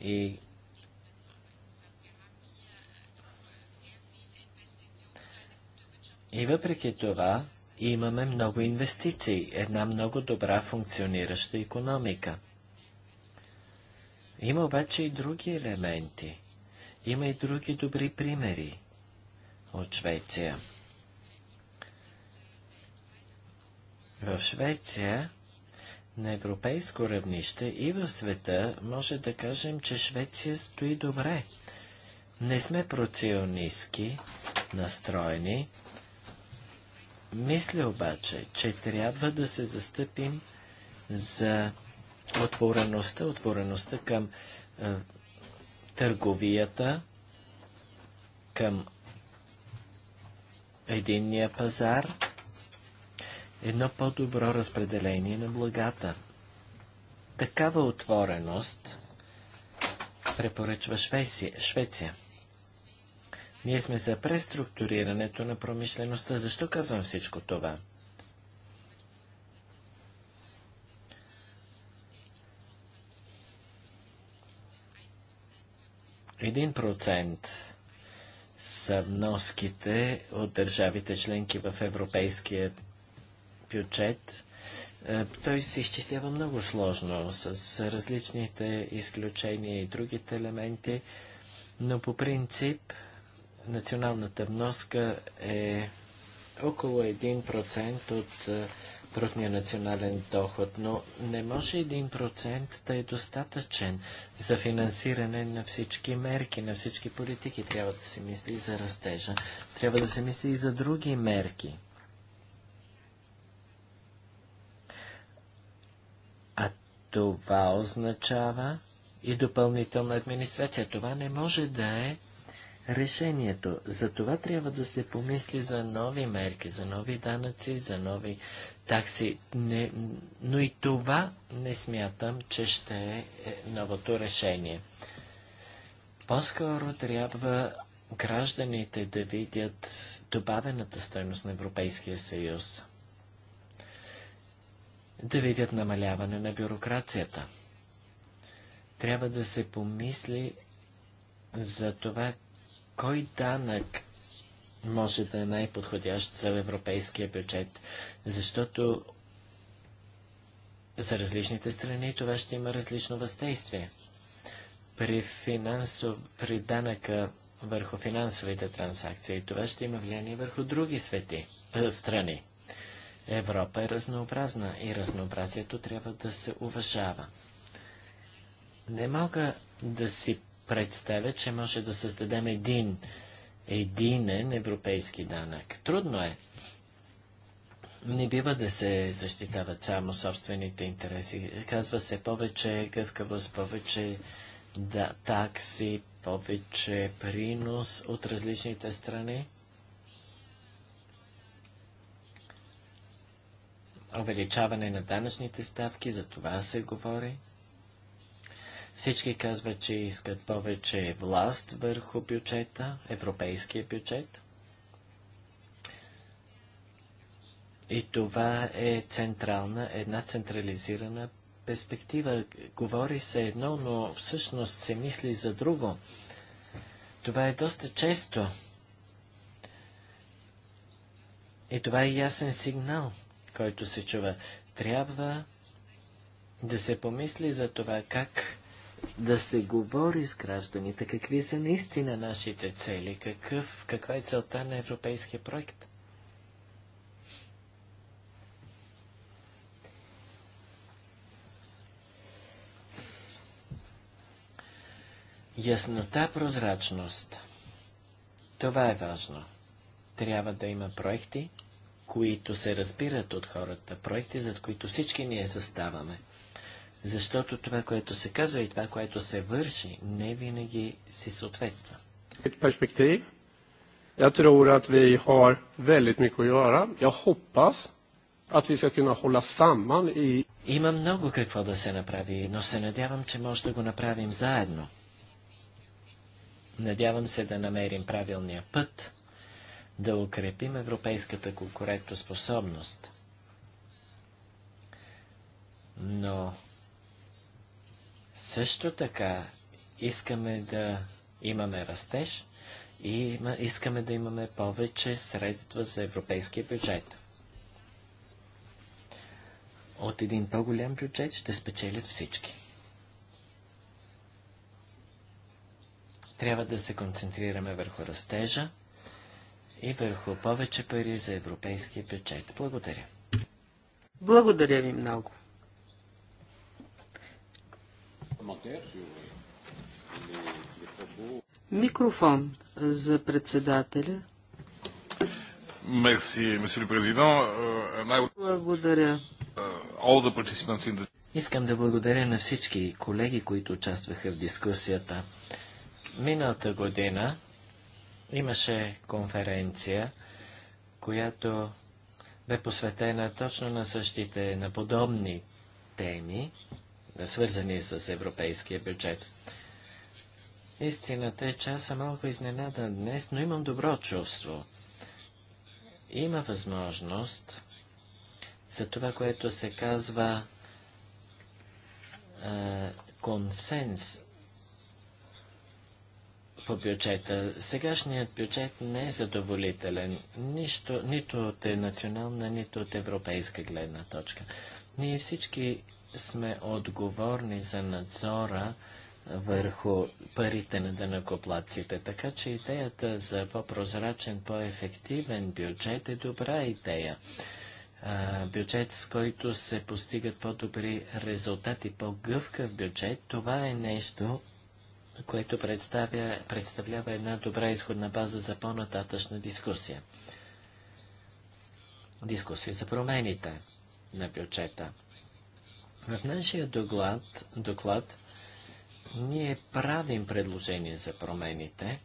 И И въпреки това, имаме много инвестиции, една много добра функционираща економика. Има обаче и други елементи. Има и други добри примери от Швеция. В Швеция на европейско равнище и в света може да кажем, че Швеция стои добре. Не сме проционистки настроени, мисля обаче, че трябва да се застъпим за отвореността, отвореността към е, търговията, към единния пазар, едно по-добро разпределение на благата. Такава отвореност препоръчва Швеция. Швеция. Ние сме за преструктурирането на промишлеността. Защо казвам всичко това? Един процент са вноските от държавите членки в европейския бюджет. Е, той се изчислява много сложно с различните изключения и другите елементи, но по принцип националната вноска е около 1% от е, брутния национален доход, но не може 1% да е достатъчен за финансиране на всички мерки, на всички политики. Трябва да се мисли и за растежа, трябва да се мисли и за други мерки. А това означава и допълнителна администрация. Това не може да е решението. За това трябва да се помисли за нови мерки, за нови данъци, за нови такси. Не, но и това не смятам, че ще е, е новото решение. По-скоро трябва гражданите да видят добавената стойност на Европейския съюз. Да видят намаляване на бюрокрацията. Трябва да се помисли за това кой данък може да е най-подходящ за европейския бюджет, защото за различните страни това ще има различно въздействие. При, финансов, при данъка върху финансовите транзакции това ще има влияние върху други свети, э, страни. Европа е разнообразна и разнообразието трябва да се уважава. Не мога да си представя, че може да създадем един единен европейски данък. Трудно е. Не бива да се защитават само собствените интереси. Казва се повече гъвкавост, повече да, такси, повече принос от различните страни. Увеличаване на данъчните ставки, за това се говори. Всички казват, че искат повече власт върху бюджета, европейския бюджет. И това е централна, една централизирана перспектива. Говори се едно, но всъщност се мисли за друго. Това е доста често. И това е ясен сигнал, който се чува. Трябва да се помисли за това как да се говори с гражданите какви са наистина нашите цели, какъв, каква е целта на европейския проект. Яснота, прозрачност. Това е важно. Трябва да има проекти, които се разбират от хората, проекти, за които всички ние заставаме. Защото това, което се казва и това, което се върши, не винаги си съответства. Перспектив. Jag tror att vi har väldigt mycket att göra. Jag hoppas att vi ska kunna hålla samman i... Има много какво да се направи, но се надявам, че може да го направим заедно. Надявам се да намерим правилния път, да укрепим европейската конкурентоспособност. Но също така искаме да имаме растеж и искаме да имаме повече средства за европейския бюджет. От един по-голям бюджет ще спечелят всички. Трябва да се концентрираме върху растежа и върху повече пари за европейския бюджет. Благодаря. Благодаря ви много. Микрофон за председателя. Мерси, месье президент. Е, благодаря. Е, Искам да благодаря на всички колеги, които участваха в дискусията. Миналата година имаше конференция, която бе посветена точно на същите, на подобни теми свързани с европейския бюджет. Истината е, че аз съм малко изненадан днес, но имам добро чувство. Има възможност за това, което се казва а, консенс по бюджета. Сегашният бюджет не е задоволителен, нищо, нито от национална, нито от европейска гледна точка. Ние всички сме отговорни за надзора върху парите на дънакоплаците. Така че идеята за по-прозрачен, по-ефективен бюджет е добра идея. бюджет, с който се постигат по-добри резултати, по-гъвкав бюджет, това е нещо, което представя, представлява една добра изходна база за по-нататъчна дискусия. Дискусия за промените на бюджета. В нашия доклад, доклад ние правим предложение за промените.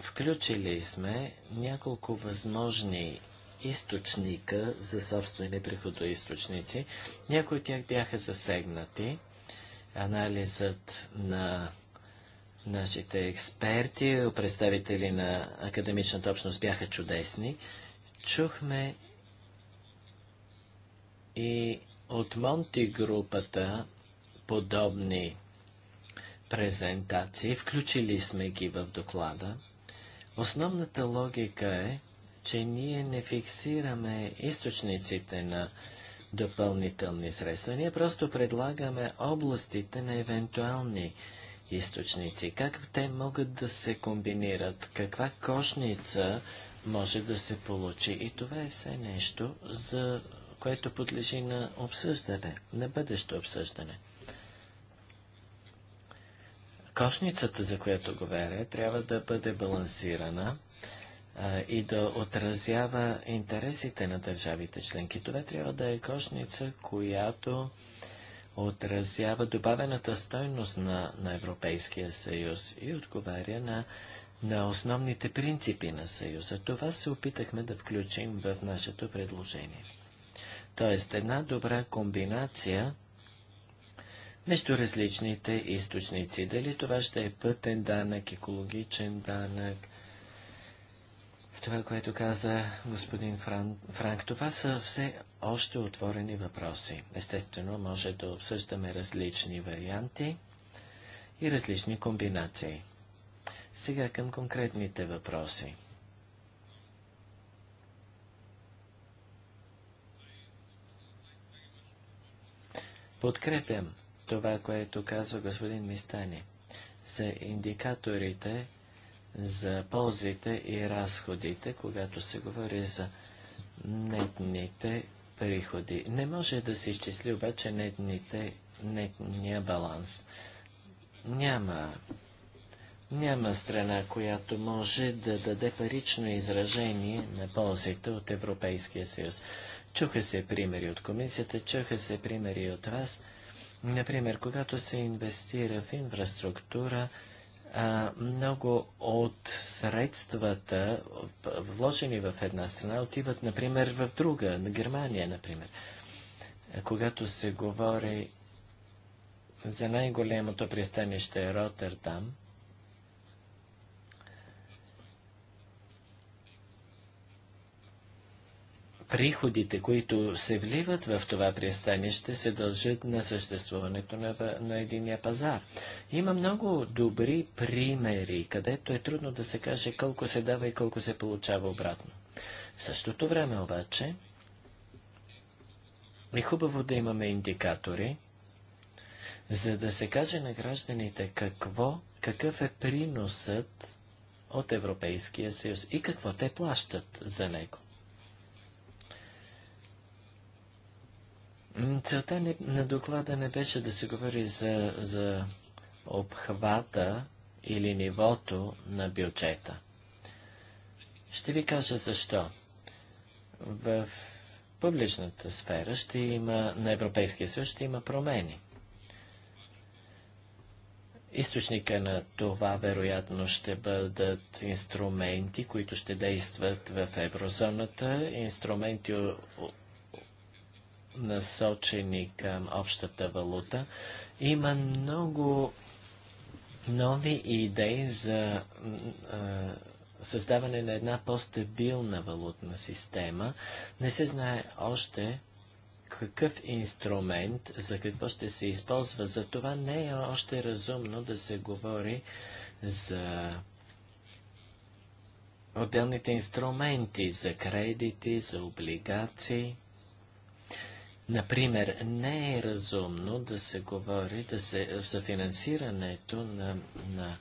Включили сме няколко възможни източника за собствени приходоисточници. Някои от тях бяха засегнати. Анализът на нашите експерти, представители на академичната общност бяха чудесни. Чухме и от Монти групата подобни презентации, включили сме ги в доклада. Основната логика е, че ние не фиксираме източниците на допълнителни средства. Ние просто предлагаме областите на евентуални източници. Как те могат да се комбинират? Каква кошница може да се получи? И това е все нещо, за което подлежи на обсъждане, на бъдещо обсъждане. Кошницата, за която говоря, трябва да бъде балансирана а, и да отразява интересите на държавите членки. Това трябва да е кошница, която отразява добавената стойност на, на Европейския съюз и отговаря на, на основните принципи на съюза. Това се опитахме да включим в нашето предложение. Тоест една добра комбинация между различните източници. Дали това ще е пътен данък, екологичен данък, това, което каза господин Фран... Франк, това са все още отворени въпроси. Естествено, може да обсъждаме различни варианти и различни комбинации. Сега към конкретните въпроси. Подкрепям това, което казва господин Мистани за индикаторите за ползите и разходите, когато се говори за нетните приходи. Не може да се изчисли обаче нетните, нетния баланс. Няма, няма страна, която може да даде парично изражение на ползите от Европейския съюз. Чуха се примери от комисията, чуха се примери от вас. Например, когато се инвестира в инфраструктура, а, много от средствата, вложени в една страна, отиват, например, в друга, на Германия, например. А, когато се говори за най-голямото пристанище Роттердам, приходите, които се вливат в това пристанище, се дължат на съществуването на, на единия пазар. Има много добри примери, където е трудно да се каже колко се дава и колко се получава обратно. В същото време обаче е хубаво да имаме индикатори, за да се каже на гражданите какво, какъв е приносът от Европейския съюз и какво те плащат за него. Целта на доклада не беше да се говори за, за обхвата или нивото на бюджета. Ще ви кажа защо. В публичната сфера ще има, на Европейския съюз ще има промени. Източника на това вероятно ще бъдат инструменти, които ще действат в еврозоната, инструменти насочени към общата валута. Има много нови идеи за създаване на една по-стабилна валутна система. Не се знае още какъв инструмент, за какво ще се използва. За това не е още разумно да се говори за отделните инструменти, за кредити, за облигации. Например, не е разумно да се говори да се, за финансирането на, на,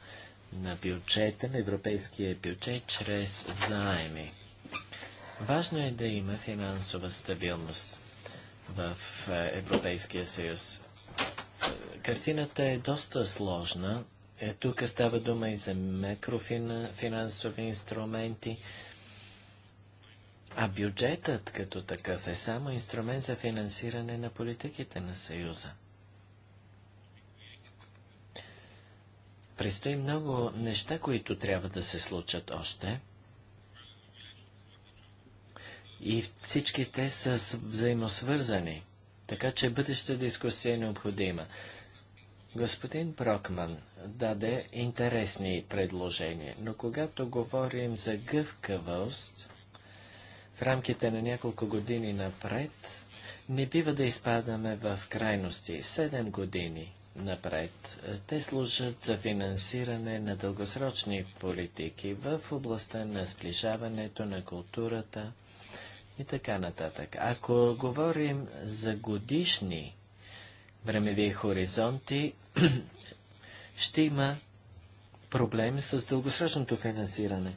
на бюджета, на европейския бюджет, чрез заеми. Важно е да има финансова стабилност в е, Европейския съюз. Картината е доста сложна. Е, тук става дума и за макрофинансови инструменти, а бюджетът като такъв е само инструмент за финансиране на политиките на Съюза. Престои много неща, които трябва да се случат още. И всички те са взаимосвързани. Така че бъдеща дискусия е необходима. Господин Прокман даде интересни предложения, но когато говорим за гъвкавост, в рамките на няколко години напред, не бива да изпадаме в крайности. Седем години напред. Е, те служат за финансиране на дългосрочни политики в областта на сближаването на културата и така нататък. Ако говорим за годишни времеви хоризонти, [clears throat] ще има проблем с дългосрочното финансиране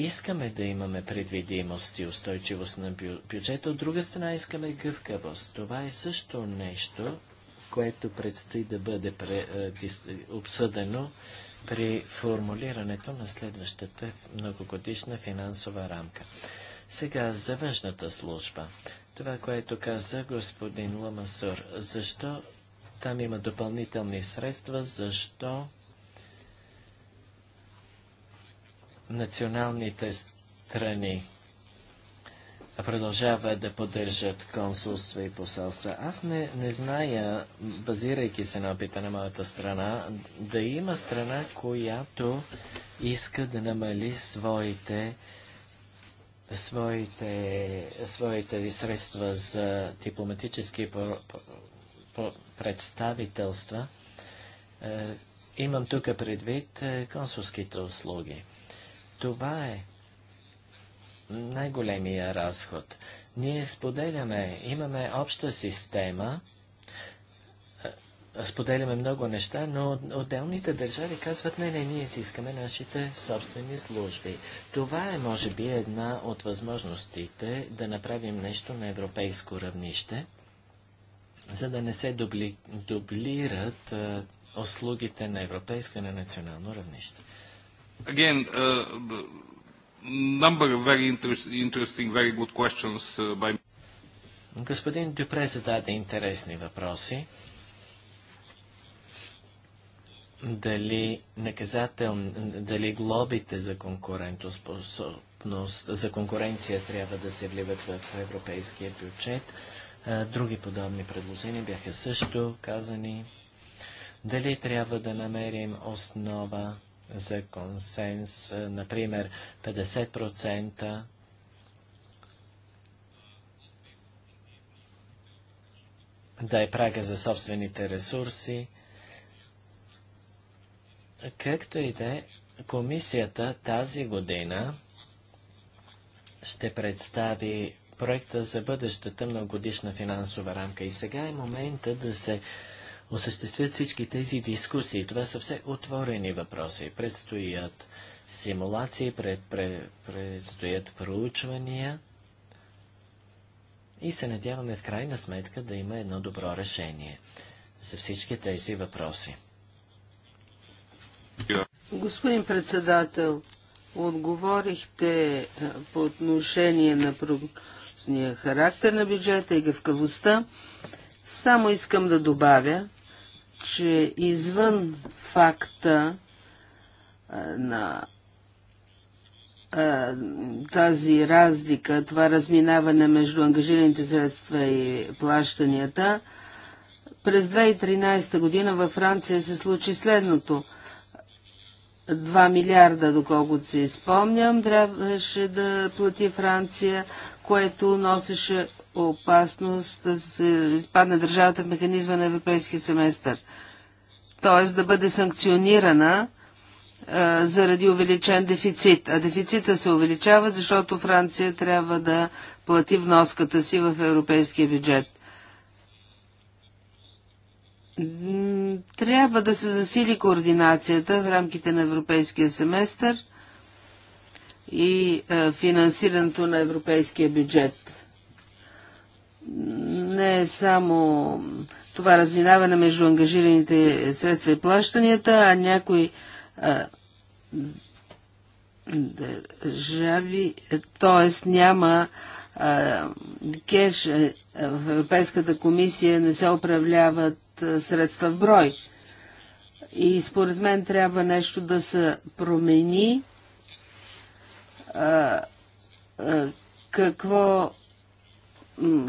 искаме да имаме предвидимост и устойчивост на бю бюджета, от друга страна искаме гъвкавост. Това е също нещо, което предстои да бъде пре, дис, обсъдено при формулирането на следващата многогодишна финансова рамка. Сега за външната служба. Това, което каза господин Ламасур, защо там има допълнителни средства, защо националните страни продължават да поддържат консулства и посолства. Аз не, не зная, базирайки се на опита на моята страна, да има страна, която иска да намали своите, своите, своите средства за дипломатически по, по, по представителства. Е, имам тук предвид е, консулските услуги. Това е най-големия разход. Ние споделяме, имаме обща система, споделяме много неща, но отделните държави казват, не, не, ние си искаме нашите собствени служби. Това е, може би, една от възможностите да направим нещо на европейско равнище, за да не се дубли, дублират услугите на европейско и на национално равнище again, uh, number of very inter- interesting, very good questions uh, by... Господин Дюпре зададе интересни въпроси. Дали наказател, дали глобите за конкурентоспособност, за конкуренция трябва да се вливат в европейския бюджет? Други подобни предложения бяха също казани. Дали трябва да намерим основа за консенс, е, например 50% да е прага за собствените ресурси. Както и да е, комисията тази година ще представи проекта за бъдещата многогодишна финансова рамка. И сега е момента да се осъществят всички тези дискусии. Това са все отворени въпроси. Предстоят симулации, пред, пред, предстоят проучвания и се надяваме в крайна сметка да има едно добро решение за всички тези въпроси. Господин председател, отговорихте по отношение на прогнозния характер на бюджета и гъвкавостта. Само искам да добавя, че извън факта на тази разлика, това разминаване между ангажираните средства и плащанията, през 2013 година във Франция се случи следното. 2 милиарда, доколкото се изпомням, трябваше да плати Франция, което носеше опасност да се изпадне държавата в механизма на европейския семестър. Тоест да бъде санкционирана а, заради увеличен дефицит. А дефицита се увеличава, защото Франция трябва да плати вноската си в европейския бюджет. Трябва да се засили координацията в рамките на европейския семестър и а, финансирането на европейския бюджет не е само това разминаване между ангажираните средства и плащанията, а някои а, държави, т.е. няма а, кеш е, в Европейската комисия не се управляват средства в брой. И според мен трябва нещо да се промени. А, какво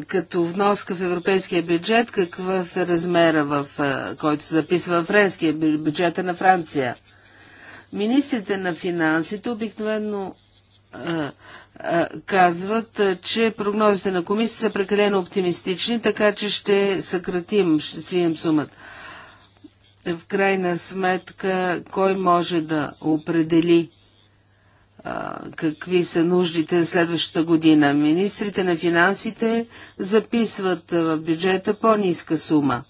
като вноска в европейския бюджет, какъв е размера, в, който се записва в френския бюджета на Франция. Министрите на финансите обикновено а, а, казват, че прогнозите на комисията са прекалено оптимистични, така че ще съкратим, ще свием сумата. В крайна сметка, кой може да определи какви са нуждите следващата година. Министрите на финансите записват в бюджета по-ниска сума.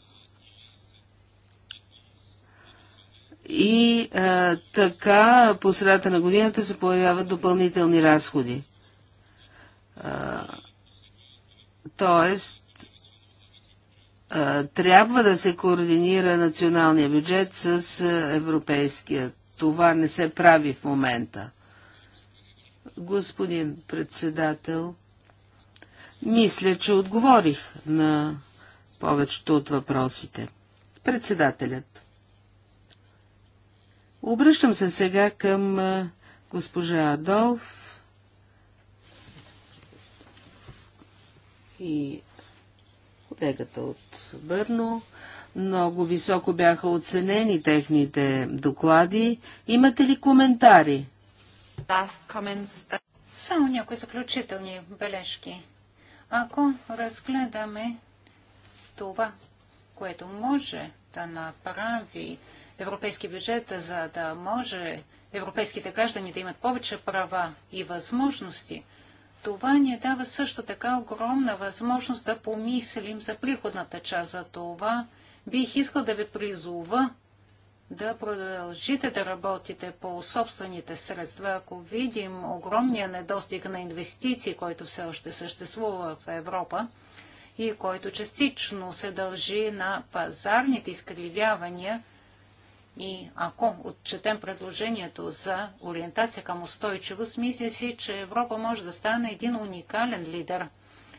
И а, така по средата на годината се появяват допълнителни разходи. А, тоест, а, трябва да се координира националния бюджет с европейския. Това не се прави в момента. Господин председател, мисля, че отговорих на повечето от въпросите. Председателят. Обръщам се сега към госпожа Адолф и колегата от Бърно. Много високо бяха оценени техните доклади. Имате ли коментари? Само някои заключителни бележки. Ако разгледаме това, което може да направи европейски бюджет, за да може европейските граждани да имат повече права и възможности, това ни дава също така огромна възможност да помислим за приходната част. За това бих искал да ви призова да продължите да работите по собствените средства. Ако видим огромния недостиг на инвестиции, който все още съществува в Европа и който частично се дължи на пазарните изкривявания, и ако отчетем предложението за ориентация към устойчивост, мисля си, че Европа може да стане един уникален лидер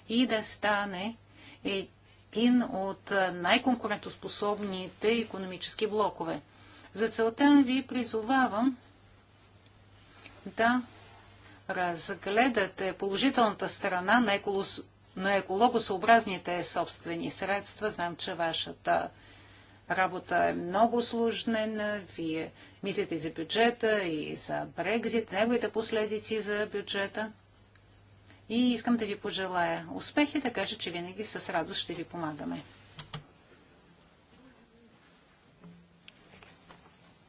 и да стане един от най-конкурентоспособните економически блокове. За целта ви призовавам да разгледате положителната страна на, еколос... на екологосъобразните собствени средства. Знам, че вашата работа е много сложнена. Вие мислите за бюджета и за Брекзит, неговите последици за бюджета. И искам да ви пожелая успехи, да кажа, че винаги с радост ще ви помагаме.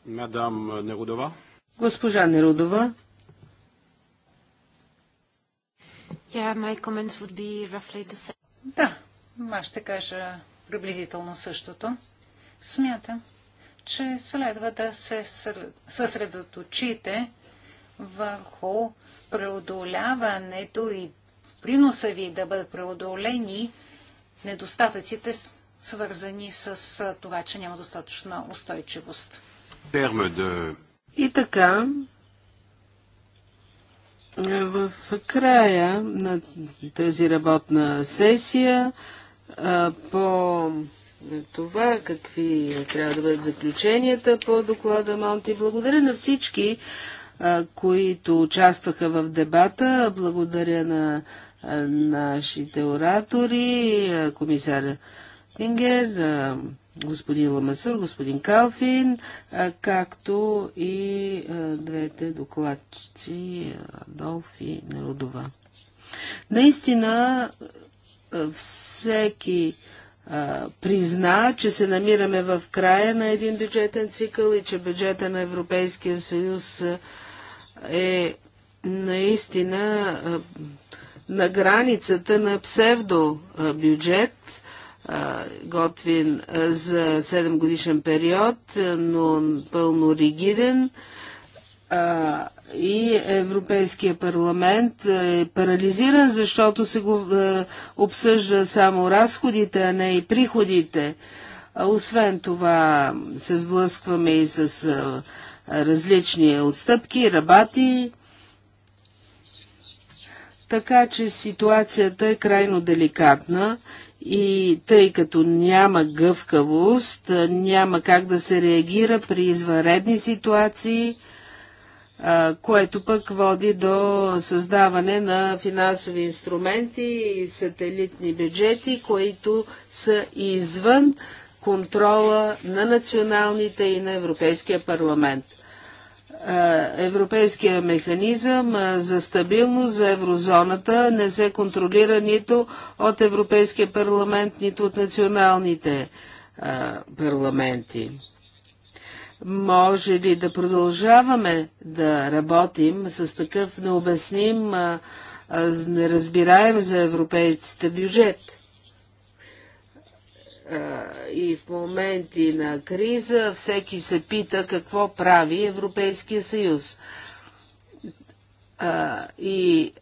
Мадам Нерудова. Госпожа Нерудова. Yeah, my comments would be roughly the same. Да, аз ще кажа приблизително същото. Смятам, че следва да се съсредоточите върху преодоляването и приноса ви да бъдат преодолени недостатъците, свързани с това, че няма достатъчна устойчивост. И така, в края на тази работна сесия по това какви трябва да бъдат заключенията по доклада Монти. Благодаря на всички, които участваха в дебата. Благодаря на нашите оратори, комисаря Пингер, господин Ламасур, господин Калфин, както и двете докладчици Адолф и Неродова. Наистина всеки призна, че се намираме в края на един бюджетен цикъл и че бюджета на Европейския съюз е наистина на границата на псевдобюджет готвен за 7 годишен период, но пълно ригиден. И Европейския парламент е парализиран, защото се го обсъжда само разходите, а не и приходите. Освен това се сблъскваме и с различни отстъпки, рабати. Така че ситуацията е крайно деликатна и тъй като няма гъвкавост, няма как да се реагира при извънредни ситуации, което пък води до създаване на финансови инструменти и сателитни бюджети, които са извън контрола на националните и на Европейския парламент. Е, европейския механизъм е, за стабилност за еврозоната не се контролира нито от Европейския парламент, нито от националните е, парламенти. Може ли да продължаваме да работим с такъв необясним, неразбираем за европейците бюджет? и в моменти на криза всеки се пита какво прави Европейския съюз. и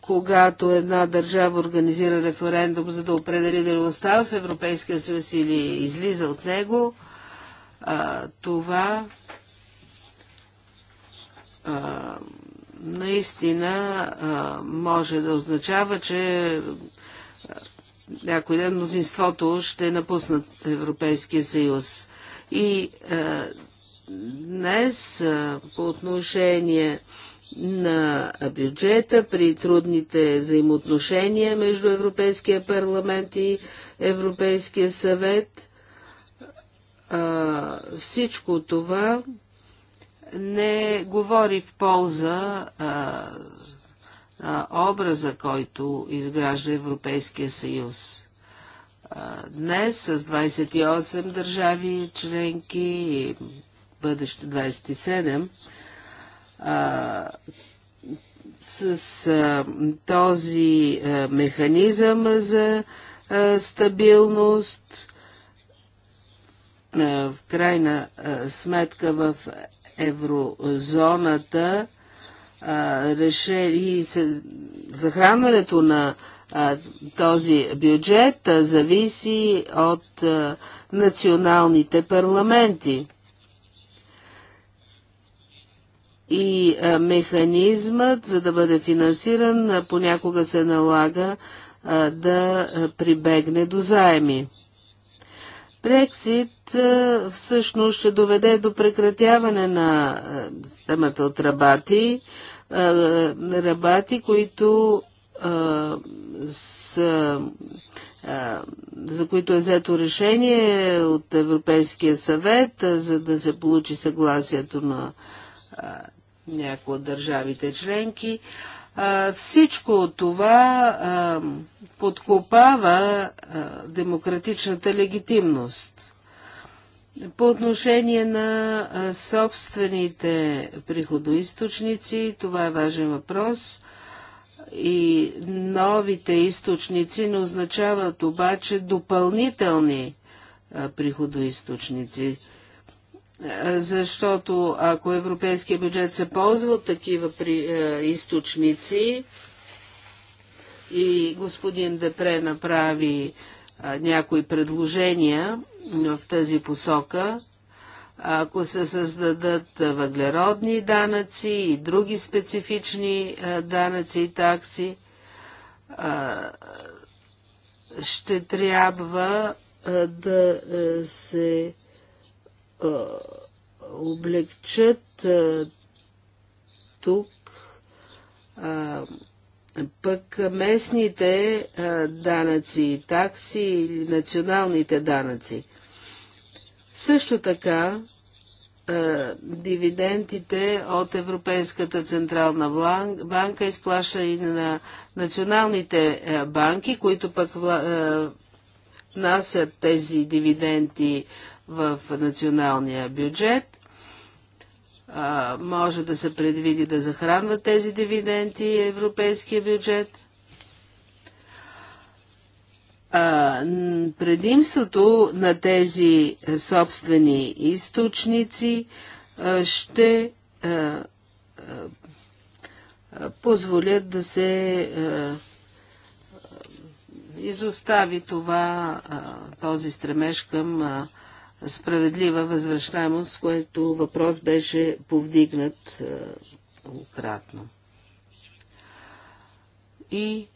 когато една държава организира референдум, за да определи дали остава в Европейския съюз или излиза от него, това наистина може да означава, че някой ден мнозинството ще напуснат Европейския съюз. И а, е, днес а, е, по отношение на бюджета при трудните взаимоотношения между Европейския парламент и Европейския съвет, а, е, всичко това не говори в полза а, а, образа, който изгражда Европейския съюз. А, днес с 28 държави членки и бъдеще 27, а, с а, този а, механизъм за а, стабилност, а, в крайна а, сметка в еврозоната се, захранването на този бюджет зависи от националните парламенти. И механизмът, за да бъде финансиран, понякога се налага да прибегне до заеми. Брексит е, всъщност ще доведе до прекратяване на е, системата от рабати, е, рабати, които са за които е взето решение от Европейския съвет, за да се получи съгласието на някои от държавите членки. Всичко това подкопава демократичната легитимност. По отношение на собствените приходоисточници, това е важен въпрос. И новите източници не означават обаче допълнителни приходоисточници. Е, защото ако европейския бюджет се ползва от такива при, е, източници и господин Депре направи е, някои предложения в тази посока, ако се създадат въглеродни данъци и други специфични е, данъци и такси, е, ще трябва е, да е, се е, облегчат тук пък местните данъци, такси или националните данъци. Също така, дивидендите от Европейската централна банка, изплащани на националните банки, които пък внасят тези дивиденти в националния бюджет. А, може да се предвиди да захранва тези дивиденти европейския бюджет. А, предимството на тези собствени източници а, ще позволят да се изостави това, този стремеж към справедлива възвръщаемост, което въпрос беше повдигнат многократно. Е, и е,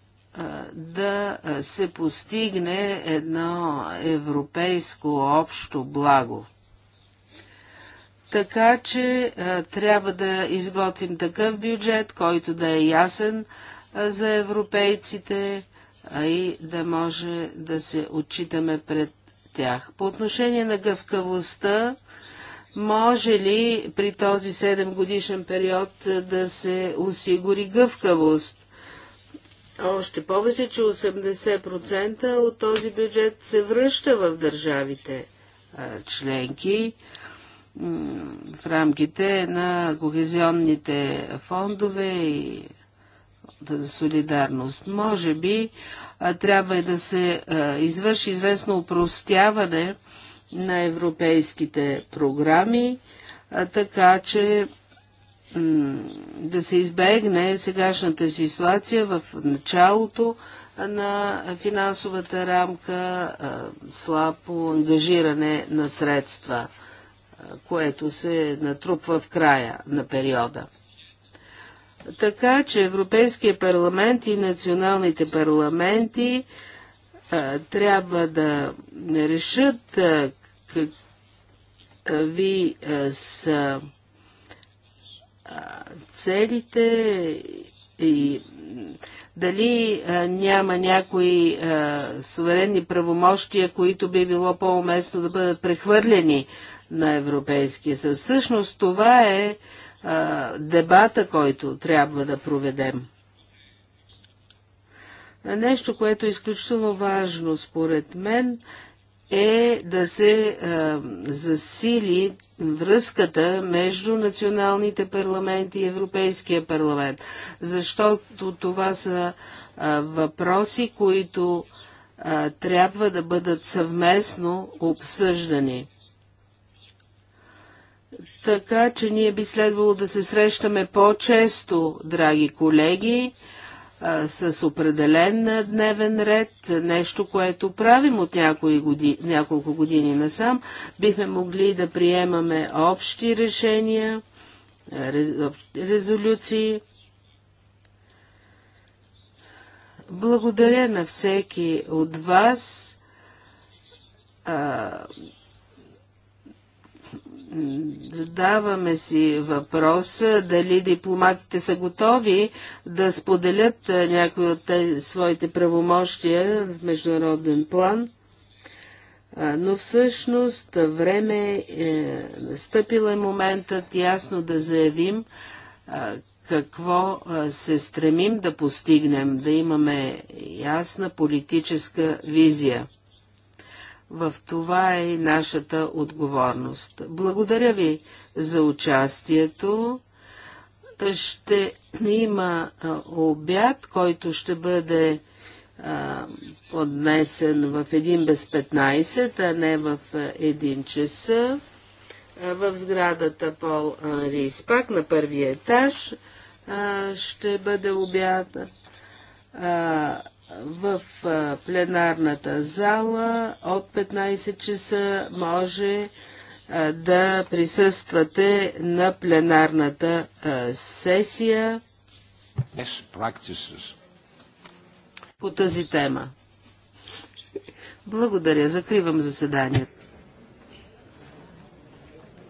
да се постигне едно европейско общо благо. Така че а, е, трябва да изготвим такъв бюджет, който да е ясен а, за европейците а и да може да се отчитаме пред тях. По отношение на гъвкавостта, може ли при този 7 годишен период да се осигури гъвкавост? Още повече, че 80% от този бюджет се връща в държавите членки в рамките на Когезионните фондове и за солидарност. Може би трябва е да се извърши известно упростяване на европейските програми, така че да се избегне сегашната ситуация в началото на финансовата рамка, слабо ангажиране на средства, което се натрупва в края на периода. Така че Европейския парламент и националните парламенти а, трябва да решат а, какви а, са целите и дали а, няма някои а, суверенни правомощия, които би било по-уместно да бъдат прехвърлени на Европейския съюз. Всъщност това е а, дебата, който трябва да проведем. Нещо, което е изключително важно според мен, е да се а, засили връзката между националните парламенти и Европейския парламент, защото това са а, въпроси, които а, трябва да бъдат съвместно обсъждани. Така че ние би следвало да се срещаме по-често, драги колеги, а, с определен дневен ред, нещо, което правим от години, няколко години насам. Бихме могли да приемаме общи решения, резолюции. Благодаря на всеки от вас. А, Даваме си въпроса дали дипломатите са готови да споделят някои от те, своите правомощия в международен план, но всъщност време е, настъпил е моментът ясно да заявим какво се стремим да постигнем, да имаме ясна политическа визия. В това е и нашата отговорност. Благодаря ви за участието. Ще има обяд, който ще бъде поднесен в 1 без 15, а не в 1 часа в сградата Пол Анри Спак на първия етаж ще бъде обяд в пленарната зала от 15 часа може да присъствате на пленарната сесия по тази тема. Благодаря. Закривам заседанието.